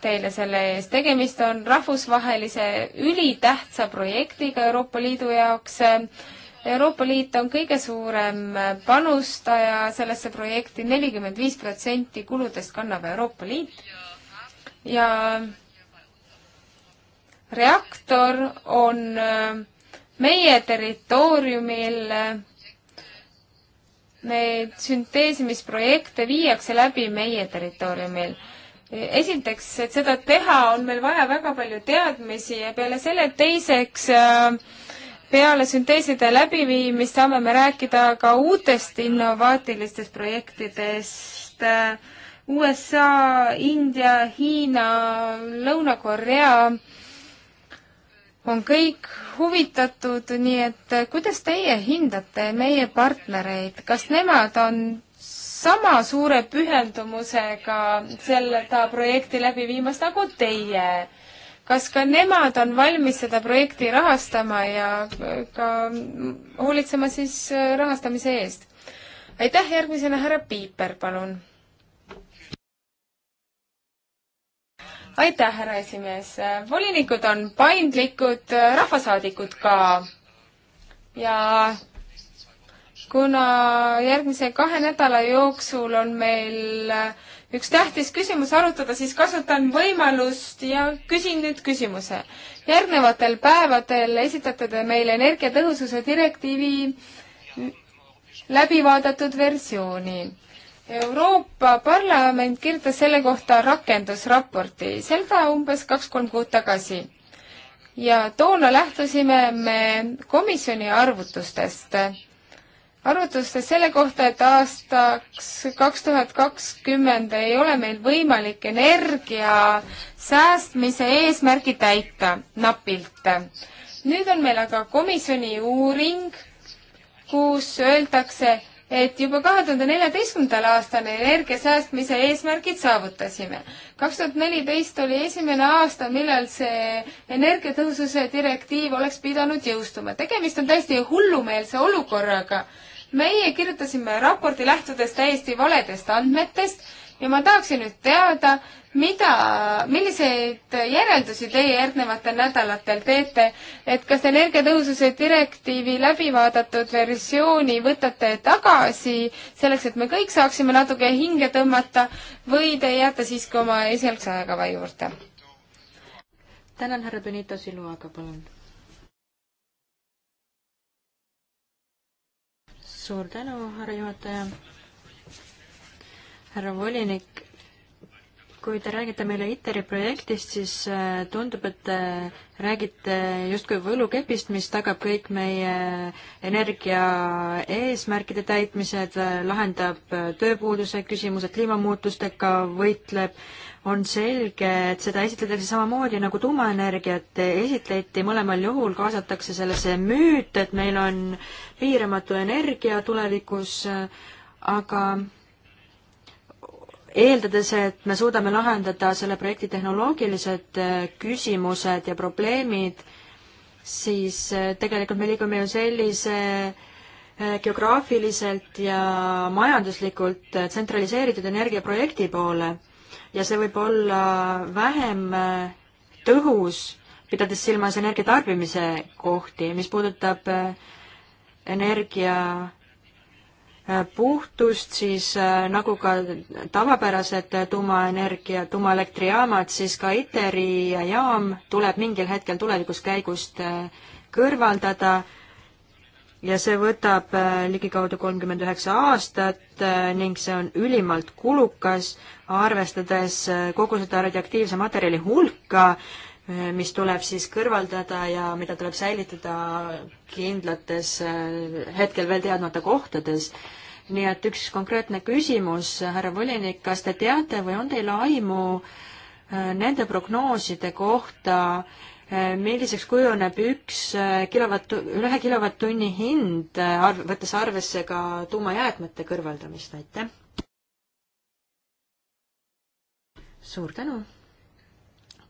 teile selle eest, tegemist on rahvusvahelise ülitähtsa projektiga Euroopa Liidu jaoks äh, Euroopa Liit on kõige suurem panustaja sellesse projekti, nelikümmend viis protsenti kuludest kannab Euroopa Liit ja reaktor on äh, meie territooriumil. Neid äh, sünteesimisprojekte viiakse läbi meie territooriumil esiteks, et seda teha, on meil vaja väga palju teadmisi ja peale selle teiseks äh, peale sünteeside läbiviimist saame me rääkida ka uutest innovaatilistest projektidest. USA, India, Hiina, Lõuna-Korea on kõik huvitatud, nii et kuidas teie hindate meie partnereid, kas nemad on sama suure pühendumusega seda projekti läbi viimas nagu teie? kas ka nemad on valmis seda projekti rahastama ja ka hoolitsema siis äh, rahastamise eest? aitäh, järgmisena härra Piiper, palun. aitäh, härra esimees. volinikud on paindlikud, äh, rahvasaadikud ka. ja kuna järgmise kahe nädala jooksul on meil äh, üks tähtis küsimus arutada, siis kasutan võimalust ja küsin nüüd küsimuse. järgnevatel päevadel esitate te meile energiatõhususe direktiivi läbivaadatud versiooni. Euroopa Parlament kirjutas selle kohta rakendusraporti, seda umbes kaks-kolm kuud tagasi. ja toona lähtusime me komisjoni arvutustest arvutustes selle kohta, et aastaks kaks tuhat kakskümmend ei ole meil võimalik energia säästmise eesmärgi täita napilt. nüüd on meil aga komisjoni uuring, kus öeldakse, et juba kahe tuhande neljateistkümnendal aastal energia säästmise eesmärgid saavutasime. kaks tuhat neliteist oli esimene aasta, millal see energiatõhususe direktiiv oleks pidanud jõustuma. tegemist on täiesti hullumeelse olukorraga meie kirjutasime raporti lähtudes täiesti valedest andmetest ja ma tahaksin nüüd teada, mida, milliseid järeldusi teie järgnevatel nädalatel teete, et kas energiatõhususe direktiivi läbi vaadatud versiooni võtate tagasi selleks, et me kõik saaksime natuke hinge tõmmata või te jääte siiski oma esialgse ajakava juurde? tänan, härra Benito Siluaga, palun suur tänu, härra juhataja. härra volinik, kui te räägite meile ITER-i projektist, siis äh, tundub, et te äh, räägite justkui võlukepist, mis tagab kõik meie energia eesmärkide täitmised, äh, lahendab tööpuuduse küsimuse, kliimamuutustega võitleb on selge, et seda esitletakse samamoodi nagu tuumaenergiat esitleti, mõlemal juhul kaasatakse sellesse müüt, et meil on piiramatu energia tulevikus, aga eeldades, et me suudame lahendada selle projekti tehnoloogilised küsimused ja probleemid, siis tegelikult me liigume ju sellise eh, geograafiliselt ja majanduslikult tsentraliseeritud energiaprojekti poole ja see võib olla vähem äh, tõhus, pidades silmas energia tarbimise kohti, mis puudutab äh, energia äh, puhtust, siis nagu ka tavapärased tuumaenergia, tuumaelektrijaamad, siis ka ITER-i jaam tuleb mingil hetkel tulevikus käigust kõrvaldada ja see võtab äh, ligikaudu kolmkümmend üheksa aastat äh, ning see on ülimalt kulukas, arvestades äh, kogu seda radioaktiivse materjali hulka, mis tuleb siis kõrvaldada ja mida tuleb säilitada kindlates hetkel veel teadmata kohtades. nii et üks konkreetne küsimus, härra volinik, kas te teate või on teil aimu nende prognooside kohta, Eh, milliseks kujuneb üks eh, kilovatt, ühe kilovatt-tunni hind, eh, arv, võttes arvesse ka tuumajäätmete kõrvaldamist, aitäh! suur tänu,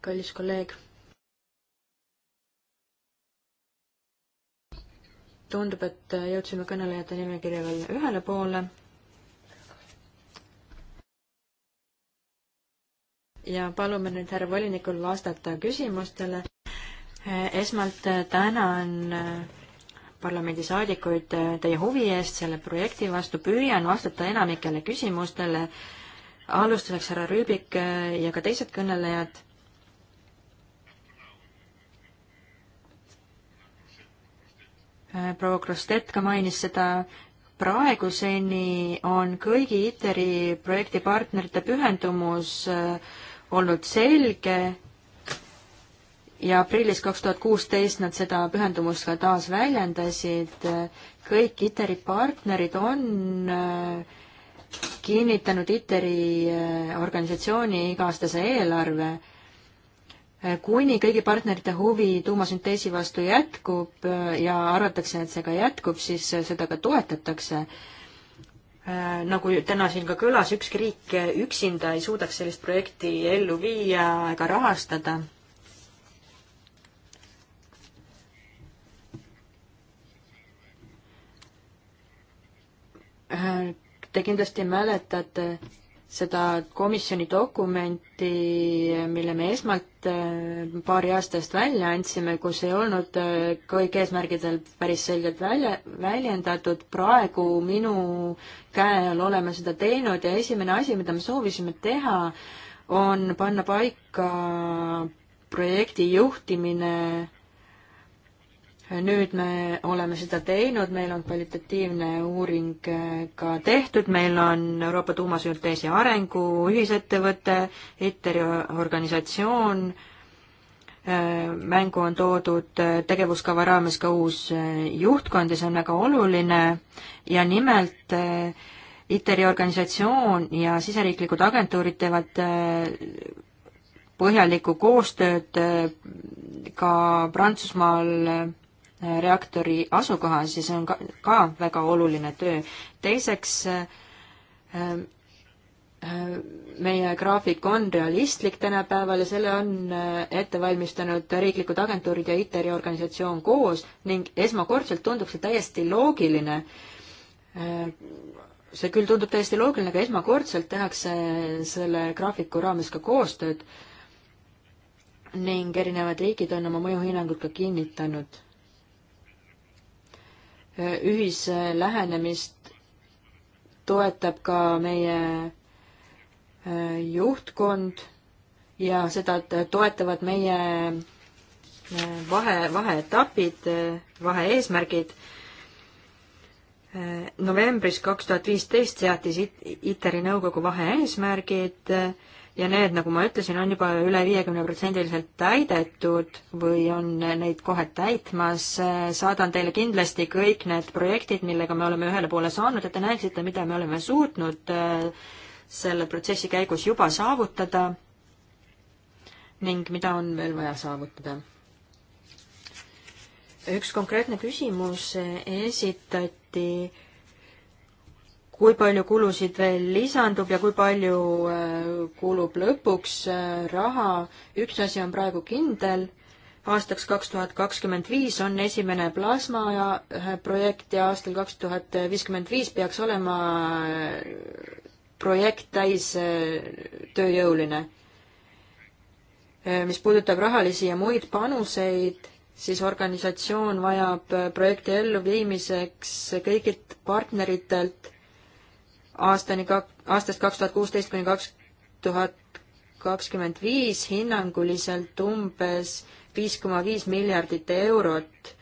kallis kolleeg! tundub, et jõudsime kõnelejate nimekirja veel ühele poole ja palume nüüd härra volinikul vastata küsimustele. Eh, esmalt eh, tänan eh, parlamendisaadikuid teie huvi eest selle projekti vastu, püüan vastata enamikele küsimustele. alustuseks härra Rüübik ja ka teised kõnelejad. proua Krustet ka mainis seda, praeguseni on kõigi ITER-i projekti partnerite pühendumus äh, olnud selge ja aprillis kaks tuhat kuusteist nad seda pühendumust ka taas väljendasid. kõik ITER-i partnerid on äh, kinnitanud ITER-i äh, organisatsiooni iga-aastase eelarve kuni kõigi partnerite huvi tuumasünteesi vastu jätkub äh, ja arvatakse, et see ka jätkub, siis äh, seda ka toetatakse. Äh, nagu täna siin ka kõlas, ükski riik üksinda ei suudaks sellist projekti ellu viia ega rahastada Te kindlasti mäletate, seda komisjoni dokumenti, mille me esmalt äh, paari aasta eest välja andsime, kus ei olnud äh, kõik eesmärgidel päris selgelt välja, väljendatud, praegu minu käe all oleme seda teinud ja esimene asi, mida me soovisime teha, on panna paika projekti juhtimine nüüd me oleme seda teinud, meil on kvalitatiivne uuring äh, ka tehtud, meil on Euroopa Tuumasünteesi Arengu ühisettevõte, ITER-i organisatsioon, äh, mängu on toodud äh, tegevuskava raames ka uus juhtkond ja see on väga oluline ja nimelt ITER-i organisatsioon ja siseriiklikud agentuurid teevad põhjalikku koostööd ka Prantsusmaal reaktori asukoha, siis on ka, ka väga oluline töö. teiseks, äh, äh, meie graafik on realistlik tänapäeval ja selle on äh, ette valmistanud riiklikud agentuurid ja ITER-i organisatsioon koos ning esmakordselt tundub see täiesti loogiline. see küll tundub täiesti loogiline, aga esmakordselt tehakse selle graafiku raames ka koostööd ning erinevad riigid on oma mõjuhinnangud ka kinnitanud ühise lähenemist toetab ka meie äh, juhtkond ja seda toetavad meie äh, vahe, vaheetapid, äh, vaheeesmärgid. novembris kaks tuhat viisteist seatis ITER-i e nõukogu vaheeesmärgid ja need, nagu ma ütlesin, on juba üle viiekümneprotsendiliselt täidetud või on neid kohe täitmas. saadan teile kindlasti kõik need projektid, millega me oleme ühele poole saanud, et te näeksite, mida me oleme suutnud äh, selle protsessi käigus juba saavutada ning mida on veel vaja saavutada. üks konkreetne küsimus esitati kui palju kulusid veel lisandub ja kui palju äh, kulub lõpuks äh, raha. üks asi on praegu kindel, aastaks kaks tuhat kakskümmend viis on esimene plasma äh, projekt ja aastal kaks tuhat viiskümmend viis peaks olema projekt täis tööjõuline. mis puudutab rahalisi ja muid panuseid, siis organisatsioon vajab projekti elluviimiseks kõigilt partneritelt aastani, aastast kaks tuhat kuusteist kuni kaks tuhat kakskümmend viis hinnanguliselt umbes viis koma viis miljardit eurot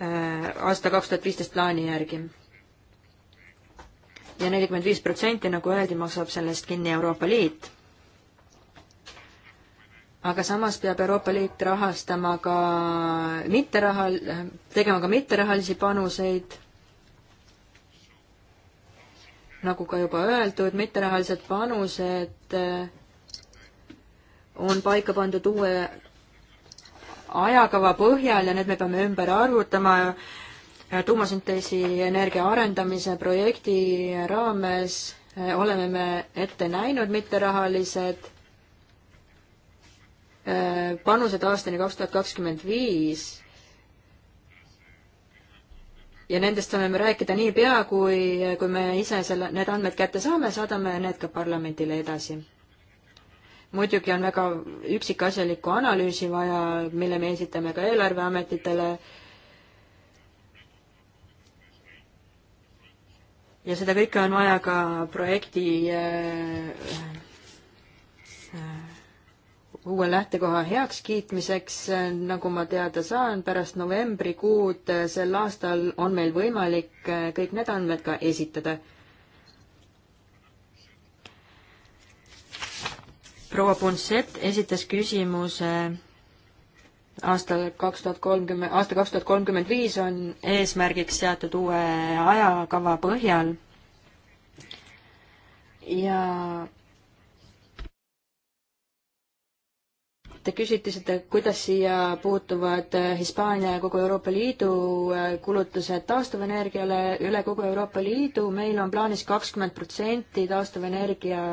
äh, aasta kaks tuhat viisteist plaani järgi ja nelikümmend viis protsenti, nagu öeldi, maksab sellest kinni Euroopa Liit. aga samas peab Euroopa Liit rahastama ka mitterahal-, tegema ka mitterahalisi panuseid nagu ka juba öeldud, mitterahalised panused äh, on paika pandud uue ajakava põhjal ja need me peame ümber arvutama tuumasünteesi energia arendamise projekti raames äh, oleme me ette näinud mitterahalised äh, panused aastani kaks tuhat kakskümmend viis ja nendest saame me rääkida niipea, kui, kui me ise selle, need andmed kätte saame, saadame need ka parlamendile edasi. muidugi on väga üksikasjalikku analüüsi vaja, mille me esitame ka eelarveametitele ja seda kõike on vaja ka projekti äh, uue lähtekoha heakskiitmiseks, nagu ma teada saan, pärast novembrikuud sel aastal on meil võimalik kõik need andmed ka esitada. proua Punset esitas küsimuse aastal kaks tuhat kolmkümmend, aasta kaks tuhat kolmkümmend viis on eesmärgiks seatud uue ajakava põhjal ja Te küsitlesite, kuidas siia puutuvad äh, Hispaania ja kogu Euroopa Liidu äh, kulutused taastuvenergiale üle kogu Euroopa Liidu. meil on plaanis kakskümmend protsenti taastuvenergia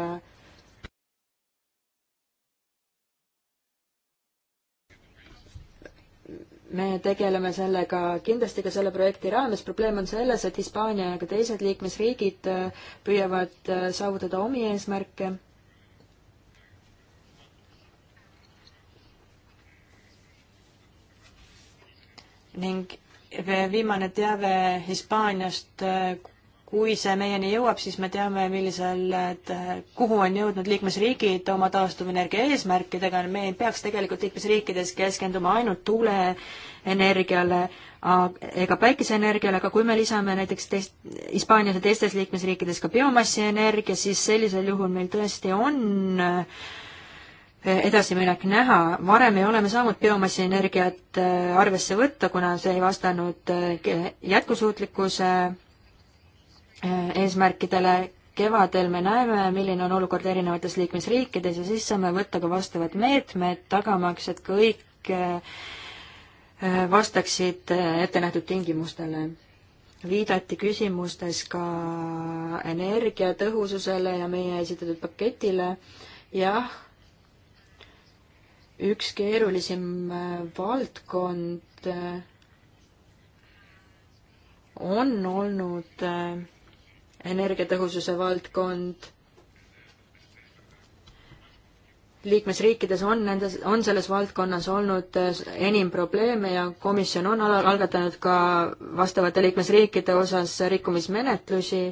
me tegeleme sellega kindlasti ka selle projekti raames. probleem on selles, et Hispaania ja ka teised liikmesriigid äh, püüavad saavutada omi eesmärke ning viimane teave Hispaaniast, kui see meieni jõuab, siis me teame, millisel, eh, kuhu on jõudnud liikmesriigid oma taastuvenergia eesmärkidega, me ei peaks tegelikult liikmesriikides keskenduma ainult tuuleenergiale ega päikeseenergiale, aga kui me lisame näiteks teist, Hispaanias ja teistes liikmesriikides ka biomassi energia, siis sellisel juhul meil tõesti on äh, edasiminek näha, varem ei ole me saanud biomassi energiat äh, arvesse võtta, kuna see ei vastanud äh, jätkusuutlikkuse äh, eesmärkidele. kevadel me näeme, milline on olukord erinevates liikmesriikides ja siis saame võtta ka vastavad meetmed, tagamaks, et kõik vastaksid ettenähtud tingimustele viidati küsimustes ka energiatõhususele ja meie esitatud paketile. jah, üks keerulisem äh, valdkond äh, on olnud äh, energiatõhususe valdkond liikmesriikides on nendes, on selles valdkonnas olnud enim probleeme ja komisjon on algatanud ka vastavate liikmesriikide osas rikkumismenetlusi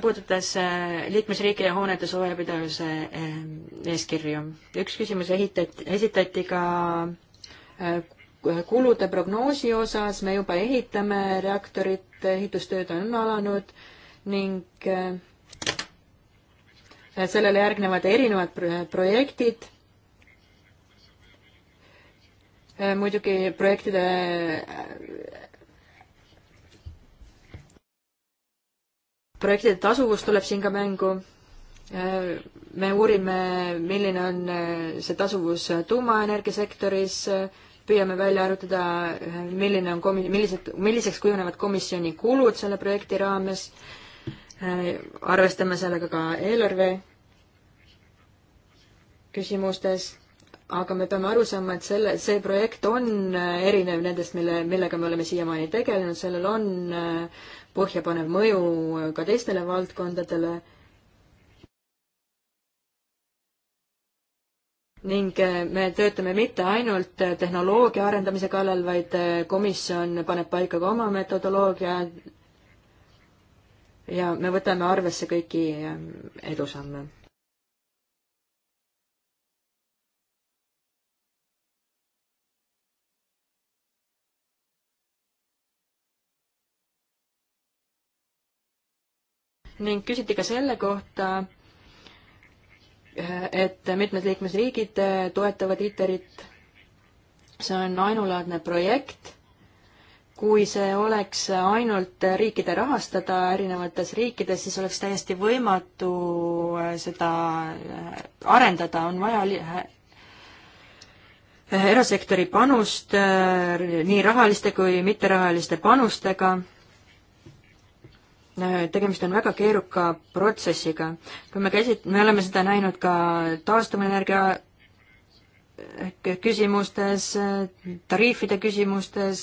puudutas äh, liikmesriikide hoonete soojapidavuse äh, eeskirju. üks küsimus ehitati, esitati ka äh, kulude prognoosi osas, me juba ehitame reaktorit, ehitustööd on alanud ning sellele järgnevad erinevad projektid. muidugi projektide projektide tasuvus tuleb siin ka mängu. me uurime, milline on eh, see tasuvus eh, tuumaenergia sektoris, püüame välja arvutada, eh, milline on komi-, millised, milliseks kujunevad komisjoni kulud selle projekti raames, arvestame sellega ka eelarve küsimustes aga me peame aru saama, et selle, see projekt on äh, erinev nendest, mille, millega me oleme siiamaani tegelenud, sellel on äh, põhjapanev mõju äh, ka teistele valdkondadele. ning me töötame mitte ainult tehnoloogia arendamise kallal, vaid komisjon paneb paika ka oma metodoloogia ja me võtame arvesse kõiki edusamme ning küsiti ka selle kohta, et mitmed liikmesriigid toetavad ITER-it. see on ainulaadne projekt. kui see oleks ainult riikide rahastada erinevates riikides, siis oleks täiesti võimatu seda arendada, on vaja erasektori panust nii rahaliste kui mitterahaliste panustega tegemist on väga keeruka protsessiga. kui me käsit-, me oleme seda näinud ka taastuvenergia eh, küsimustes, tariifide küsimustes,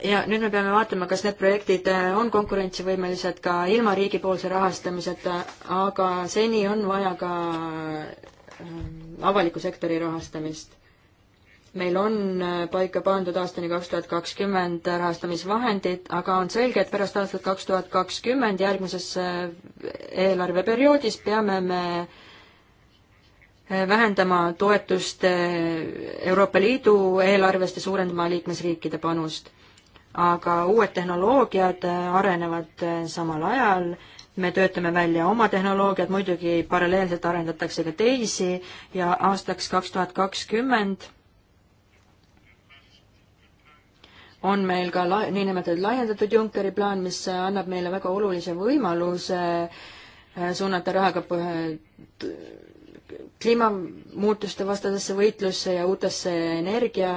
ja nüüd me peame vaatama, kas need projektid eh, on konkurentsivõimelised ka ilma riigipoolse rahastamiseta, aga seni on vaja ka eh, avaliku sektori rahastamist meil on äh, paika pandud aastani kaks tuhat kakskümmend rahastamisvahendid, aga on selge, et pärast aastat kaks tuhat kakskümmend järgmises äh, eelarveperioodis peame me äh, vähendama toetust Euroopa Liidu eelarvest ja suurendama liikmesriikide panust. aga uued tehnoloogiad arenevad samal ajal, me töötame välja oma tehnoloogiad, muidugi paralleelselt arendatakse ka teisi ja aastaks kaks tuhat kakskümmend on meil ka la-, niinimetatud laiendatud Junckeri plaan, mis annab meile väga olulise võimaluse äh, suunata raha ka kliimamuutuste vastasesse võitlusse ja uutesse energia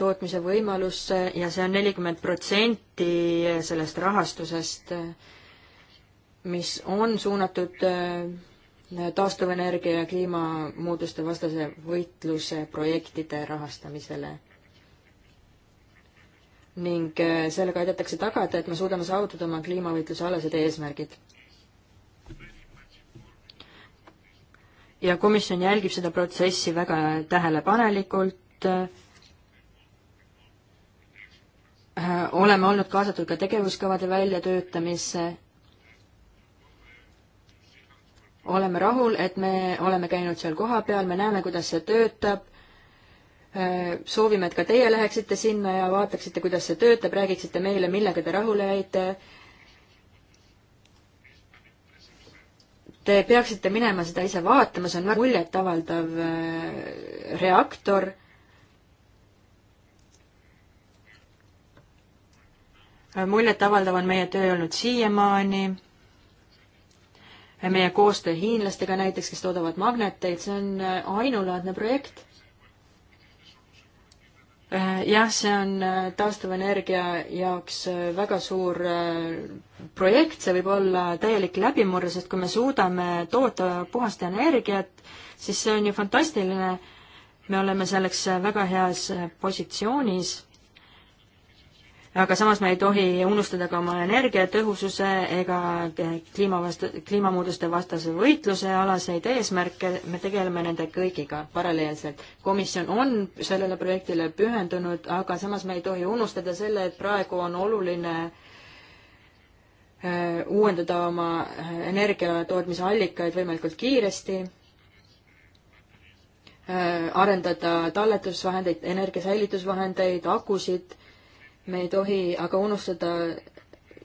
tootmise võimalusse ja see on nelikümmend protsenti sellest rahastusest, mis on suunatud äh, taastuvenergia ja kliimamuutuste vastase võitluse projektide rahastamisele ning äh, sellega aidatakse tagada, et me suudame saavutada oma kliimavõitluse alased eesmärgid. ja komisjon jälgib seda protsessi väga tähelepanelikult, äh, oleme olnud kaasatud ka tegevuskavade väljatöötamisse, oleme rahul, et me oleme käinud seal kohapeal, me näeme, kuidas see töötab Äh, soovime, et ka teie läheksite sinna ja vaataksite, kuidas see töötab, räägiksite meile, millega te rahule jäite. Te peaksite minema seda ise vaatama, see on väga muljetavaldav äh, reaktor äh, muljetavaldav on meie töö olnud siiamaani. meie koostöö hiinlastega näiteks, kes toodavad magneteid, see on ainulaadne projekt. Äh, jah, see on äh, taastuvenergia jaoks äh, väga suur projekt, see võib olla täielik läbimurre, sest kui me suudame toota puhast energiat, siis see on ju fantastiline. me oleme selleks väga heas positsioonis aga samas me ei tohi unustada ka oma energiatõhususe ega kliima vastu, kliimamuutuste vastase võitluse alaseid eesmärke, me tegeleme nende kõigiga paralleelselt. komisjon on sellele projektile pühendunud, aga samas me ei tohi unustada selle, et praegu on oluline äh, uuendada oma äh, energiatootmise allikaid võimalikult kiiresti äh, arendada talletusvahendeid, energiasäilitusvahendeid, akusid me ei tohi aga unustada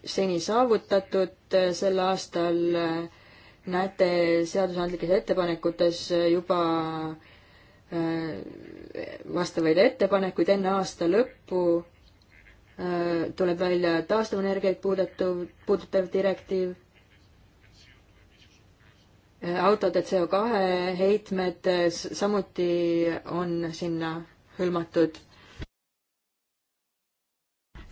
seni saavutatud äh, sel aastal äh, näete seadusandlikes ettepanekutes juba äh, vastavaid ettepanekuid enne aasta lõppu tuleb välja taastuvenergiaid puudutav, puudutav direktiiv, autode CO2 heitmed samuti on sinna hõlmatud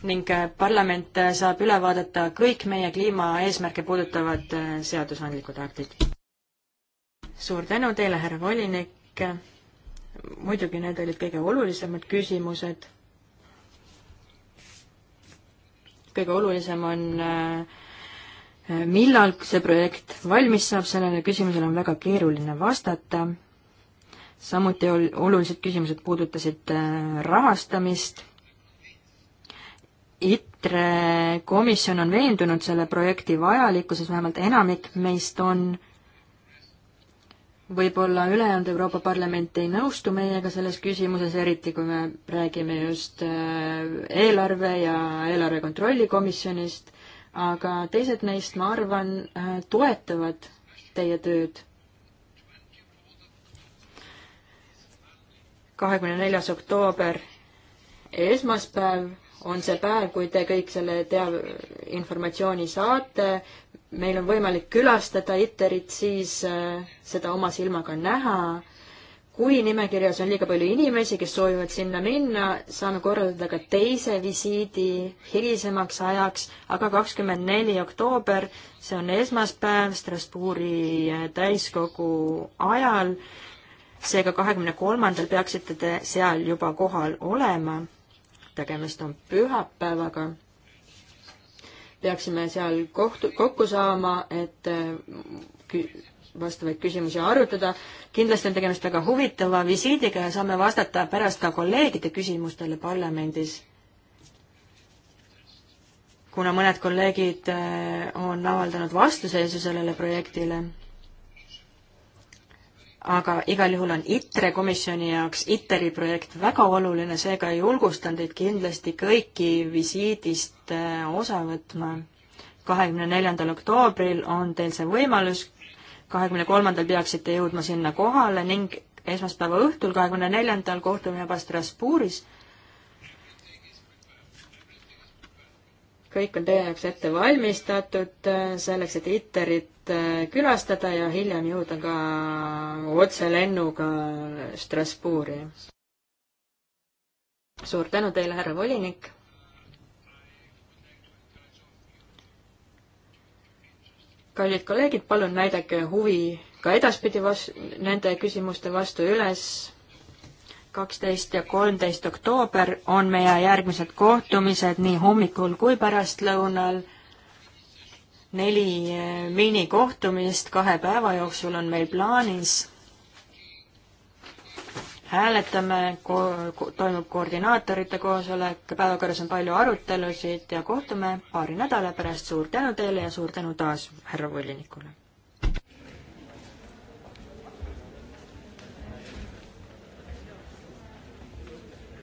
ning äh, parlament äh, saab üle vaadata kõik meie kliimaeesmärke puudutavad äh, seadusandlikud aktid. suur tänu teile, härra volinik. muidugi need olid kõige olulisemad küsimused. kõige olulisem on millal see projekt valmis saab, sellele küsimusele on väga keeruline vastata. samuti ol-, olulised küsimused puudutasid rahastamist ITRE komisjon on veendunud selle projekti vajalikkuses, vähemalt enamik meist on, võib-olla ülejäänud Euroopa Parlament ei nõustu meiega selles küsimuses, eriti kui me räägime just äh, eelarve ja eelarve kontrolli komisjonist, aga teised neist, ma arvan, äh, toetavad teie tööd kahekümne neljas oktoober, esmaspäev on see päev, kui te kõik selle teav-, informatsiooni saate. meil on võimalik külastada ITER-it, siis äh, seda oma silmaga näha. kui nimekirjas on liiga palju inimesi, kes soovivad sinna minna, saame korraldada ka teise visiidi hilisemaks ajaks, aga kakskümmend neli oktoober, see on esmaspäev Strasbourgi äh, täiskogu ajal seega kahekümne kolmandal peaksite te seal juba kohal olema tegemist on pühapäevaga. peaksime seal kohtu, kokku saama, et äh, vastavaid küsimusi arutada. kindlasti on tegemist väga huvitava visiidiga ja saame vastata pärast ka kolleegide küsimustele parlamendis kuna mõned kolleegid äh, on avaldanud vastuseisu sellele projektile aga igal juhul on ITRE komisjoni jaoks ITER-i projekt väga oluline, seega julgustan teid kindlasti kõiki visiidist äh, osa võtma. kahekümne neljandal oktoobril on teil see võimalus, kahekümne kolmandal peaksite jõudma sinna kohale ning esmaspäeva õhtul, kahekümne neljandal kohtume juba Strasbourgis kõik on teie jaoks ette valmistatud äh, selleks, et ITER-it äh, külastada ja hiljem jõuda ka otselennuga Strasbourgi. suur tänu teile, härra volinik. kallid kolleegid, palun näidake huvi ka edaspidi vas-, nende küsimuste vastu üles kaksteist ja kolmteist oktoober on meie järgmised kohtumised nii hommikul kui pärastlõunal. neli eh, minikohtumist kahe päeva jooksul on meil plaanis. hääletame ko, ko, toimub koordinaatorite koosolek, päevakorras on palju arutelusid ja kohtume paari nädala pärast. suur tänu teile ja suur tänu taas härra volinikule.